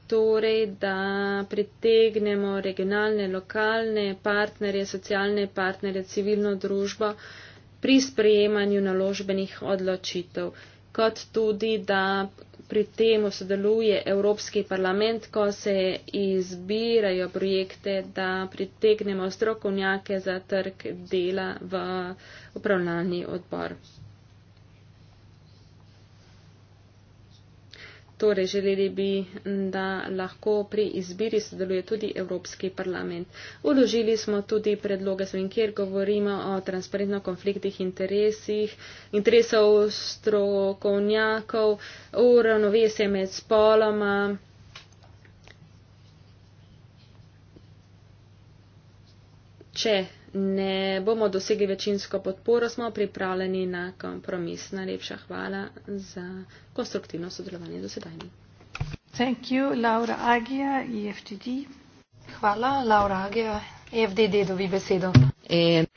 torej da pritegnemo regionalne, lokalne partnerje, socialne partnerje, civilno družbo pri sprejemanju naložbenih odločitev, kot tudi da pri tem sodeluje Evropski parlament, ko se izbirajo projekte, da pritegnemo strokovnjake za trg dela v upravljalni odbor. Torej, želeli bi, da lahko pri izbiri sodeluje tudi Evropski parlament. Uložili smo tudi predloge, kjer govorimo o transparentno konfliktih interesih, interesov strokovnjakov, uravnovesje med spoloma. Če ne bomo dosegli večinsko podporo, smo pripravljeni na kompromis. Najlepša hvala za konstruktivno sodelovanje do sedaj. Thank you, Laura Agija, EFTD. Hvala, Laura Agija, EFDD, dobi besedo.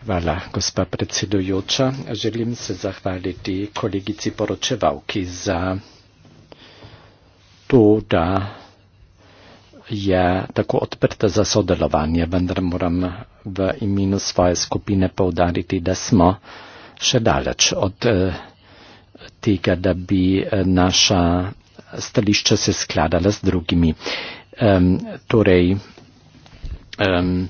Hvala, gospa predsedujoča. Želim se zahvaliti kolegici poročevalki za to, da je tako odprta za sodelovanje, vendar moram v imenu svoje skupine povdariti, da smo še daleč od eh, tega, da bi eh, naša stališča se skladala z drugimi. Um, torej, um,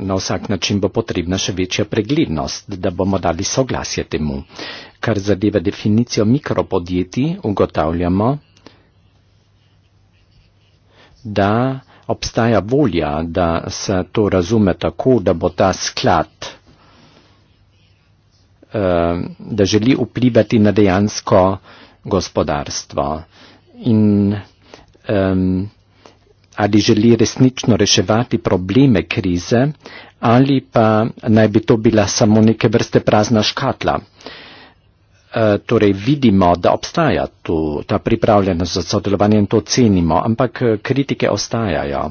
na vsak način bo potrebna še večja preglednost, da bomo dali soglasje temu. Kar zadeva definicijo mikropodjetij, ugotavljamo, da obstaja volja, da se to razume tako, da bo ta sklad, da želi vplivati na dejansko gospodarstvo. In um, ali želi resnično reševati probleme krize, ali pa naj bi to bila samo neke vrste prazna škatla. E, torej vidimo, da obstaja tu ta pripravljenost za sodelovanje in to cenimo, ampak e, kritike ostajajo.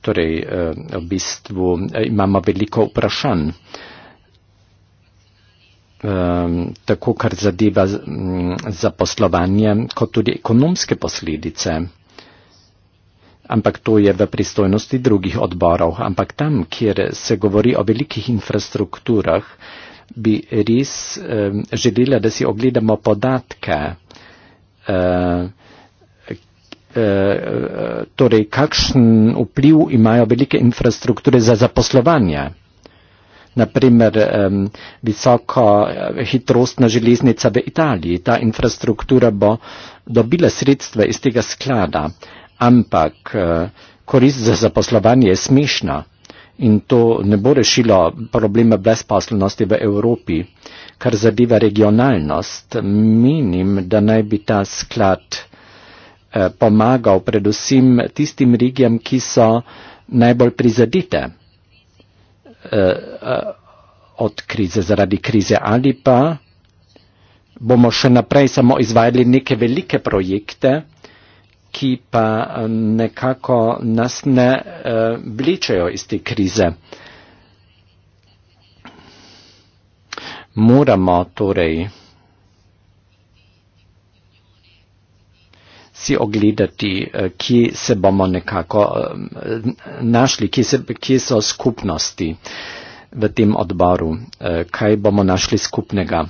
Torej, e, v bistvu e, imamo veliko vprašanj um, tako kar zadeva zaposlovanje, kot tudi ekonomske posledice. Ampak to je v pristojnosti drugih odborov. Ampak tam, kjer se govori o velikih infrastrukturah, bi res um, želela, da si ogledamo podatke. Uh, torej, kakšen vpliv imajo velike infrastrukture za zaposlovanje naprimer um, visoko eh, hitrostna železnica v Italiji. Ta infrastruktura bo dobila sredstva iz tega sklada, ampak uh, korist za zaposlovanje je smešna in to ne bo rešilo problema brezposlenosti v Evropi. Kar zadeva regionalnost, menim, da naj bi ta sklad eh, pomagal predvsem tistim regijam, ki so najbolj prizadite eh, od krize zaradi krize ali pa bomo še naprej samo izvajali neke velike projekte, ki pa eh, nekako nas ne eh, vlečejo eh, iz te krize. Moramo torej si ogledati, eh, kje se bomo nekako eh, našli, kje, se, kje so skupnosti v tem odboru, eh, kaj bomo našli skupnega.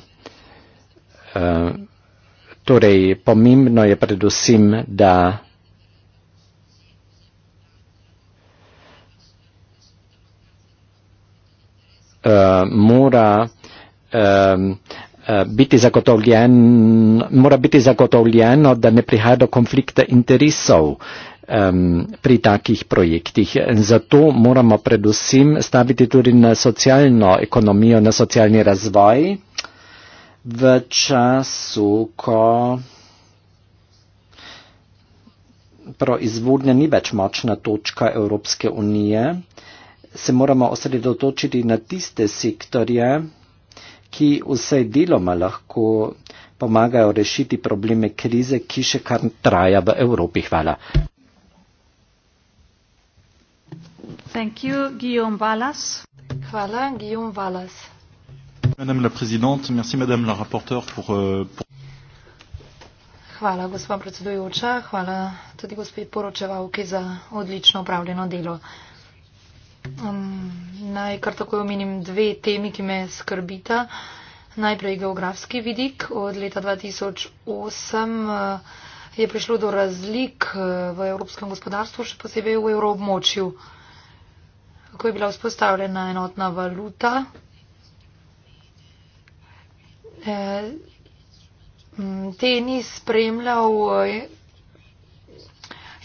Torej, pomembno je predvsem, da mora Eh, biti zagotovljen, mora biti zagotovljeno, da ne prihaja do konflikta interesov um, pri takih projektih. Zato moramo predvsem staviti tudi na socialno ekonomijo, na socialni razvoj v času, ko proizvodnja ni več močna točka Evropske unije, se moramo osredotočiti na tiste sektorje, ki vsaj deloma lahko pomagajo rešiti probleme krize, ki še kar traja v Evropi. Hvala. Hvala, Guillaume Valas. Madame la Présidente, merci Madame la Rapporteure pour, euh, pour. Hvala, gospod predsedujoča, hvala tudi gospod poročevalki za odlično upravljeno delo. Uh, Um, naj kar takoj omenim dve temi, ki me skrbita. Najprej geografski vidik. Od leta 2008 eh, je prišlo do razlik eh, v evropskem gospodarstvu, še posebej v evroobmočju. Ko je bila vzpostavljena enotna valuta, eh, te ni spremljal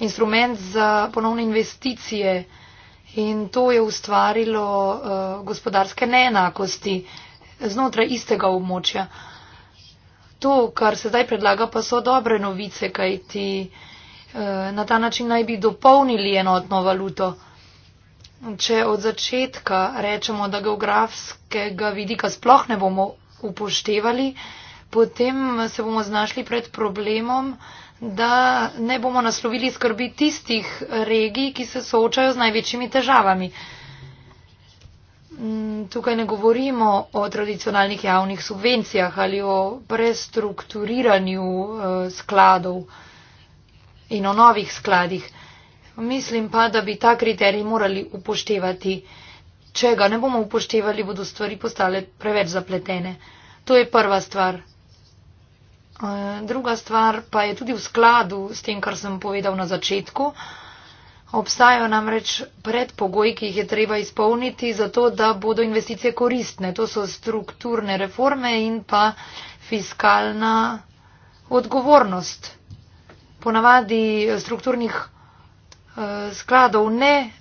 instrument za ponovne investicije. In to je ustvarilo uh, gospodarske neenakosti znotraj istega območja. To, kar se zdaj predlaga, pa so dobre novice, kajti uh, na ta način naj bi dopolnili enotno valuto. Če od začetka rečemo, da geografskega vidika sploh ne bomo upoštevali, potem se bomo znašli pred problemom, uh, da ne bomo naslovili skrbi tistih regij, ki se soočajo z največjimi težavami. Mm, tukaj ne govorimo o tradicionalnih javnih subvencijah ali o prestrukturiranju eh, skladov in o novih skladih. Mislim pa, da bi ta kriterij morali upoštevati. Če ga ne bomo upoštevali, bodo stvari postale preveč zapletene. To je prva stvar. Eh, druga stvar pa je tudi v skladu s tem, kar sem povedal na začetku. Obstajajo namreč predpogoji, ki jih je treba izpolniti, zato da bodo investicije koristne. To so strukturne reforme in pa fiskalna odgovornost. Ponavadi strukturnih eh, skladov ne eh,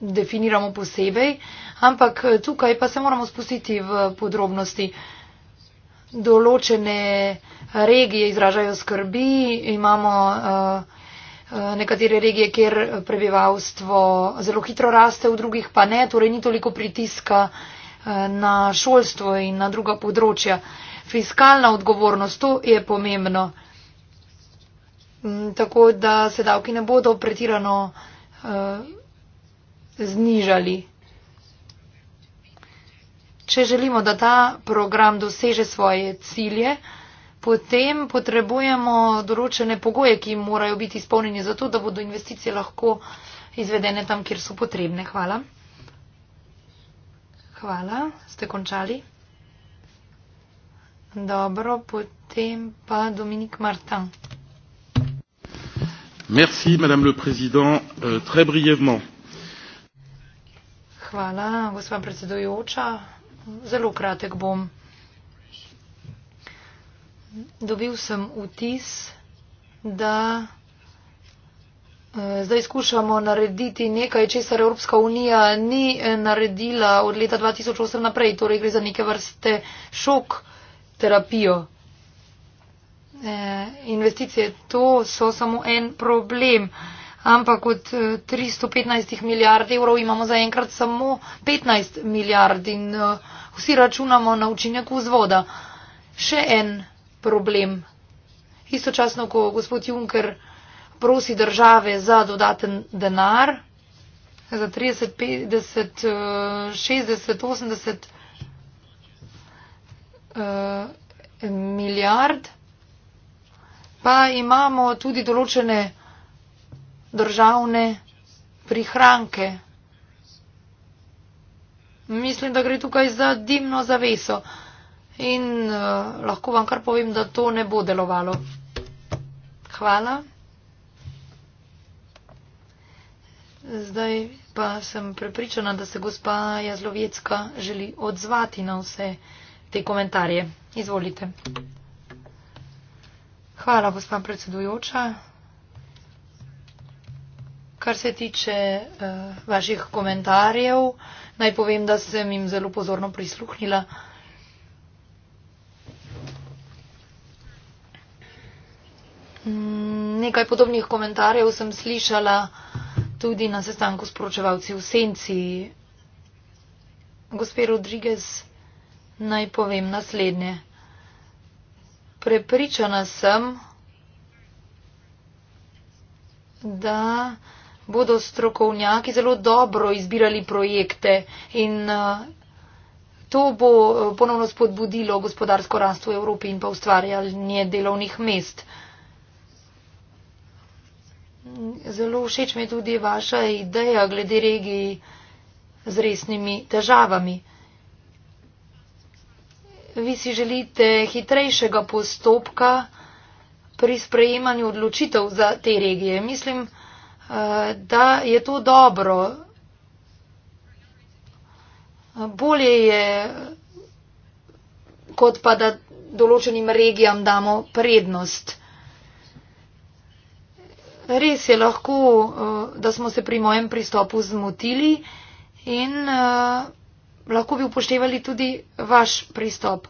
definiramo posebej, ampak tukaj pa se moramo spustiti v podrobnosti določene regije izražajo skrbi, imamo eh, eh, nekatere regije, kjer prebivalstvo zelo hitro raste, v drugih pa ne, torej ni toliko pritiska eh, na šolstvo in na druga področja. Fiskalna odgovornost, to je pomembno. Mm, tako da se davki ne bodo pretirano uh, znižali. Če želimo, da ta program doseže svoje cilje, potem potrebujemo določene pogoje, ki morajo biti izpolnjeni za to, da bodo investicije lahko izvedene tam, kjer so potrebne. Hvala. Hvala. Ste končali? Dobro, potem pa Dominik Martin. Merci, madame le président, euh, très brièvement. Hvala, gospod predsedujoča. Zelo kratek bom. Dobil sem vtis, da eh, zdaj skušamo narediti nekaj, česar Evropska unija ni eh, naredila od leta 2008 naprej. Torej gre za neke vrste šok terapijo. Eh, investicije to so samo en problem ampak od 315 eh, milijard evrov imamo zaenkrat samo 15 milijard in eh, vsi računamo na učinek vzvoda. Še en problem. Istočasno, ko gospod Juncker prosi države za dodaten denar, za 30, 50, 60, 80 milijard, pa imamo tudi določene državne prihranke. Mislim, da gre tukaj za dimno zaveso in uh, lahko vam kar povem, da to ne bo delovalo. Hvala. Zdaj pa sem prepričana, da se gospa Jazlovecka želi odzvati na vse te komentarje. Izvolite. Hvala, gospa predsedujoča. Kar se tiče uh, vaših komentarjev, naj povem, da sem jim zelo pozorno prisluhnila. Mm, nekaj podobnih komentarjev sem slišala tudi na sestanku s poročevalci v Senci. Gospe Rodriguez, naj povem naslednje. Prepričana sem, da bodo strokovnjaki zelo dobro izbirali projekte in uh, to bo uh, ponovno spodbudilo gospodarsko rast v Evropi in pa ustvarjanje delovnih mest. Zelo všeč mi je tudi vaša ideja glede regiji z resnimi težavami. Vi si želite hitrejšega postopka pri sprejemanju odločitev za te regije. Mislim, da je to dobro. Bolje je, kot pa da določenim regijam damo prednost. Res je lahko, eh, da smo se pri mojem pristopu zmotili in eh, lahko bi upoštevali tudi vaš pristop.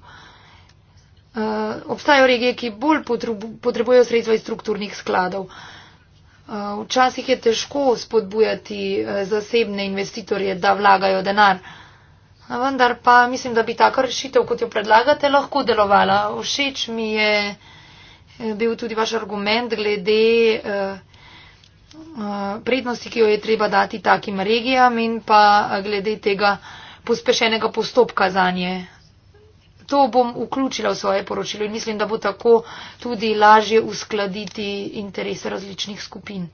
Eh, obstajajo regije, ki bolj potrebujejo sredstva iz strukturnih skladov. Eh, včasih je težko spodbujati eh, zasebne investitorje, da vlagajo denar. Vendar pa mislim, da bi taka rešitev, kot jo predlagate, lahko delovala. Všeč mi je eh, bil tudi vaš argument glede prednosti, ki jo je treba dati takim regijam in pa glede tega pospešenega postopka za nje to bom vključila v svoje poročilo in mislim, da bo tako tudi lažje uskladiti interese različnih skupin.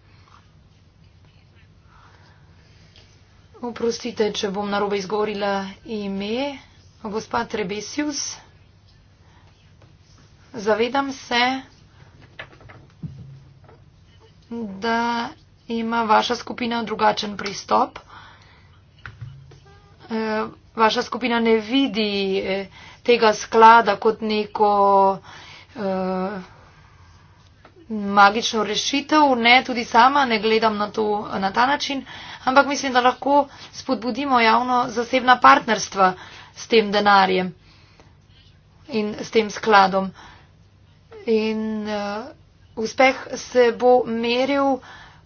Oprostite, če bom narobe izgovorila ime. Gospa Trebesius, zavedam se, da ima vaša skupina drugačen pristop. Eh, vaša skupina ne vidi eh, tega sklada kot neko uh, magično rešitev. Ne, tudi sama ne gledam na, to, na ta način, ampak mislim, da lahko spodbudimo javno zasebna partnerstva s tem denarjem in s tem skladom. In uh, uspeh se bo meril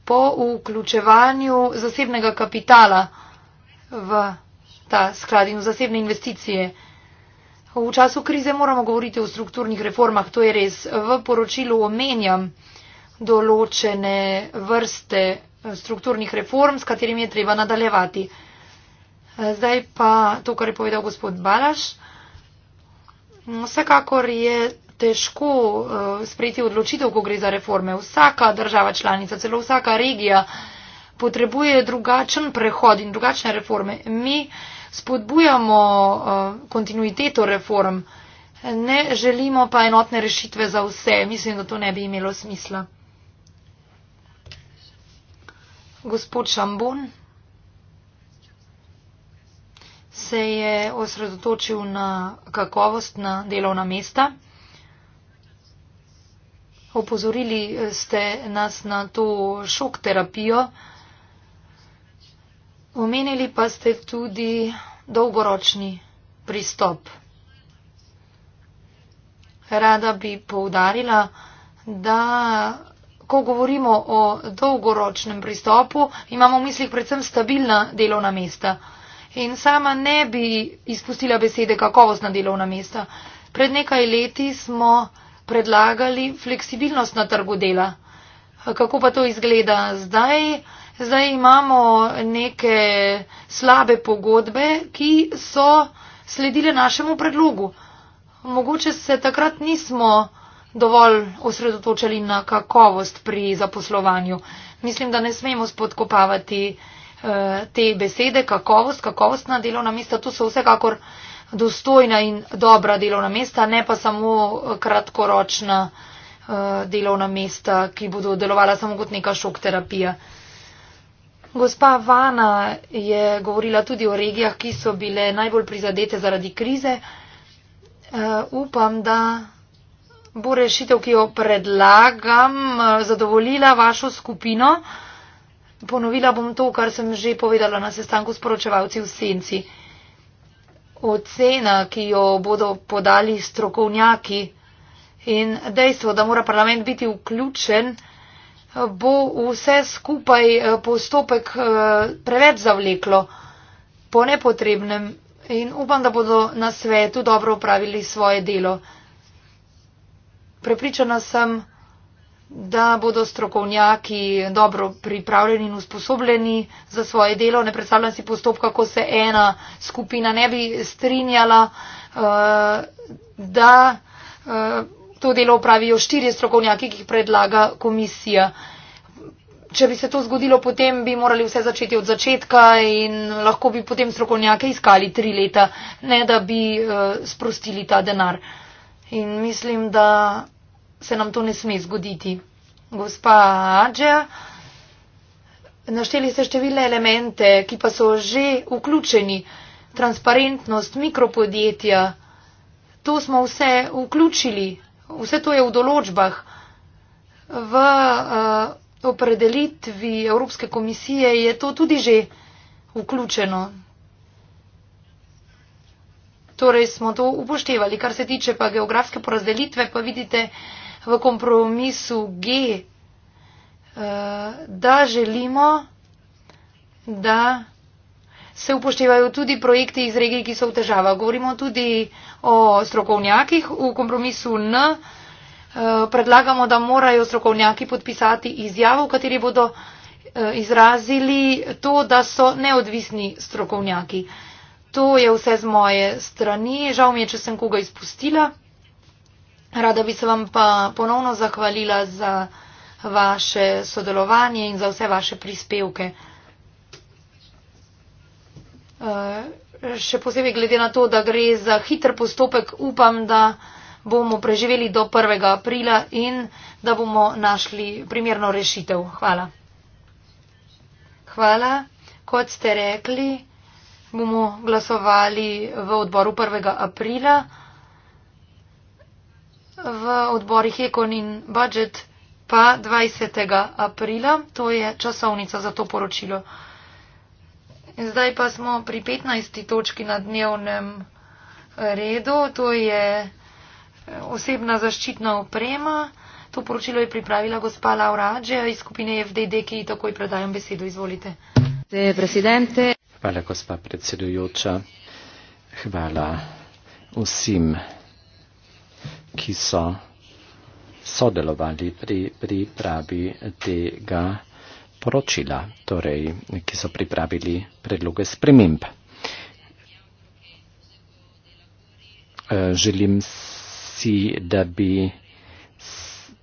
po vključevanju zasebnega kapitala v ta sklad in v zasebne investicije. V času krize moramo govoriti o strukturnih reformah, to je res. V poročilu omenjam določene vrste eh, strukturnih reform, s katerimi je treba nadaljevati. Eh, zdaj pa to, kar je povedal gospod Balaš. Mm, vsekakor je težko eh, sprejeti odločitev, ko gre za reforme. Vsaka država članica, celo vsaka regija potrebuje drugačen prehod in drugačne reforme. Mi spodbujamo eh, kontinuiteto reform, ne želimo pa enotne rešitve za vse. Mislim, da to ne bi imelo smisla. Gospod Šambon se je osredotočil na kakovost na delovna mesta. Opozorili ste nas na to šok terapijo, Omenili pa ste tudi dolgoročni pristop. Rada bi poudarila, da ko govorimo o dolgoročnem pristopu, imamo v mislih predvsem stabilna delovna mesta. In sama ne bi izpustila besede kakovostna delovna mesta. Pred nekaj leti smo predlagali fleksibilnost na trgu dela. Kako pa to izgleda zdaj? Zdaj imamo neke slabe pogodbe, ki so sledile našemu predlogu. Mogoče se takrat nismo dovolj osredotočali na kakovost pri zaposlovanju. Mislim, da ne smemo spodkopavati eh, te besede, kakovost, kakovostna delovna mesta, to so vsekakor dostojna in dobra delovna mesta, ne pa samo kratkoročna eh, delovna mesta, ki bodo delovala samo kot neka šok terapija. Gospa Vana je govorila tudi o regijah, ki so bile najbolj prizadete zaradi krize. Uh, upam, da bo rešitev, ki jo predlagam, eh, zadovoljila vašo skupino. Ponovila bom to, kar sem že povedala na sestanku s poročevalci v Senci. Ocena, ki jo bodo podali strokovnjaki in dejstvo, da mora parlament biti vključen, bo vse skupaj eh, postopek eh, preveč zavleklo po nepotrebnem in upam, da bodo na svetu dobro upravili svoje delo. Prepričana sem, da bodo strokovnjaki dobro pripravljeni in usposobljeni za svoje delo. Ne predstavljam si postopka, ko se ena skupina ne bi strinjala, eh, da to delo upravijo štirje strokovnjaki, ki jih predlaga komisija. Če bi se to zgodilo, potem bi morali vse začeti od začetka in lahko bi potem strokovnjake iskali tri leta, ne da bi uh, sprostili ta denar. In mislim, da se nam to ne sme zgoditi. Gospa Adžeja, našteli ste številne elemente, ki pa so že vključeni. Transparentnost, mikropodjetja, to smo vse vključili vse to je v določbah. V uh, opredelitvi Evropske komisije je to tudi že vključeno. Torej smo to upoštevali. Kar se tiče pa geografske porazdelitve, pa vidite v kompromisu G, uh, da želimo, da se upoštevajo tudi projekti iz regij, ki so v težavah. Govorimo tudi o strokovnjakih. V kompromisu N eh, predlagamo, da morajo strokovnjaki podpisati izjavo, v kateri bodo eh, izrazili to, da so neodvisni strokovnjaki. To je vse z moje strani. Žal mi je, če sem koga izpustila. Rada bi se vam pa ponovno zahvalila za vaše sodelovanje in za vse vaše prispevke še posebej glede na to, da gre za hiter postopek, upam, da bomo preživeli do 1. aprila in da bomo našli primerno rešitev. Hvala. Hvala. Kot ste rekli, bomo glasovali v odboru 1. aprila. V odborih Ekon in Budget pa 20. aprila. To je časovnica za to poročilo. In zdaj pa smo pri 15. točki na dnevnem eh, redu, to je eh, osebna zaščitna oprema. To poročilo je pripravila gospa Laura Adže iz skupine FDD, ki ji takoj predajam besedo. Izvolite. Hvala, gospa predsedujoča. Hvala vsem, ki so sodelovali pri pripravi tega poročila, torej, ki so pripravili predloge sprememb. E, želim si, da bi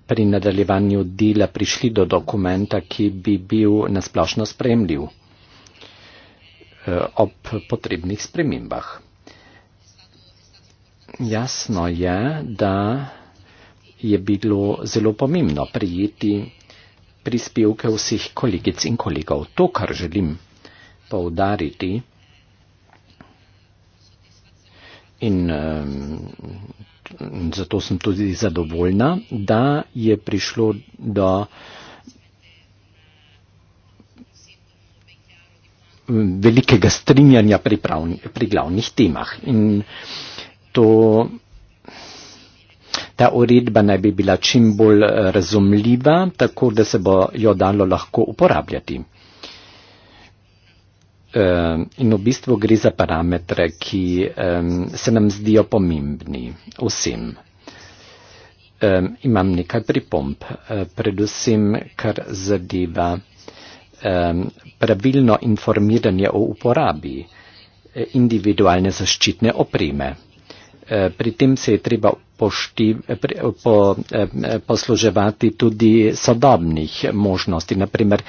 pri nadaljevanju dela prišli do dokumenta, ki bi bil nasplošno spremljiv e, ob potrebnih spremembah. Jasno je, da je bilo zelo pomembno prijeti prispevke vseh kolegic in kolegov. To, kar želim poudariti in um, zato sem tudi zadovoljna, da je prišlo do velikega strinjanja pri, pravni, pri glavnih temah. In to ta uredba naj bi bila čim bolj eh, razumljiva, tako da se bo jo dalo lahko uporabljati. Ehm, in v bistvu gre za parametre, ki ehm, se nam zdijo pomembni vsem. Ehm, imam nekaj pripomp, eh, predvsem kar zadeva pravilno informiranje o uporabi eh, individualne zaščitne opreme. Pri tem se je treba Eh, eh, posluževati tudi sodobnih možnosti, naprimer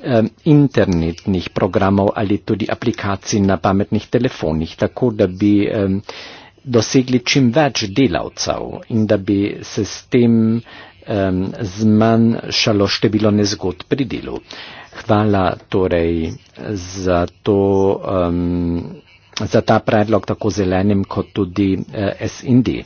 eh, internetnih programov ali tudi aplikacij na pametnih telefonih, tako da bi dosegli čim več delavcev in da bi se s tem zmanjšalo število nezgod pri delu. Hvala torej za, to, um, za ta predlog tako zelenim kot tudi eh, SND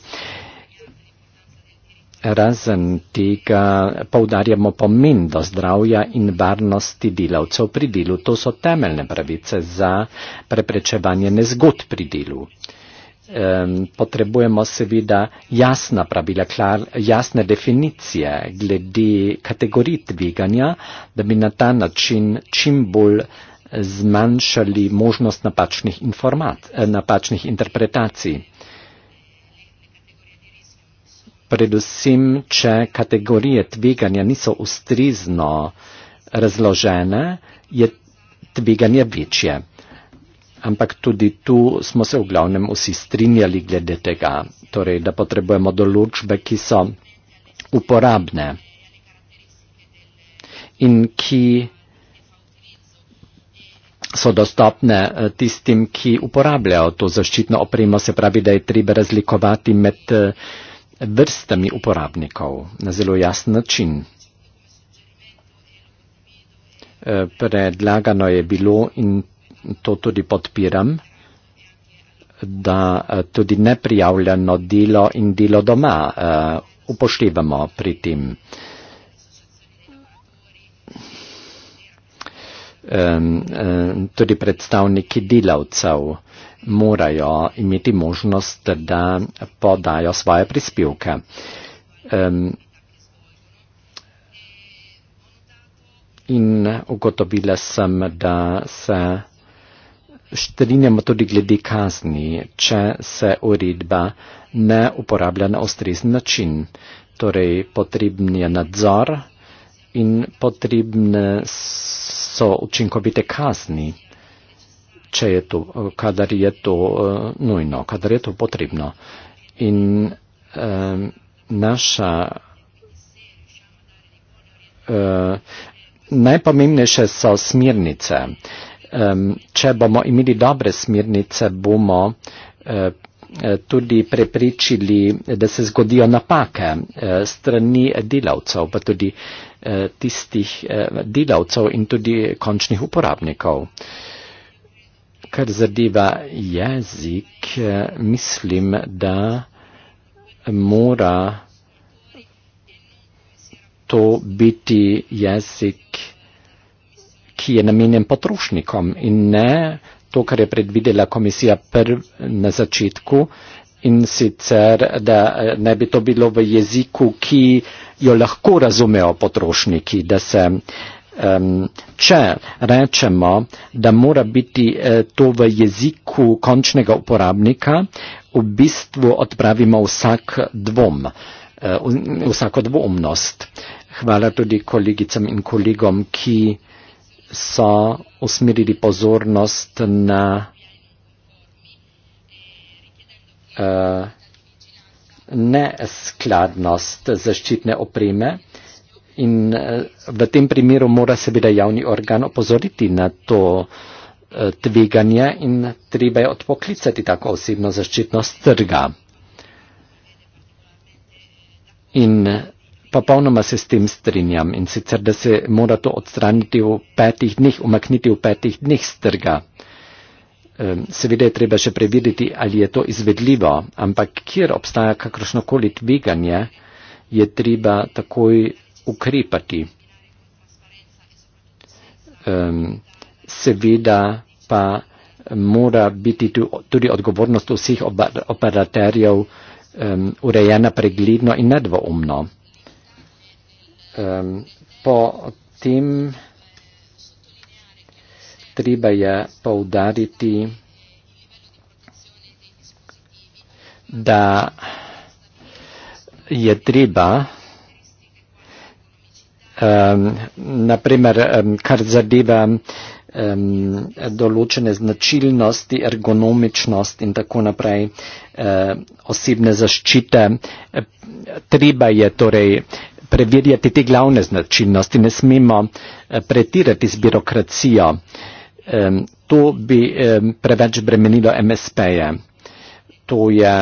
razen tega poudarjamo pomen do zdravja in varnosti delavcev pri delu. To so temeljne pravice za preprečevanje nezgod pri delu. Potrebujemo seveda jasna pravila, klar, jasne definicije glede kategorij tveganja, da bi na ta način čim bolj zmanjšali možnost napačnih, napačnih interpretacij predvsem če kategorije tveganja niso ustrezno razložene, je tveganje večje. Ampak tudi tu smo se v glavnem vsi strinjali glede tega, torej, da potrebujemo določbe, ki so uporabne in ki so dostopne eh, tistim, ki uporabljajo to zaščitno opremo. Se pravi, da je treba razlikovati med uh, vrstami uporabnikov na zelo jasen način. E, predlagano je bilo in to tudi podpiram, da e, tudi neprijavljeno delo in delo doma e, upoštevamo pri tem. Tudi predstavniki delavcev morajo imeti možnost, da podajo svoje prispevke. Um, in ugotovila sem, da se strinjamo tudi glede kazni, če se uredba ne uporablja na ustrezni način. Torej, potreben je nadzor in potrebne so učinkovite kazni če je to, kadar je to uh, nujno, kadar je to potrebno. In uh, naša uh, najpomembnejše so smirnice. Um, če bomo imeli dobre smirnice, bomo uh, tudi prepričili, da se zgodijo napake uh, strani delavcev, pa tudi uh, tistih uh, delavcev in tudi končnih uporabnikov. Uh, kar zadeva jezik, mislim, da mora to biti jezik, ki je namenjen potrošnikom in ne to, kar je predvidela komisija prv na začetku in sicer, da ne bi to bilo v jeziku, ki jo lahko razumejo potrošniki, da se Um, če rečemo, da mora biti uh, to v jeziku končnega uporabnika, v bistvu odpravimo vsak dvom, uh, vsako dvomnost. Hvala tudi kolegicam in kolegom, ki so usmerili pozornost na uh, neskladnost zaščitne opreme. In eh, v tem primeru mora seveda javni organ opozoriti na to eh, tveganje in treba je odpoklicati tako osebno zaščitno strga. In eh, popolnoma se s tem strinjam in sicer, da se mora to odstraniti v petih dneh, umakniti v petih dneh strga. Ehm, seveda je treba še preveriti, ali je to izvedljivo, ampak kjer obstaja kakršnokoli tveganje, je treba takoj ukrepati. Um, seveda pa mora biti tudi odgovornost vseh operaterjev um, urejena pregledno in nedvoumno. Um, po tem treba je poudariti, da je treba um, ehm, naprimer, um, ehm, kar zadeva um, določene značilnosti, ergonomičnost in tako naprej, um, osebne zaščite. Treba je torej preverjati te glavne značilnosti, ne smemo eh, pretirati z birokracijo. Um, to bi um, preveč bremenilo MSP-je. To je,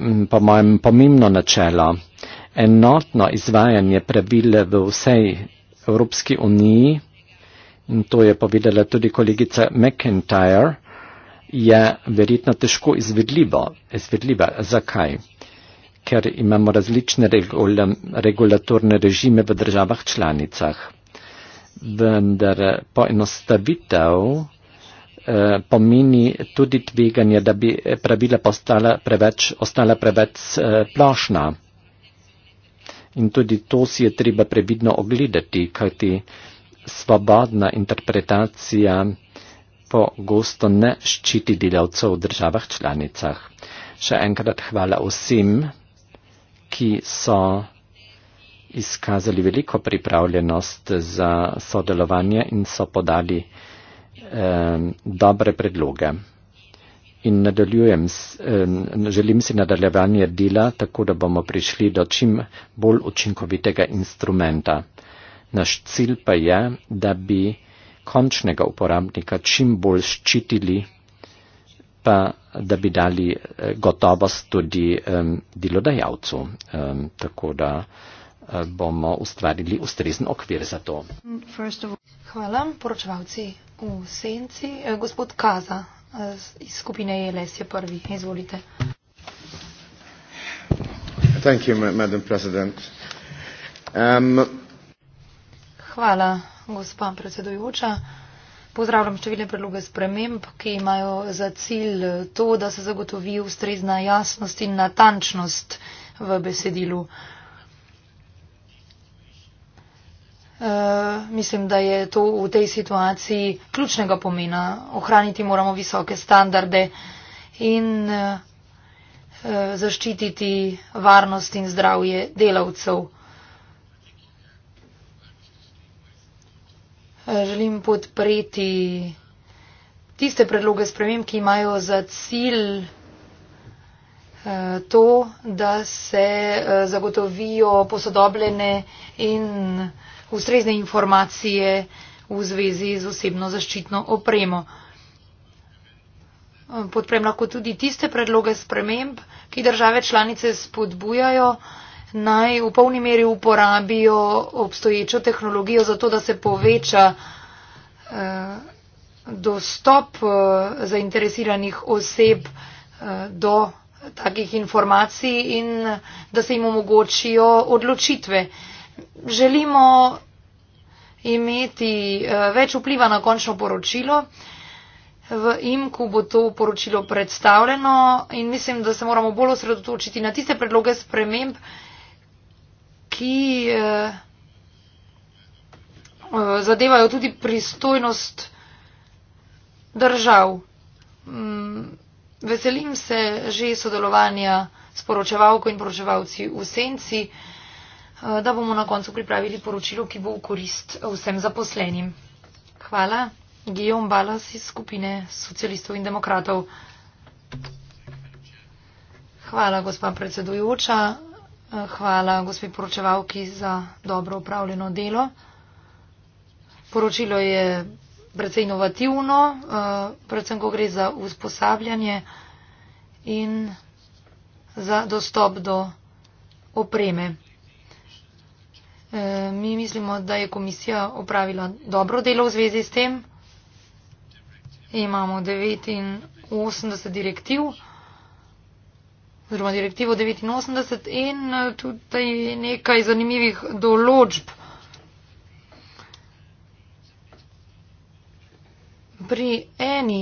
mm, po mojem, pomembno načelo enotno izvajanje pravil v vsej Evropski uniji, in to je povedala tudi kolegica McIntyre, je verjetno težko izvedljivo. izvedljiva. Zakaj? Ker imamo različne regulatorne režime v državah članicah. Vendar poenostavitev eh, pomeni tudi tveganje, da bi pravila postala preveč, ostala preveč splošna. Eh, In tudi to si je treba previdno ogledati, kajti svobodna interpretacija pogosto ne ščiti delavcev v državah članicah. Še enkrat hvala vsem, ki so izkazali veliko pripravljenost za sodelovanje in so podali eh, dobre predloge in nadaljujem, želim si nadaljevanje dela, tako da bomo prišli do čim bolj učinkovitega instrumenta. Naš cilj pa je, da bi končnega uporabnika čim bolj ščitili, pa da bi dali eh, gotovost tudi um, delodajalcu, um, tako da um, bomo ustvarili ustrezen okvir za to. Hvala, poročevalci v senci. Eh, gospod Kaza, Eh, iz skupine ELS je prvi. Izvolite. Thank you, Madam President. Um, Hvala, gospa predsedujoča. Pozdravljam številne predloge sprememb, ki imajo za cilj to, da se zagotovi ustrezna jasnost in natančnost v besedilu. Uh, Eh, mislim, da je to v tej situaciji ključnega pomena. Ohraniti moramo visoke standarde in eh, eh, zaščititi varnost in zdravje delavcev. Želim podpreti tiste predloge sprejem, ki imajo za cilj to, da se zagotovijo posodobljene in ustrezne informacije v zvezi z osebno zaščitno opremo. Podprem lahko tudi tiste predloge sprememb, ki države članice spodbujajo naj v polni meri uporabijo obstoječo tehnologijo, zato da se poveča eh, dostop eh, zainteresiranih oseb eh, do takih informacij in da se jim omogočijo odločitve želimo imeti eh, več vpliva na končno poročilo. V imku bo to poročilo predstavljeno in mislim, da se moramo bolj osredotočiti na tiste predloge sprememb, ki eh, eh, zadevajo tudi pristojnost držav. Mm, veselim se že sodelovanja s poročevalko in poročevalci v senci. Eh, da bomo na koncu pripravili poročilo, ki bo v korist vsem zaposlenim. Hvala. Gijom Balas iz skupine socialistov in demokratov. Hvala, gospa predsedujoča. Eh, hvala, gospe poročevalki, za dobro upravljeno delo. Poročilo je precej inovativno, eh, predvsem, ko gre za usposabljanje in za dostop do opreme. Eh, mi mislimo, da je komisija opravila dobro delo v zvezi s tem. Imamo 89 direktiv, oziroma direktivo 89 in eh, tudi nekaj zanimivih določb. Pri eni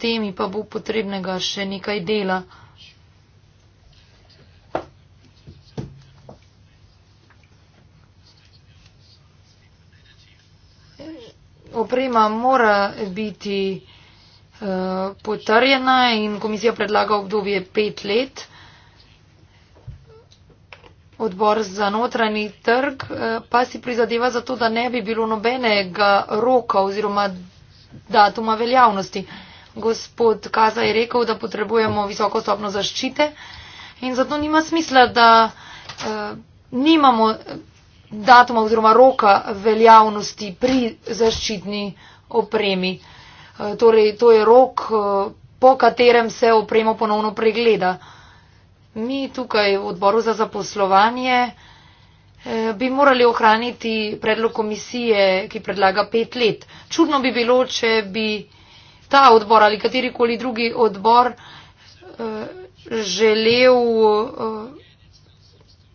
temi pa bo potrebnega še nekaj dela. oprema mora biti uh, potrjena in komisija predlaga obdobje pet let. Odbor za notranji trg uh, pa si prizadeva za to, da ne bi bilo nobenega roka oziroma datuma veljavnosti. Gospod Kaza je rekel, da potrebujemo visoko stopno zaščite in zato nima smisla, da uh, nimamo. Uh, datuma oziroma roka veljavnosti pri zaščitni opremi. E, torej, to je rok, e, po katerem se opremo ponovno pregleda. Mi tukaj v odboru za zaposlovanje e, bi morali ohraniti predlog komisije, ki predlaga pet let. Čudno bi bilo, če bi ta odbor ali katerikoli drugi odbor želel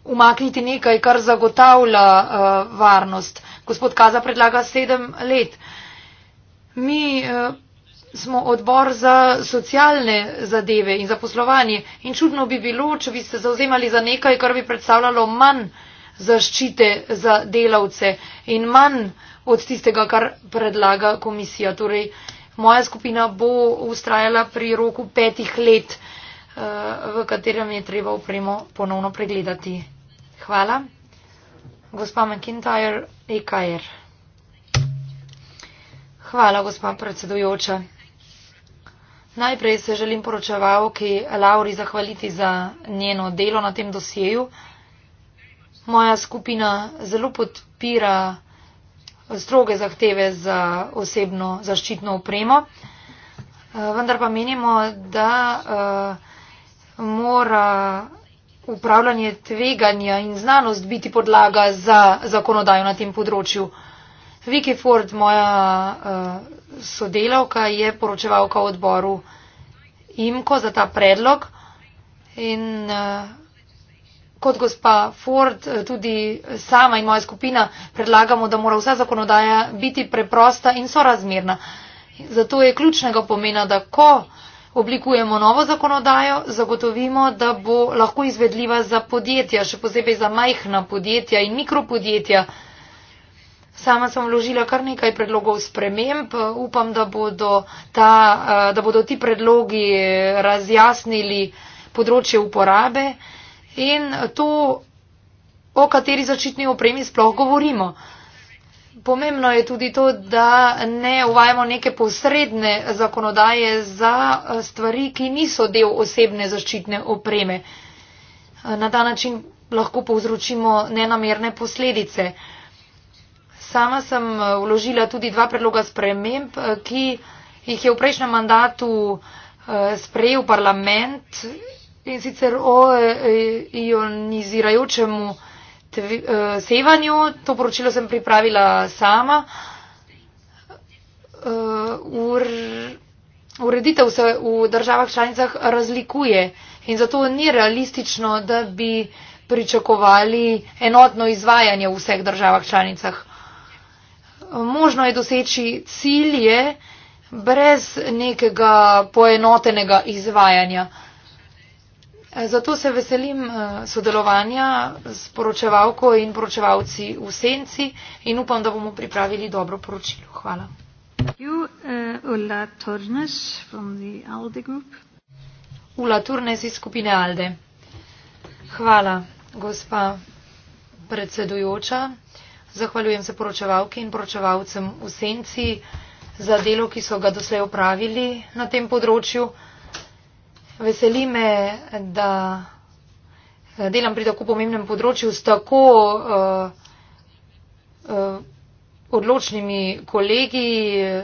umakniti nekaj, kar zagotavlja uh, varnost. Gospod Kaza predlaga sedem let. Mi uh, smo odbor za socialne zadeve in za poslovanje in čudno bi bilo, če bi se zauzemali za nekaj, kar bi predstavljalo manj zaščite za delavce in manj od tistega, kar predlaga komisija. Torej, moja skupina bo ustrajala pri roku petih let, eh, v katerem je treba upremo ponovno pregledati. Hvala. Gospa McIntyre, EKR. Hvala, gospa predsedujoča. Najprej se želim poročevalki Lauri zahvaliti za njeno delo na tem dosjeju. Moja skupina zelo podpira stroge zahteve za osebno zaščitno opremo, vendar pa menimo, da uh, mora upravljanje tveganja in znanost biti podlaga za zakonodajo na tem področju. Vicky Ford, moja uh, sodelavka, je poročevalka odboru IMKO za ta predlog in uh, kot gospa Ford, eh, tudi sama in moja skupina predlagamo, da mora vsa zakonodaja biti preprosta in sorazmerna. Zato je ključnega pomena, da ko uh, oblikujemo novo zakonodajo, zagotovimo, da bo lahko izvedljiva za podjetja, še posebej za majhna podjetja in mikropodjetja. Sama sem vložila kar nekaj predlogov sprememb. Upam, da bodo, ta, eh, da bodo ti predlogi razjasnili področje uporabe in to, o kateri začitni opremi sploh govorimo pomembno je tudi to, da ne uvajamo neke posredne zakonodaje za eh, stvari, ki niso del osebne zaščitne opreme. Eh, na ta način lahko povzročimo nenamerne posledice. Sama sem eh, vložila tudi dva predloga sprememb, ki jih je v prejšnjem mandatu sprejel parlament in sicer o ionizirajočemu TV, uh, eh, sevanju. To poročilo sem pripravila sama. Uh, ur, ureditev se v državah članicah razlikuje in zato ni realistično, da bi pričakovali enotno izvajanje v vseh državah članicah. Možno je doseči cilje brez nekega poenotenega izvajanja. Uh, Eh, zato se veselim eh, sodelovanja s poročevalko in poročevalci v Senci in upam, da bomo pripravili dobro poročilo. Hvala. You, uh, eh, Ula, Tornes Alde Ula Turnes iz skupine Alde. Hvala, gospa predsedujoča. Zahvaljujem se poročevalki in poročevalcem v Senci za delo, ki so ga doslej opravili na tem področju. Veseli me, da delam pri tako pomembnem področju s tako uh, uh, odločnimi kolegi,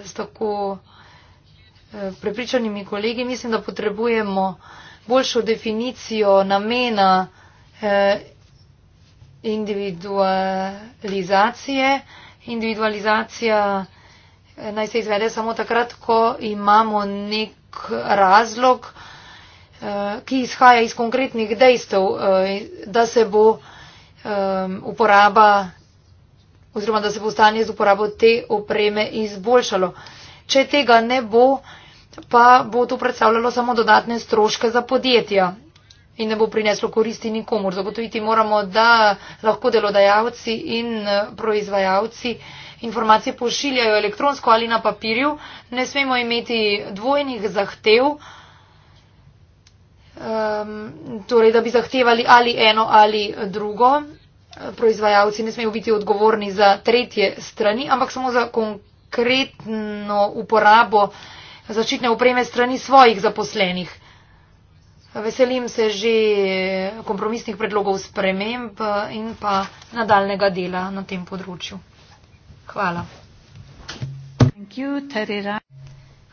s tako uh, prepričanimi kolegi. Mislim, da potrebujemo boljšo definicijo namena uh, individualizacije. Individualizacija naj se izvede samo takrat, ko imamo nek razlog, uh, Eh, ki izhaja iz konkretnih dejstev, eh, da se bo eh, uporaba oziroma da se bo stanje z uporabo te opreme izboljšalo. Če tega ne bo, pa bo to predstavljalo samo dodatne stroške za podjetja in ne bo prineslo koristi nikomu. Zagotoviti moramo, da lahko delodajalci in proizvajalci informacije pošiljajo elektronsko ali na papirju. Ne smemo imeti dvojnih zahtev um, torej da bi zahtevali ali eno ali drugo. Proizvajalci ne smejo biti odgovorni za tretje strani, ampak samo za konkretno uporabo zaščitne opreme strani svojih zaposlenih. Veselim se že kompromisnih predlogov sprememb in pa nadaljnega dela na tem področju. Hvala.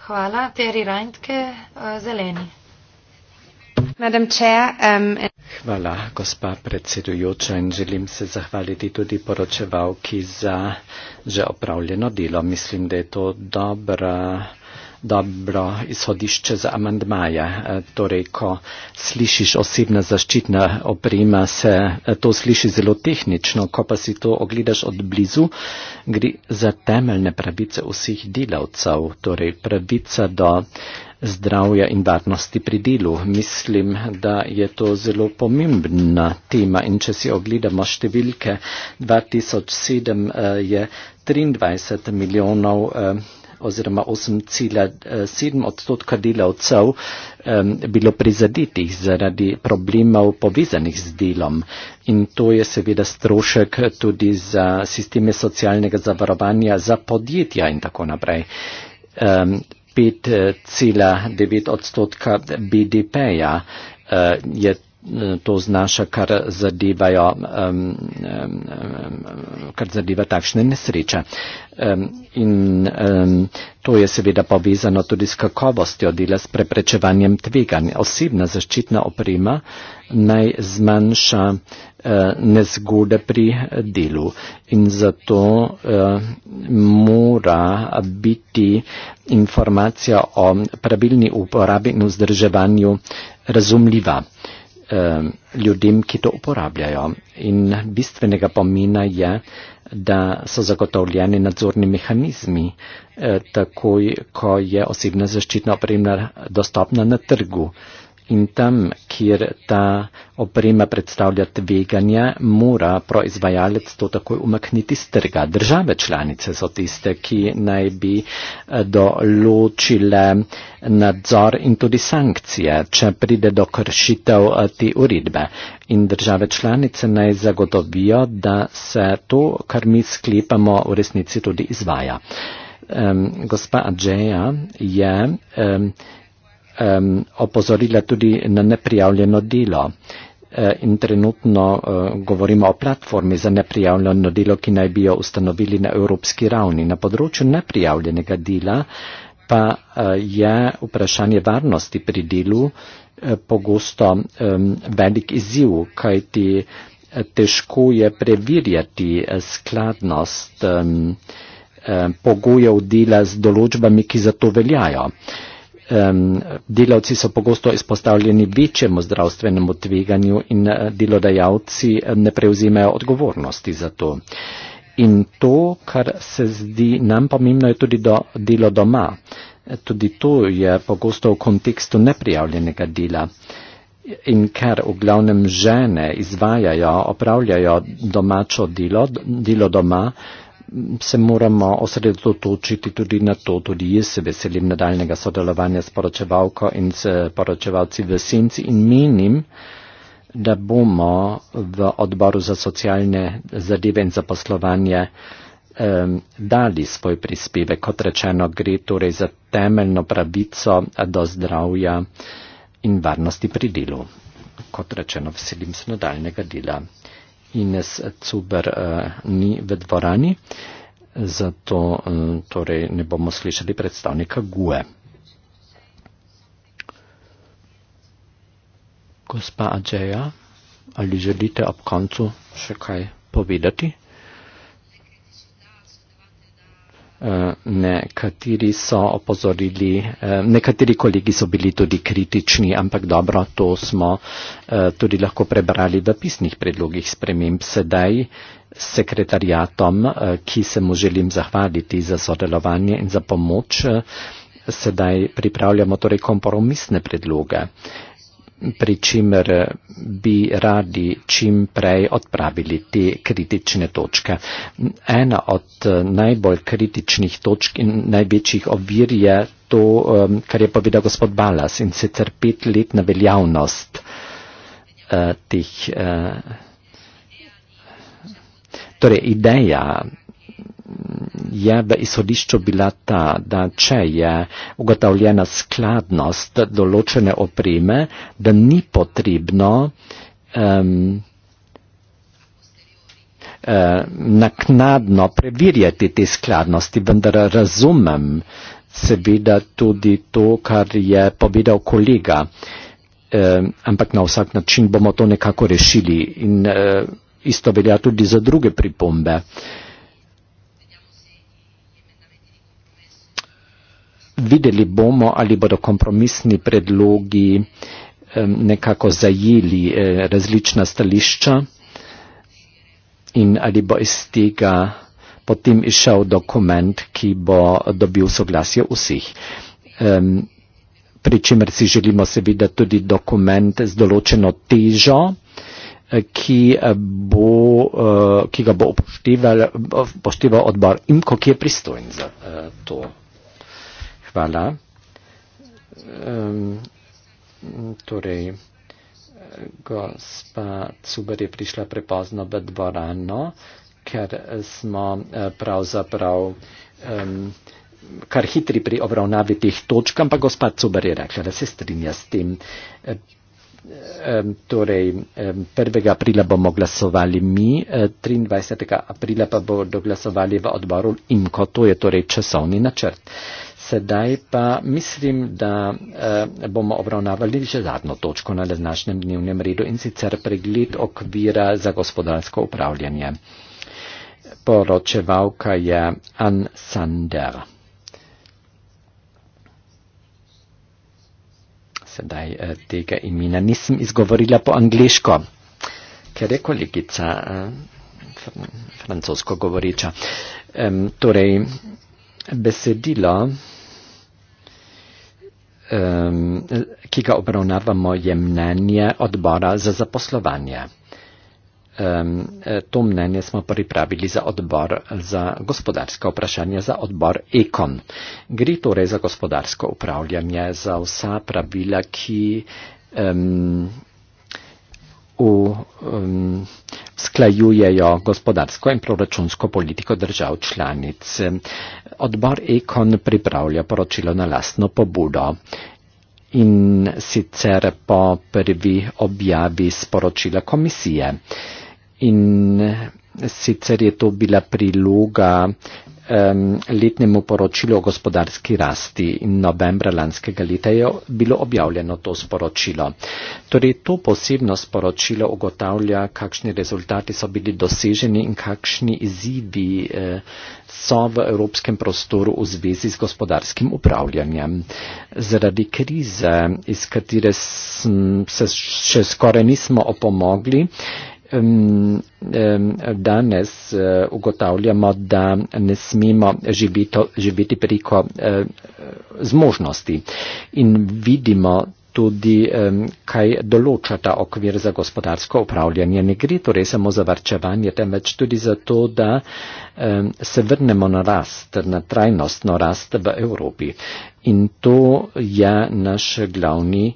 Hvala, Terry Reintke, zeleni. Um, Hvala, gospa predsedujoča, in želim se zahvaliti tudi poročevalki za že opravljeno delo. Mislim, da je to dobra, dobro izhodišče za amandmaja. E, torej, ko slišiš osebna zaščitna oprema, se e, to sliši zelo tehnično, ko pa si to ogledaš od blizu, gre za temeljne pravice vseh delavcev, torej pravica do zdravja in varnosti pri delu. Mislim, da je to zelo pomembna tema in če si ogledamo številke, 2007 eh, je 23 milijonov eh, oziroma 8,7 odstotka delavcev um, bilo prizadetih zaradi problemov povezanih z delom. In to je seveda strošek tudi za sisteme socialnega zavarovanja, za podjetja in tako naprej. Um, 5,9 eh, odstotka BDP-ja, eh, je to znaša, kar, zadevajo, kar zadeva takšne nesreče. In to je seveda povezano tudi s kakovostjo dela s preprečevanjem tveganj. Osebna zaščitna oprema naj zmanjša eh, nezgode pri delu in zato eh, mora biti informacija o pravilni uporabi in vzdrževanju razumljiva. Eh, ljudem, ki to uporabljajo. In bistvenega pomena je, da so zagotovljeni nadzorni mehanizmi, eh, takoj, ko je osebna zaščitna opremna dostopna na trgu. In tam, kjer ta oprema predstavlja tveganja, mora proizvajalec to takoj umakniti z trga. Države članice so tiste, ki naj bi eh, določile eh, nadzor in tudi sankcije, če pride do kršitev eh, te uredbe. In države članice naj zagotovijo, da se to, kar mi sklepamo, v resnici tudi izvaja. Um, gospa Adžeja je. Um, um, opozorile tudi na neprijavljeno delo. E, in trenutno uh, govorimo o platformi za neprijavljeno delo, ki naj bi jo ustanovili na evropski ravni. Na področju neprijavljenega dela pa uh, je vprašanje varnosti pri delu uh, pogosto um, velik izziv, kajti težko je preverjati skladnost um, um, pogojev dela z določbami, ki za to veljajo. Uh, um, delavci so pogosto izpostavljeni večjemu zdravstvenemu tveganju in eh, delodajalci eh, ne prevzimajo odgovornosti za to. In to, kar se zdi nam pomembno, je tudi do, delo doma. Eh, tudi to je pogosto v kontekstu neprijavljenega dela. In ker v glavnem žene izvajajo, opravljajo domačo delo, delo doma, uh, se moramo osredotočiti tudi na to. Tudi jaz se veselim nadaljnega sodelovanja s poročevalko in s poročevalci v senci in menim, da bomo v odboru za socialne zadeve in zaposlovanje dali svoj prispevek. Kot rečeno, gre torej za temeljno pravico do zdravja in varnosti pri delu. Kot rečeno, veselim se nadaljnega dela. Ines Cuber eh, ni v dvorani, zato eh, torej ne bomo slišali predstavnika GUE. Gospa Adžeja, ali želite ob koncu še kaj povedati? Eh, nekateri so opozorili, eh, nekateri kolegi so bili tudi kritični, ampak dobro, to smo eh, tudi lahko prebrali v pisnih predlogih sprememb. Sedaj sekretarjatom, ki se mu želim zahvaliti za sodelovanje in za pomoč, sedaj pripravljamo torej kompromisne predloge pri čimer eh, bi radi čim prej odpravili te kritične točke. Ena od eh, najbolj kritičnih točk in največjih ovir je to, ehm, kar je povedal gospod Balas in sicer petletna veljavnost eh, teh. Torej, ideja je v izhodišču bila ta, da če je ugotavljena skladnost določene oprime, da ni potrebno um, um, naknadno preverjati te skladnosti, vendar razumem seveda tudi to, kar je povedal kolega, um, ampak na vsak način bomo to nekako rešili in um, isto velja tudi za druge pripombe. Um, videli bomo, ali bodo kompromisni predlogi nekako zajeli e, različna stališča in ali bo iz tega potem išel dokument, ki bo dobil soglasje vseh. Pri čemer si želimo seveda tudi dokument z določeno težo, e, ki, e, bo, ki ga bo upošteval odbor IMKO, ki je pristojen za to hvala. Um, torej, gospa Cuber je prišla prepozno v dvorano, ker smo eh, pravzaprav um, kar hitri pri obravnavi teh točk, ampak gospa Cuber je rekla, da se strinja s tem. Torej, 1. aprila bomo glasovali mi, 23. Eh, aprila pa bodo glasovali v odboru IMKO, to je torej časovni načrt sedaj pa mislim, da eh, bomo obravnavali še zadnjo točko na današnjem dnevnem redu in sicer pregled okvira za gospodarsko upravljanje. Poročevalka je Ann Sander. Sedaj eh, tega imena nisem izgovorila po angliško, ker je kolegica eh, francosko govoriča. Eh, torej, besedilo um, ki ga obravnavamo, je mnenje odbora za zaposlovanje. Um, to mnenje smo pripravili za odbor za gospodarske vprašanja, za odbor Ekon. Gre torej za gospodarsko upravljanje, za vsa pravila, ki. Um, usklajujejo gospodarsko in proračunsko politiko držav članic. Odbor ECON pripravlja poročilo na lastno pobudo. In sicer po prvi objavi sporočila komisije. In sicer je to bila priloga um, letnemu poročilu o gospodarski rasti in novembra lanskega leta je bilo objavljeno to sporočilo. Torej, to posebno sporočilo ugotavlja, kakšni rezultati so bili doseženi in kakšni izidi uh, eh, so v evropskem prostoru v zvezi z gospodarskim upravljanjem. Zaradi krize, iz katere se še skoraj nismo opomogli, uh, um, um, danes uh, ugotavljamo, da ne smemo živito, živeti preko uh, zmožnosti in vidimo tudi, um, kaj določa ta okvir za gospodarsko upravljanje. Ne gre torej samo za varčevanje, temveč tudi za to, da um, se vrnemo na rast, na trajnostno rast v Evropi. In to je naš glavni,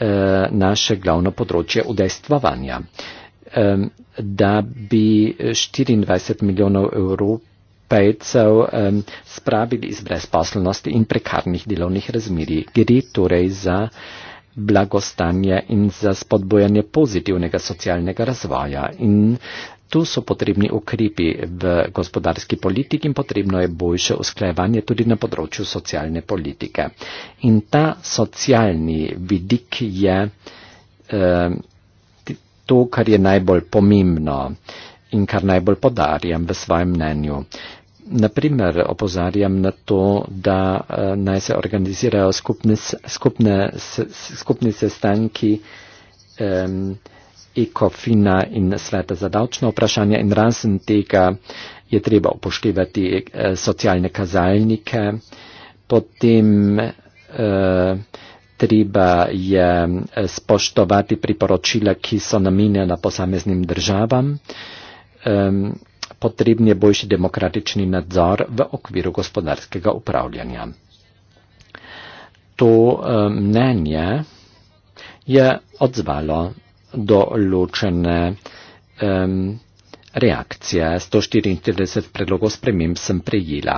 uh, naše glavno področje udejstvovanja. Uh, da bi 24 milijonov evropejcev spravili iz brezposelnosti in prekarnih delovnih razmerij. Gre torej za blagostanje in za spodbojanje pozitivnega socialnega razvoja. In tu so potrebni ukrepi v gospodarski politiki in potrebno je boljše usklajevanje tudi na področju socialne politike. In ta socialni vidik je eh, to, kar je najbolj pomembno in kar najbolj podarjam v svojem mnenju. Naprimer, opozarjam na to, da eh, naj se organizirajo skupni sestanki ECOFINA um, in Sveta za davčno vprašanje in razen tega je treba upoštevati eh, socialne kazalnike, potem uh, treba je eh, spoštovati priporočila, ki so namenjena posameznim državam. Um, potreben je boljši demokratični nadzor v okviru gospodarskega upravljanja. To um, mnenje je odzvalo določene um, Reakcije 144 predlogov sprememb sem prejela.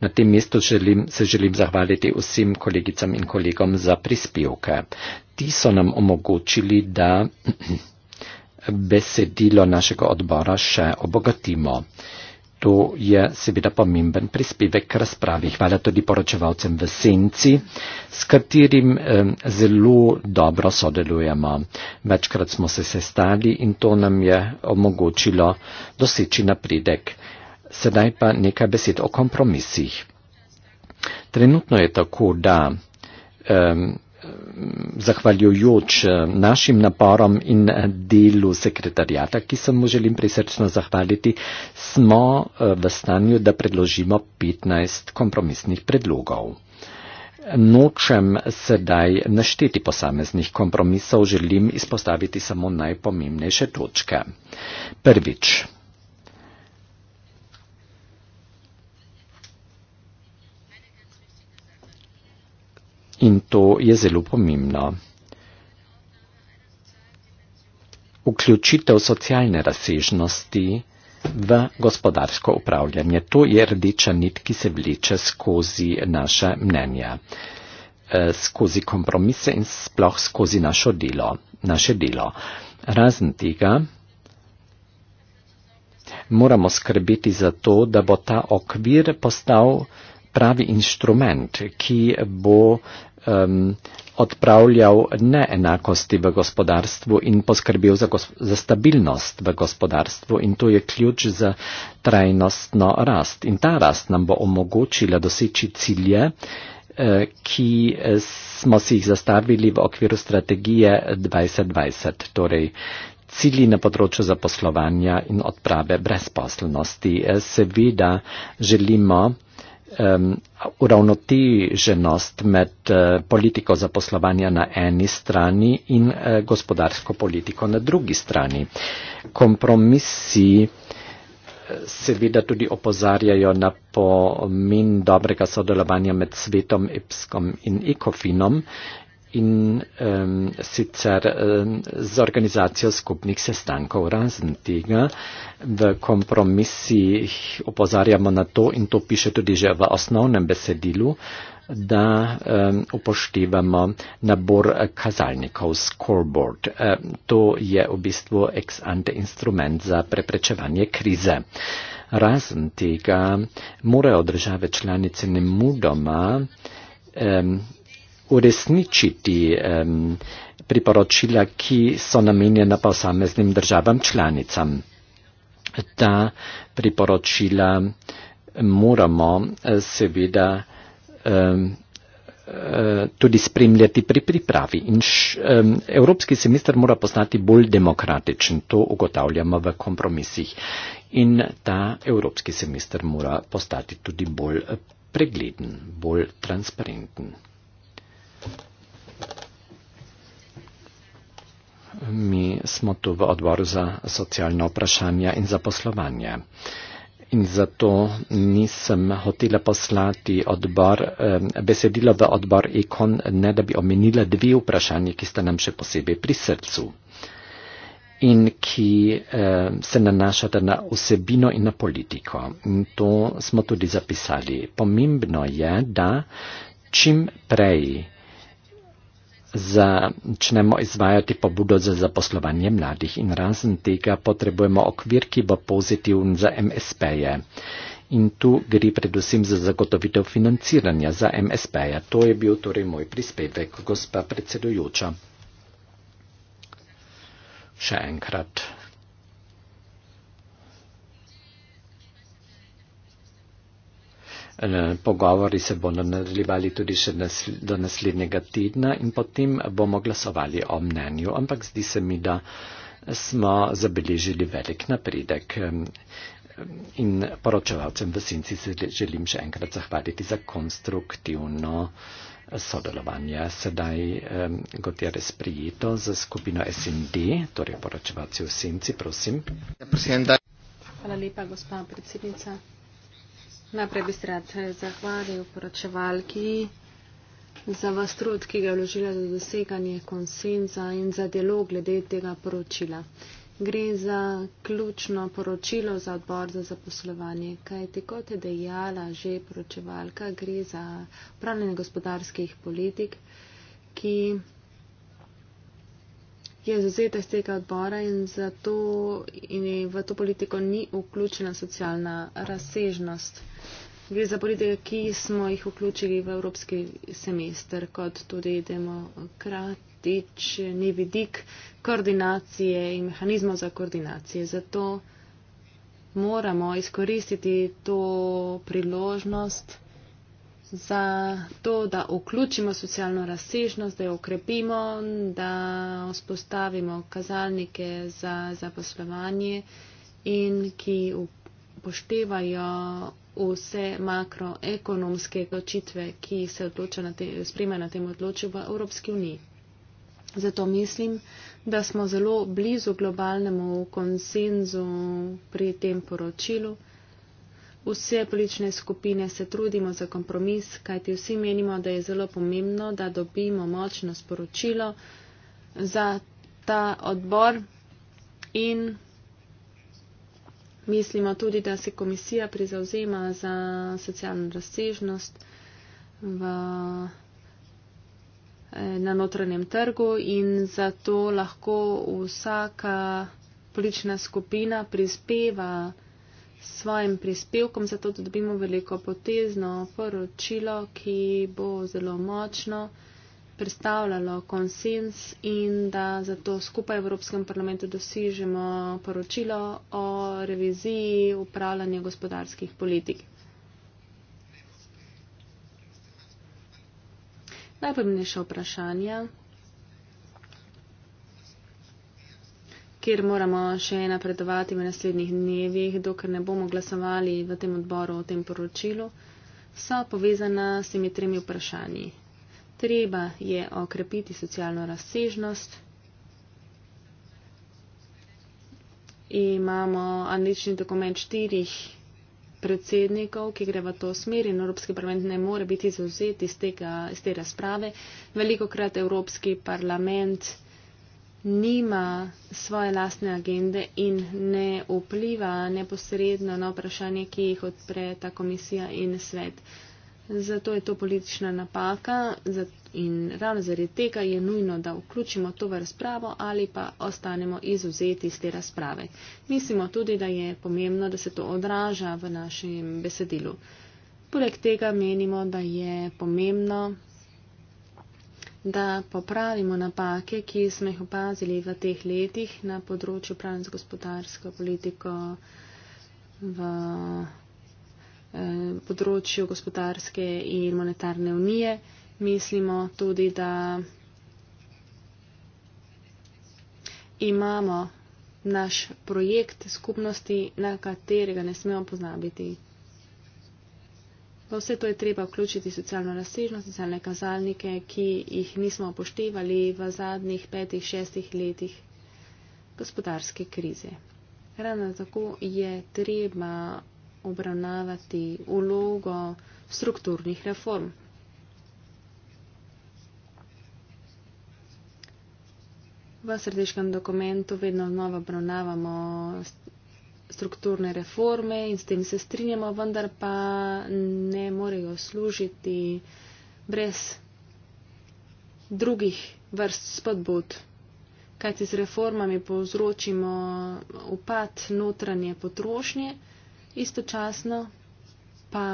Na tem mestu želim, se želim zahvaliti vsem kolegicam in kolegom za prispevke. Ti so nam omogočili, da (clears throat) besedilo našega odbora še obogatimo. To je seveda pomemben prispevek k razpravi. Hvala tudi poročevalcem v Senci, s katerim eh, zelo dobro sodelujemo. Večkrat smo se sestali in to nam je omogočilo doseči napredek. Sedaj pa nekaj besed o kompromisih. Trenutno je tako, da. Eh, zahvaljujoč eh, našim naporom in eh, delu sekretarjata, ki sem mu želim prisrčno zahvaliti, smo eh, v stanju, da predložimo 15 kompromisnih predlogov. Nočem sedaj našteti posameznih kompromisov, želim izpostaviti samo najpomembnejše točke. Prvič. in to je zelo pomembno. Vključitev socialne razsežnosti v gospodarsko upravljanje. To je rdeča nit, ki se vleče skozi naše mnenja, eh, skozi kompromise in sploh skozi našo delo, naše delo. Razen tega moramo skrbeti za to, da bo ta okvir postal pravi inštrument, ki bo um, odpravljal neenakosti v gospodarstvu in poskrbel za, gos za stabilnost v gospodarstvu in to je ključ za trajnostno rast. In ta rast nam bo omogočila doseči cilje, eh, ki eh, smo si jih zastavili v okviru strategije 2020, torej cilji na področju zaposlovanja in odprave brezposlnosti. Eh, seveda želimo, um, uravnoti ženost med uh, politiko zaposlovanja na eni strani in uh, gospodarsko politiko na drugi strani. Kompromisi eh, seveda tudi opozarjajo na pomen dobrega sodelovanja med svetom EPSKOM in ECOFINOM, in um, sicer um, z organizacijo skupnih sestankov. Razen tega v kompromisih opozarjamo na to in to piše tudi že v osnovnem besedilu, da um, upoštevamo nabor kazalnikov, scoreboard. Um, to je v bistvu ex ante instrument za preprečevanje krize. Razen tega morajo države članice nemudoma um, uresničiti um, priporočila, ki so namenjena posameznim državam članicam. Ta priporočila moramo eh, seveda um, tudi spremljati pri pripravi. In š, um, Evropski semester mora postati bolj demokratičen, to ugotavljamo v kompromisih. In ta Evropski semester mora postati tudi bolj eh, pregleden, bolj transparenten. mi smo tu v odboru za socialno vprašanje in zaposlovanje. In zato nisem hotela poslati odbor, eh, besedilo v odbor ekon, ne da bi omenila dve vprašanje, ki sta nam še posebej pri srcu in ki eh, se nanašata na vsebino in na politiko. In to smo tudi zapisali. Pomembno je, da čim prej začnemo izvajati pobudo za zaposlovanje mladih in razen tega potrebujemo okvir, ki bo pozitiven za MSP-je. In tu gre predvsem za zagotovitev financiranja za MSP-je. To je bil torej moj prispevek, gospa predsedujoča. Še enkrat Eh, pogovori se bodo nadaljevali tudi še do naslednjega tedna in potem bomo glasovali o mnenju, ampak zdi se mi, da smo zabeležili velik napredek. In poročevalcem v senci se želim še enkrat zahvaliti za konstruktivno sodelovanje. Sedaj kot je res prijeto za skupino SND, torej poročevalci v senci, prosim. Hvala lepa, gospa predsednica. Najprej bi se rad eh, zahvalil poročevalki za vas trud, ki ga je vložila za doseganje konsenza in za delo glede tega poročila. Gre za ključno poročilo za odbor za zaposlovanje, kaj te kot je dejala že poročevalka, gre za upravljanje gospodarskih politik, ki je izuzeta iz tega odbora in zato in v to politiko ni vključena socialna razsežnost. Gre za politike, ki smo jih vključili v evropski semester, kot tudi demokratični vidik koordinacije in mehanizmov za koordinacije. Zato moramo izkoristiti to priložnost za to, da vključimo socialno razsežnost, da jo okrepimo, da vzpostavimo kazalnike za zaposlovanje in ki upoštevajo vse makroekonomske odločitve, ki se sprejme na tem odločju v Evropski uniji. Zato mislim, da smo zelo blizu globalnemu konsenzu pri tem poročilu. Vse politične skupine se trudimo za kompromis, kajti vsi menimo, da je zelo pomembno, da dobimo močno sporočilo za ta odbor in mislimo tudi, da se komisija prizauzema za socialno razsežnost v, eh, na notranjem trgu in zato lahko vsaka politična skupina prispeva s svojim prispevkom, zato da dobimo veliko potezno poročilo, ki bo zelo močno predstavljalo konsens in da zato skupaj v Evropskem parlamentu dosežemo poročilo o reviziji upravljanja gospodarskih politik. Najpomembnejša vprašanja kjer moramo še napredovati v naslednjih dnevih, dokler ne bomo glasovali v tem odboru o tem poročilu, so povezana s temi tremi vprašanji. Treba je okrepiti socialno razsežnost. Imamo anlični dokument štirih predsednikov, ki gre v to smer in Evropski parlament ne more biti zauzeti iz, iz te razprave. Veliko krat Evropski parlament nima svoje lastne agende in ne vpliva neposredno na vprašanje, ki jih odpre ta komisija in svet. Zato je to politična napaka in ravno zaradi tega je nujno, da vključimo to v razpravo ali pa ostanemo izuzeti iz te razprave. Mislimo tudi, da je pomembno, da se to odraža v našem besedilu. Poleg tega menimo, da je pomembno, da popravimo napake, ki smo jih opazili v teh letih na področju pravne z gospodarsko politiko, v eh, področju gospodarske in monetarne unije. Mislimo tudi, da imamo naš projekt skupnosti, na katerega ne smemo pozabiti. Pa vse to je treba vključiti socialno razsežnost, socialne kazalnike, ki jih nismo upoštevali v zadnjih petih, šestih letih gospodarske krize. Ravno tako je treba obravnavati ulogo strukturnih reform. V srdeškem dokumentu vedno znova obravnavamo strukturne reforme in s tem se strinjamo, vendar pa ne morejo služiti brez drugih vrst spodbud, kajti z reformami povzročimo upad notranje potrošnje, istočasno pa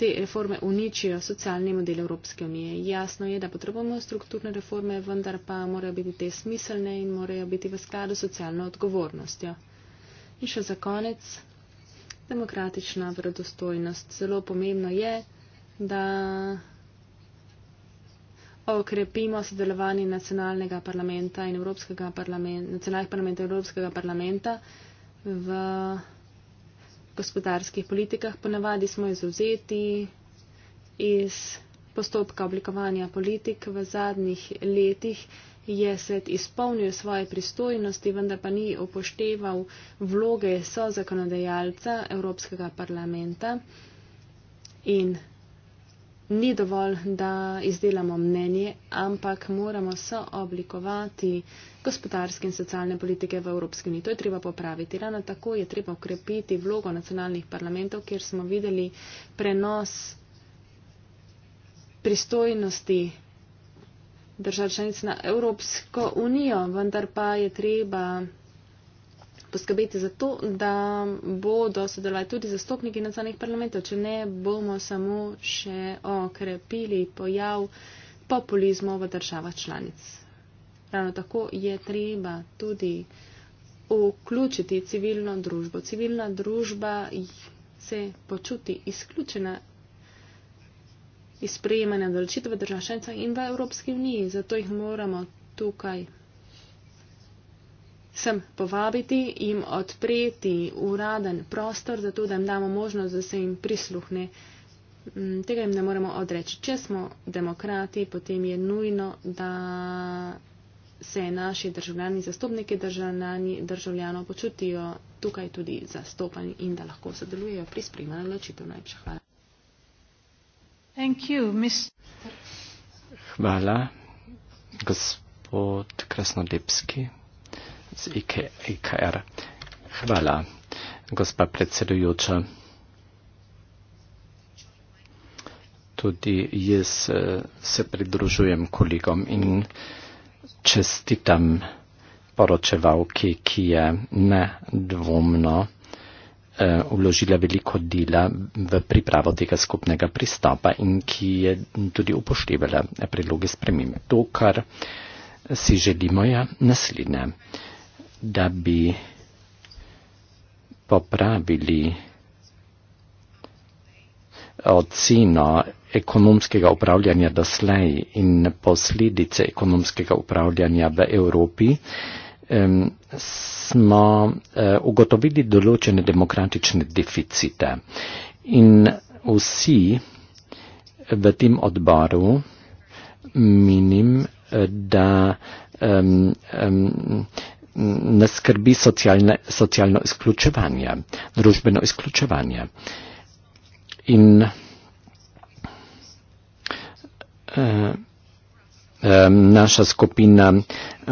te reforme uničijo socialni model Evropske unije. Jasno je, da potrebujemo strukturne reforme, vendar pa morajo biti te smiselne in morajo biti v skladu s socialno odgovornostjo. In še za konec, demokratična vredostojnost. Zelo pomembno je, da okrepimo sodelovanje nacionalnega parlamenta in Evropskega parlamenta, nacionalnih parlamentov Evropskega parlamenta v gospodarskih politikah. Ponavadi smo izuzeti iz postopka oblikovanja politik v zadnjih letih. Jesed izpolnil svoje pristojnosti, vendar pa ni upošteval vloge so zakonodajalca Evropskega parlamenta in ni dovolj, da izdelamo mnenje, ampak moramo so oblikovati gospodarske in socialne politike v Evropski uniji. To je treba popraviti. Ravno tako je treba ukrepiti vlogo nacionalnih parlamentov, kjer smo videli prenos pristojnosti držav članic na Evropsko unijo, vendar pa je treba poskrbeti za to, da bodo sodelovali tudi zastopniki nacionalnih parlamentov, če ne bomo samo še okrepili pojav populizmov v državah članic. Ravno tako je treba tudi vključiti civilno družbo. Civilna družba se počuti izključena iz sprejemanja določitve držav šenca in v Evropski uniji. Zato jih moramo tukaj sem povabiti, jim odpreti uraden prostor, zato da jim damo možnost, da se jim prisluhne. Mm, tega jim ne moremo odreči. Če smo demokrati, potem je nujno, da se naši državljani, zastopniki državljani, državljano počutijo tukaj tudi zastopani in da lahko sodelujejo pri sprejemanju odločitev. Najlepša hvala. Thank you, Hvala, gospod Krasnodepski z IKR. Hvala, gospa predsedujoča. Tudi jaz eh, se pridružujem kolegom in čestitam poročevalki, ki je nedvomno eh, vložila veliko dela v pripravo tega skupnega pristopa in ki je tudi upoštevala predloge spremembe. To, kar si želimo, je naslednje, da bi popravili oceno ekonomskega upravljanja doslej in posledice ekonomskega upravljanja v Evropi. Eh, um, smo uh, ugotovili določene demokratične deficite. In vsi v tem odboru menim, eh, da um, um, ne skrbi socialne, socialno izključevanje, družbeno izključevanje. In uh, naša skupina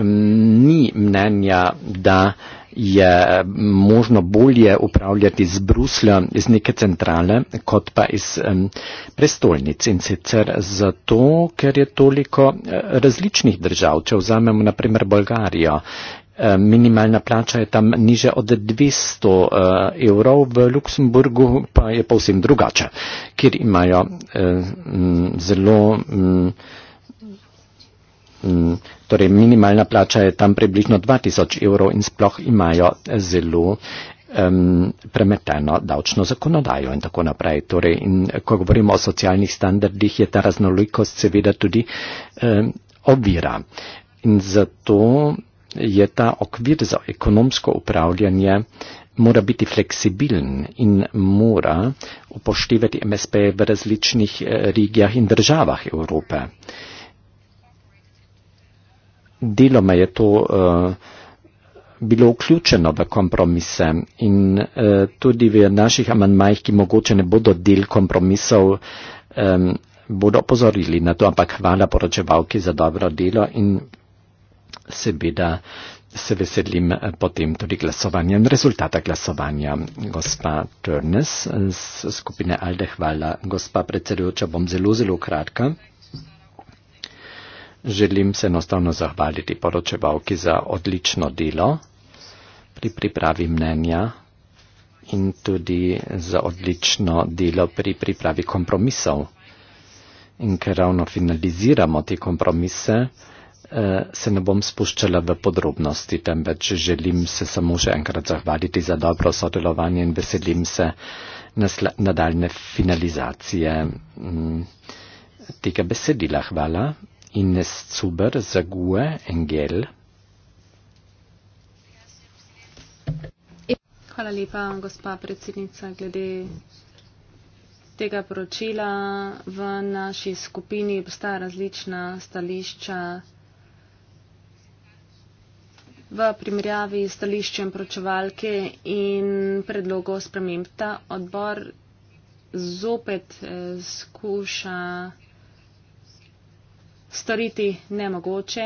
ni mnenja, da je možno bolje upravljati z Bruslja iz neke centrale, kot pa iz um, prestolnic. In sicer zato, ker je toliko e, različnih držav. Če vzamemo naprimer Bolgarijo, e, minimalna plača je tam niže od 200 uh, e, evrov, v Luksemburgu pa je povsem drugače, kjer imajo uh, m, zelo. M, Mm, torej, minimalna plača je tam približno 2000 evrov in sploh imajo zelo um, premeteno davčno zakonodajo in tako naprej. Torej, in ko govorimo o socialnih standardih, je ta raznolikost seveda tudi um, ovira. In zato je ta okvir za ekonomsko upravljanje mora biti fleksibilen in mora upoštevati MSP v različnih eh, regijah in državah Evrope deloma je to eh, bilo vključeno v kompromise in eh, tudi v naših amandmajih, ki mogoče ne bodo del kompromisov, bodo opozorili na to, ampak hvala poročevalki za dobro delo in seveda se veselim eh, potem tudi glasovanja in rezultata glasovanja. Gospa Törnes z skupine Alde, hvala. Gospa predsedujoča, bom zelo, zelo kratka želim se enostavno zahvaliti poročevalki za odlično delo pri pripravi mnenja in tudi za odlično delo pri pripravi kompromisov. In ker ravno finaliziramo te kompromise, eh, se ne bom spuščala v podrobnosti, temveč želim se samo še enkrat zahvaliti za dobro sodelovanje in veselim se nadaljne finalizacije mm, tega besedila. Hvala in es zuber zagua engel. Hvala lepa, gospa predsednica, glede tega poročila. V naši skupini obstaja različna stališča. V primerjavi s stališčem pročevalke in predlogo sprememb ta odbor zopet eh, skuša storiti nemogoče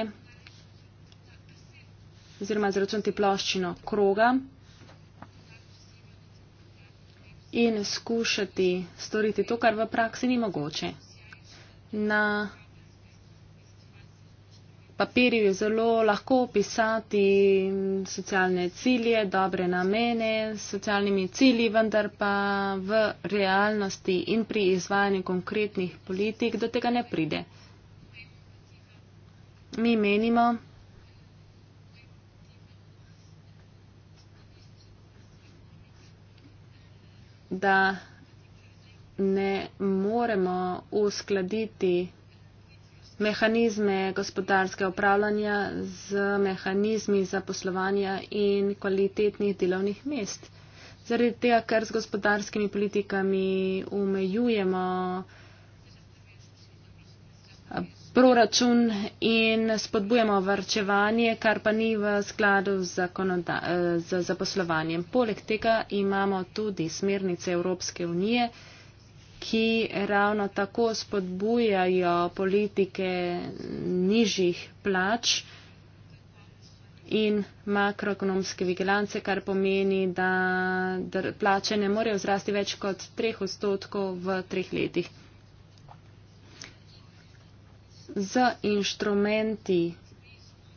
oziroma zračunati ploščino kroga in skušati storiti to, kar v praksi ni mogoče. Na papirju je zelo lahko pisati socialne cilje, dobre namene s socialnimi cilji, vendar pa v realnosti in pri izvajanju konkretnih politik do tega ne pride mi menimo, da ne moremo uskladiti mehanizme gospodarske upravljanja z mehanizmi za poslovanje in kvalitetnih delovnih mest. Zaradi tega, ker s gospodarskimi politikami umejujemo proračun in spodbujamo varčevanje, kar pa ni v skladu z, z zaposlovanjem. Poleg tega imamo tudi smernice Evropske unije, ki ravno tako spodbujajo politike nižjih plač in makroekonomske vigilance, kar pomeni, da plače ne morejo zrasti več kot treh odstotkov v treh letih z inštrumenti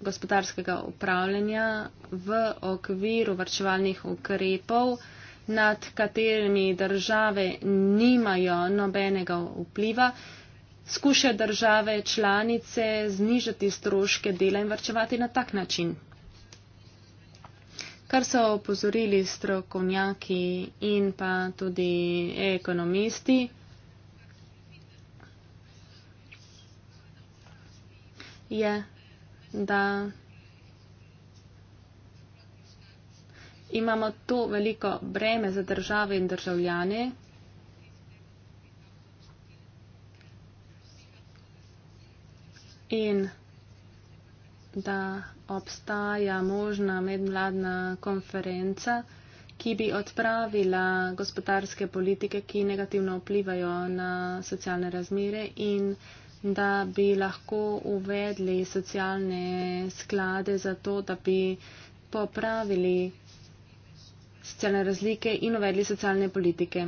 gospodarskega upravljanja v okviru varčevalnih ukrepov, nad katerimi države nimajo nobenega vpliva, skuša države članice znižati stroške dela in varčevati na tak način. Kar so opozorili strokovnjaki in pa tudi ekonomisti, je, da imamo to veliko breme za države in državljane. In da obstaja možna medvladna konferenca, ki bi odpravila gospodarske politike, ki negativno vplivajo na socialne razmere in da bi lahko uvedli socialne sklade za to, da bi popravili socialne razlike in uvedli socialne politike.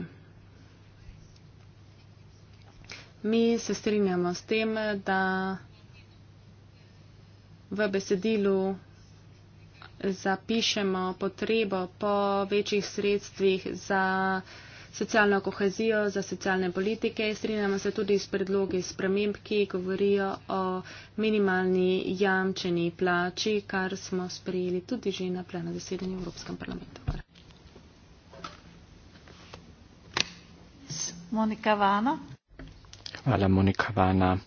Mi se strinjamo s tem, da v besedilu zapišemo potrebo po večjih sredstvih za socialno kohezijo, za socialne politike. Strinjamo se tudi s predlogi sprememb, ki govorijo o minimalni jamčeni plači, kar smo sprejeli tudi že na plenu zasedanju v Evropskem parlamentu. Monika Vana. Hvala, Monika Vana.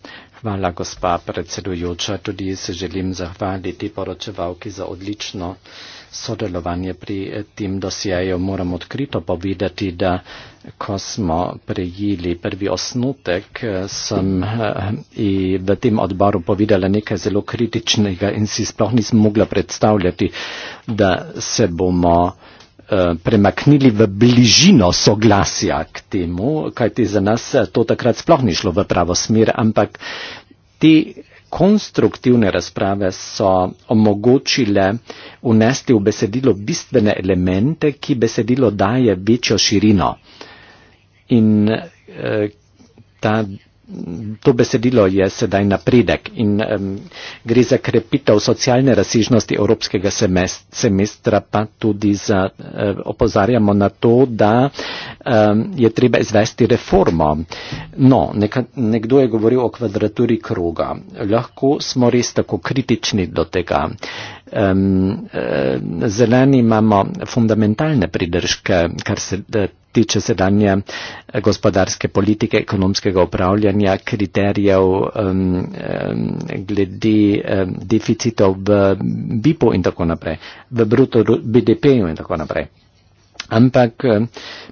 Hvala, gospa predsedujoča. Tudi se želim zahvaliti poročevalki za odlično sodelovanje pri eh, tem dosjeju. Moram odkrito povedati, da ko smo prejeli prvi osnutek, eh, sem eh, v tem odboru povedala nekaj zelo kritičnega in si sploh nisem mogla predstavljati, da se bomo Eh, premaknili v bližino soglasja k temu, kajti za nas eh, to takrat sploh ni šlo v pravo smer, ampak te konstruktivne razprave so omogočile unesti v besedilo bistvene elemente, ki besedilo daje večjo širino. In eh, ta To besedilo je sedaj napredek in um, gre za krepitev socialne razsižnosti evropskega semestra, pa tudi za, um, opozarjamo na to, da um, je treba izvesti reformo. No, neka, nekdo je govoril o kvadraturi kroga. Lahko smo res tako kritični do tega. Um, um, zeleni imamo fundamentalne pridržke, kar se eh, tiče sedanje eh, gospodarske politike, ekonomskega upravljanja, kriterijev um, um, glede um, deficitov v BIP-u in tako naprej, v bruto BDP-ju in tako naprej. Ampak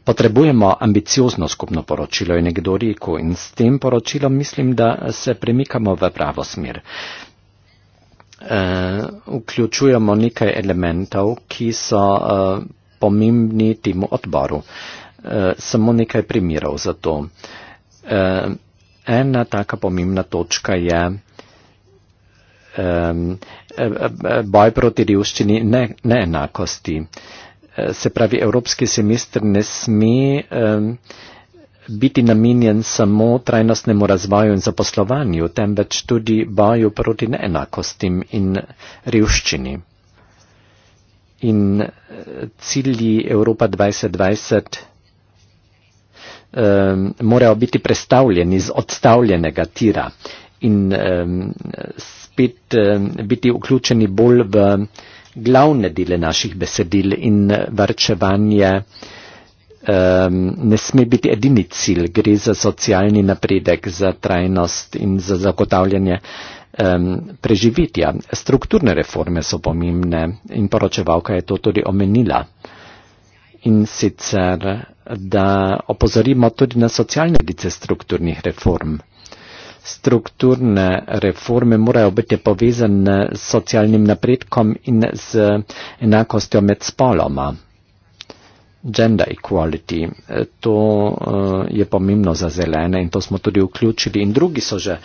potrebujemo ambiciozno skupno poročilo in nekdo rekel in s tem poročilom mislim, da se premikamo v pravo smer. E, vključujemo nekaj elementov, ki so e, pomembni temu odboru. E, Eh, samo nekaj primerov za to. Eh, ena taka pomembna točka je eh, boj proti revščini neenakosti. Se pravi, evropski semester ne sme biti namenjen samo trajnostnemu razvoju in zaposlovanju, temveč tudi boju proti neenakostim in revščini. In cilji Evropa 2020 um, morajo biti predstavljeni z odstavljenega tira in um, spet um, biti vključeni bolj v glavne dele naših besedil in varčevanje um, ne sme biti edini cilj. Gre za socialni napredek, za trajnost in za zagotavljanje um, preživitja. Strukturne reforme so pomembne in poročevalka je to tudi omenila in sicer, da opozorimo tudi na socialne vidice strukturnih reform. Strukturne reforme morajo biti povezane s socialnim napredkom in z enakostjo med spoloma. Gender equality, to eh, je pomembno za zelene in to smo tudi vključili in drugi so že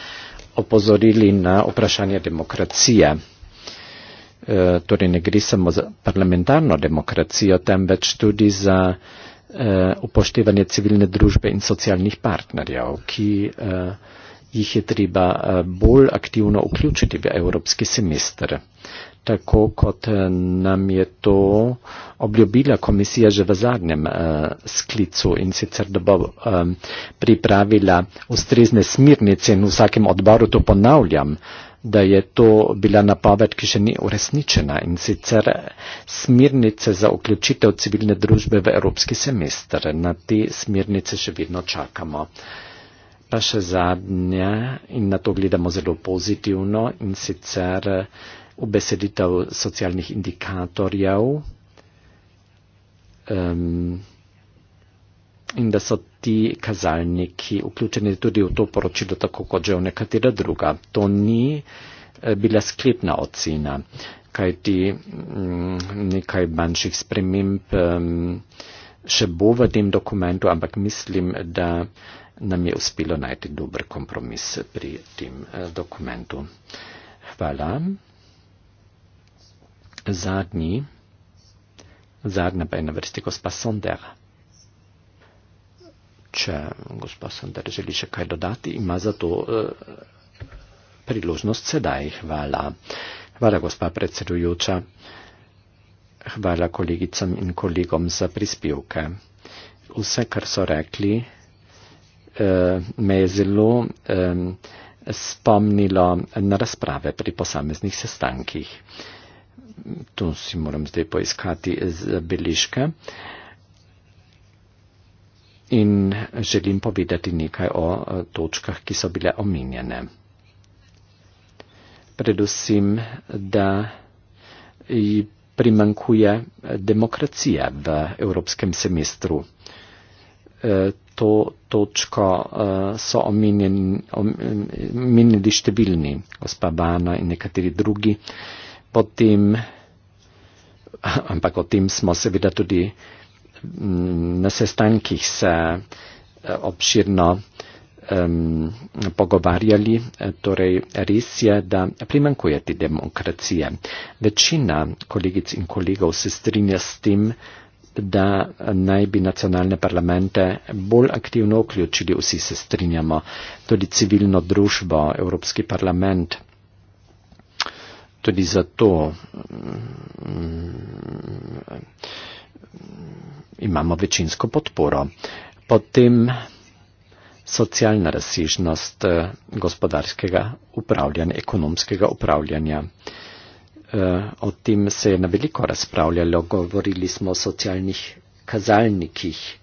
opozorili na vprašanje demokracije. Eh, torej ne gre samo za parlamentarno demokracijo, temveč tudi za eh, upoštevanje civilne družbe in socialnih partnerjev, ki eh, jih je treba bolj aktivno vključiti v evropski semester. Tako kot nam je to obljubila komisija že v zadnjem uh, sklicu in sicer, da bo um, pripravila ustrezne smirnice in v vsakem odboru to ponavljam, uh, da je to bila napoved, ki še ni uresničena in sicer smirnice za vključitev civilne družbe v evropski semester. Na te smirnice še vedno čakamo. Pa še zadnja in na to gledamo zelo pozitivno in sicer ubeseditev socialnih indikatorjev um, in da so ti kazalniki vključeni tudi v to poročilo, tako kot že v nekatera druga. To ni eh, bila sklepna ocena, kaj ti mm, nekaj manjših sprememb še bo v tem dokumentu, ampak mislim, da nam je uspelo najti dober kompromis pri tem eh, dokumentu. Hvala. Zadnji, zadnja pa je na vrsti gospa Sondera. Če gospod Sander želi še kaj dodati, ima za to eh, priložnost sedaj. Hvala. Hvala, gospa predsedujoča. Hvala kolegicam in kolegom za prispevke. Vse, kar so rekli, eh, me je zelo eh, spomnilo na razprave pri posameznih sestankih. Tu si moram zdaj poiskati z beliške. Eh, in želim povedati nekaj o eh, točkah, ki so bile omenjene. Predvsem, da primankuje eh, demokracija v evropskem semestru. Eh, to točko so omenjeni številni, gospa Bana in nekateri drugi. Potem, (laughs) ampak o tem smo seveda tudi na sestankih se eh, obširno um, pogovarjali, eh, torej res je, da primankuje ti demokracije. Večina kolegic in kolegov se strinja s tem, da naj bi nacionalne parlamente bolj aktivno vključili, vsi se strinjamo, tudi civilno družbo, Evropski parlament. Tudi zato. Um, imamo večinsko podporo. Potem socialna razsežnost eh, gospodarskega upravljanja, ekonomskega upravljanja. Eh, o tem se je na veliko razpravljalo, govorili smo o socialnih kazalnikih.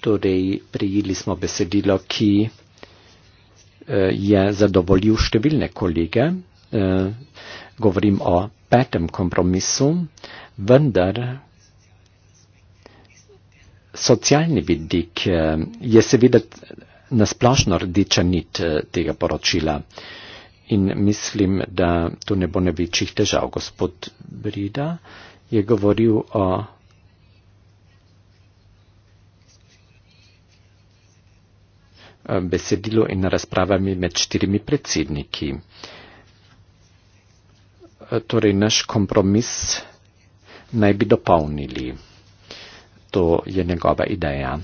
Torej, prijeli smo besedilo, ki eh, je zadovoljil številne kolege. Govorim o petem kompromisu, vendar socialni vidik eh, je seveda nasplošno rdeča nit eh, tega poročila in mislim, da tu ne bo nevečjih težav. Gospod Brida je govoril o. besedilo in razpravami med štirimi predsedniki. Torej, naš kompromis naj bi dopolnili to je njegova ideja.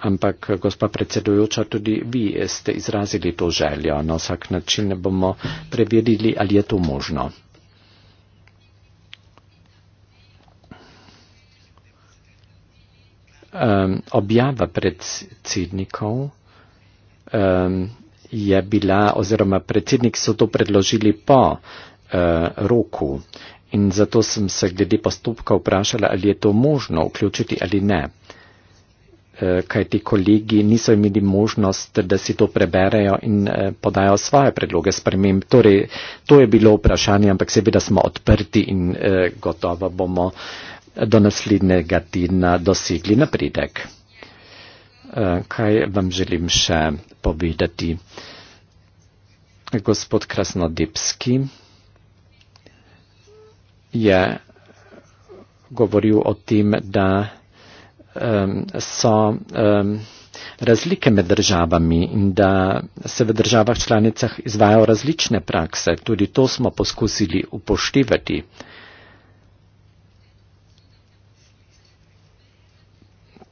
Ampak, gospa predsedujoča, tudi vi ste izrazili to željo, na vsak način ne bomo preverili, ali je to možno. Um, objava predsednikov um, je bila, oziroma predsednik so to predložili po uh, roku in zato sem se glede postopka vprašala, ali je to možno vključiti ali ne. Eh, kaj ti kolegi niso imeli možnost, da si to preberejo in eh, podajo svoje predloge sprememb. Torej, to je bilo vprašanje, ampak seveda smo odprti in eh, gotovo bomo do naslednjega tedna dosegli napredek. Kaj vam želim še povedati? Gospod Krasnodebski je govoril o tem, da um, so um, razlike med državami in da se v državah članicah izvajo različne prakse. Tudi to smo poskusili upoštevati.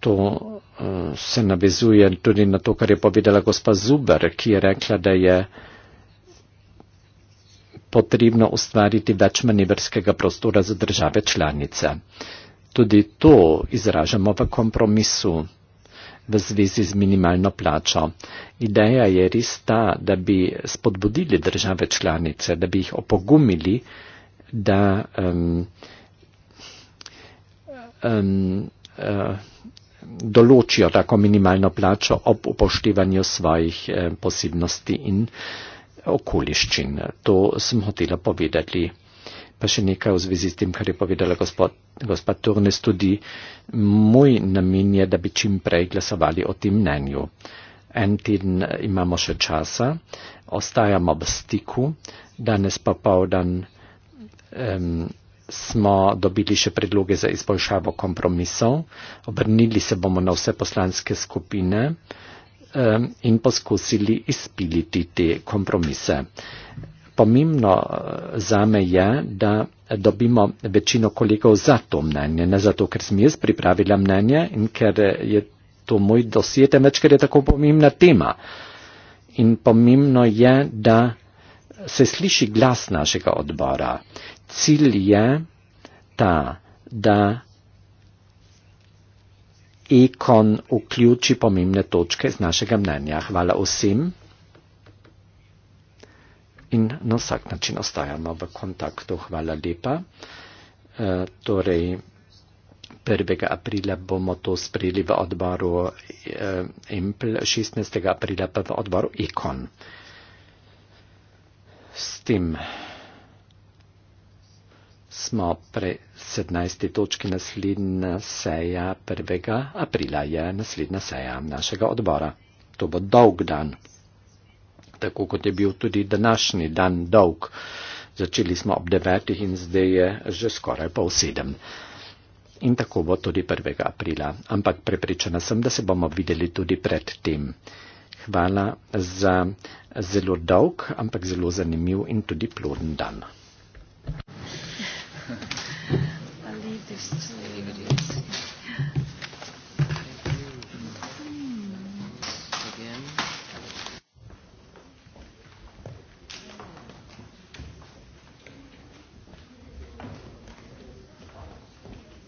To uh, se navezuje tudi na to, kar je povedala gospa Zuber, ki je rekla, da je uh, potrebno ustvariti več manevrskega prostora za države članice. Tudi to izražamo v kompromisu v zvezi z minimalno plačo. Ideja je res ta, da bi spodbudili države članice, da bi jih opogumili, da um, um, uh, določijo tako minimalno plačo ob upoštevanju svojih uh, posebnosti in uh, okoliščin. To sem hotela povedati. Pa še nekaj v zvezi s tem, kar je povedala gospod, gospod Turnes, tudi moj namen je, da bi čim prej glasovali o tem mnenju. En teden imamo še časa, ostajamo v stiku, danes pa povdan um, smo dobili še predloge za izboljšavo kompromisov, obrnili se bomo na vse poslanske skupine. Ehm, in poskusili izpiliti te kompromise. Pomembno eh, za me je, da dobimo večino kolegov za to mnenje, ne zato, ker sem jaz pripravila mnenje in ker eh, je to moj dosje, temveč ker je tako pomembna tema. In pomembno je, da se sliši glas našega odbora. Cilj je ta, da ikon vključi pomembne točke z našega mnenja. Hvala vsem in na vsak način ostajamo v kontaktu. Hvala lepa. E, torej, 1. aprila bomo to sprejeli v odboru eh, Empl, 16. aprila pa v odboru Ikon. S tem smo pre. 17. točki naslednja seja 1. aprila je naslednja seja našega odbora. To bo dolg dan, tako kot je bil tudi današnji dan dolg. Začeli smo ob 9. in zdaj je že skoraj pol sedem. In tako bo tudi 1. aprila. Ampak prepričana sem, da se bomo videli tudi pred tem. Hvala za zelo dolg, ampak zelo zanimiv in tudi ploden dan. Thank you ist.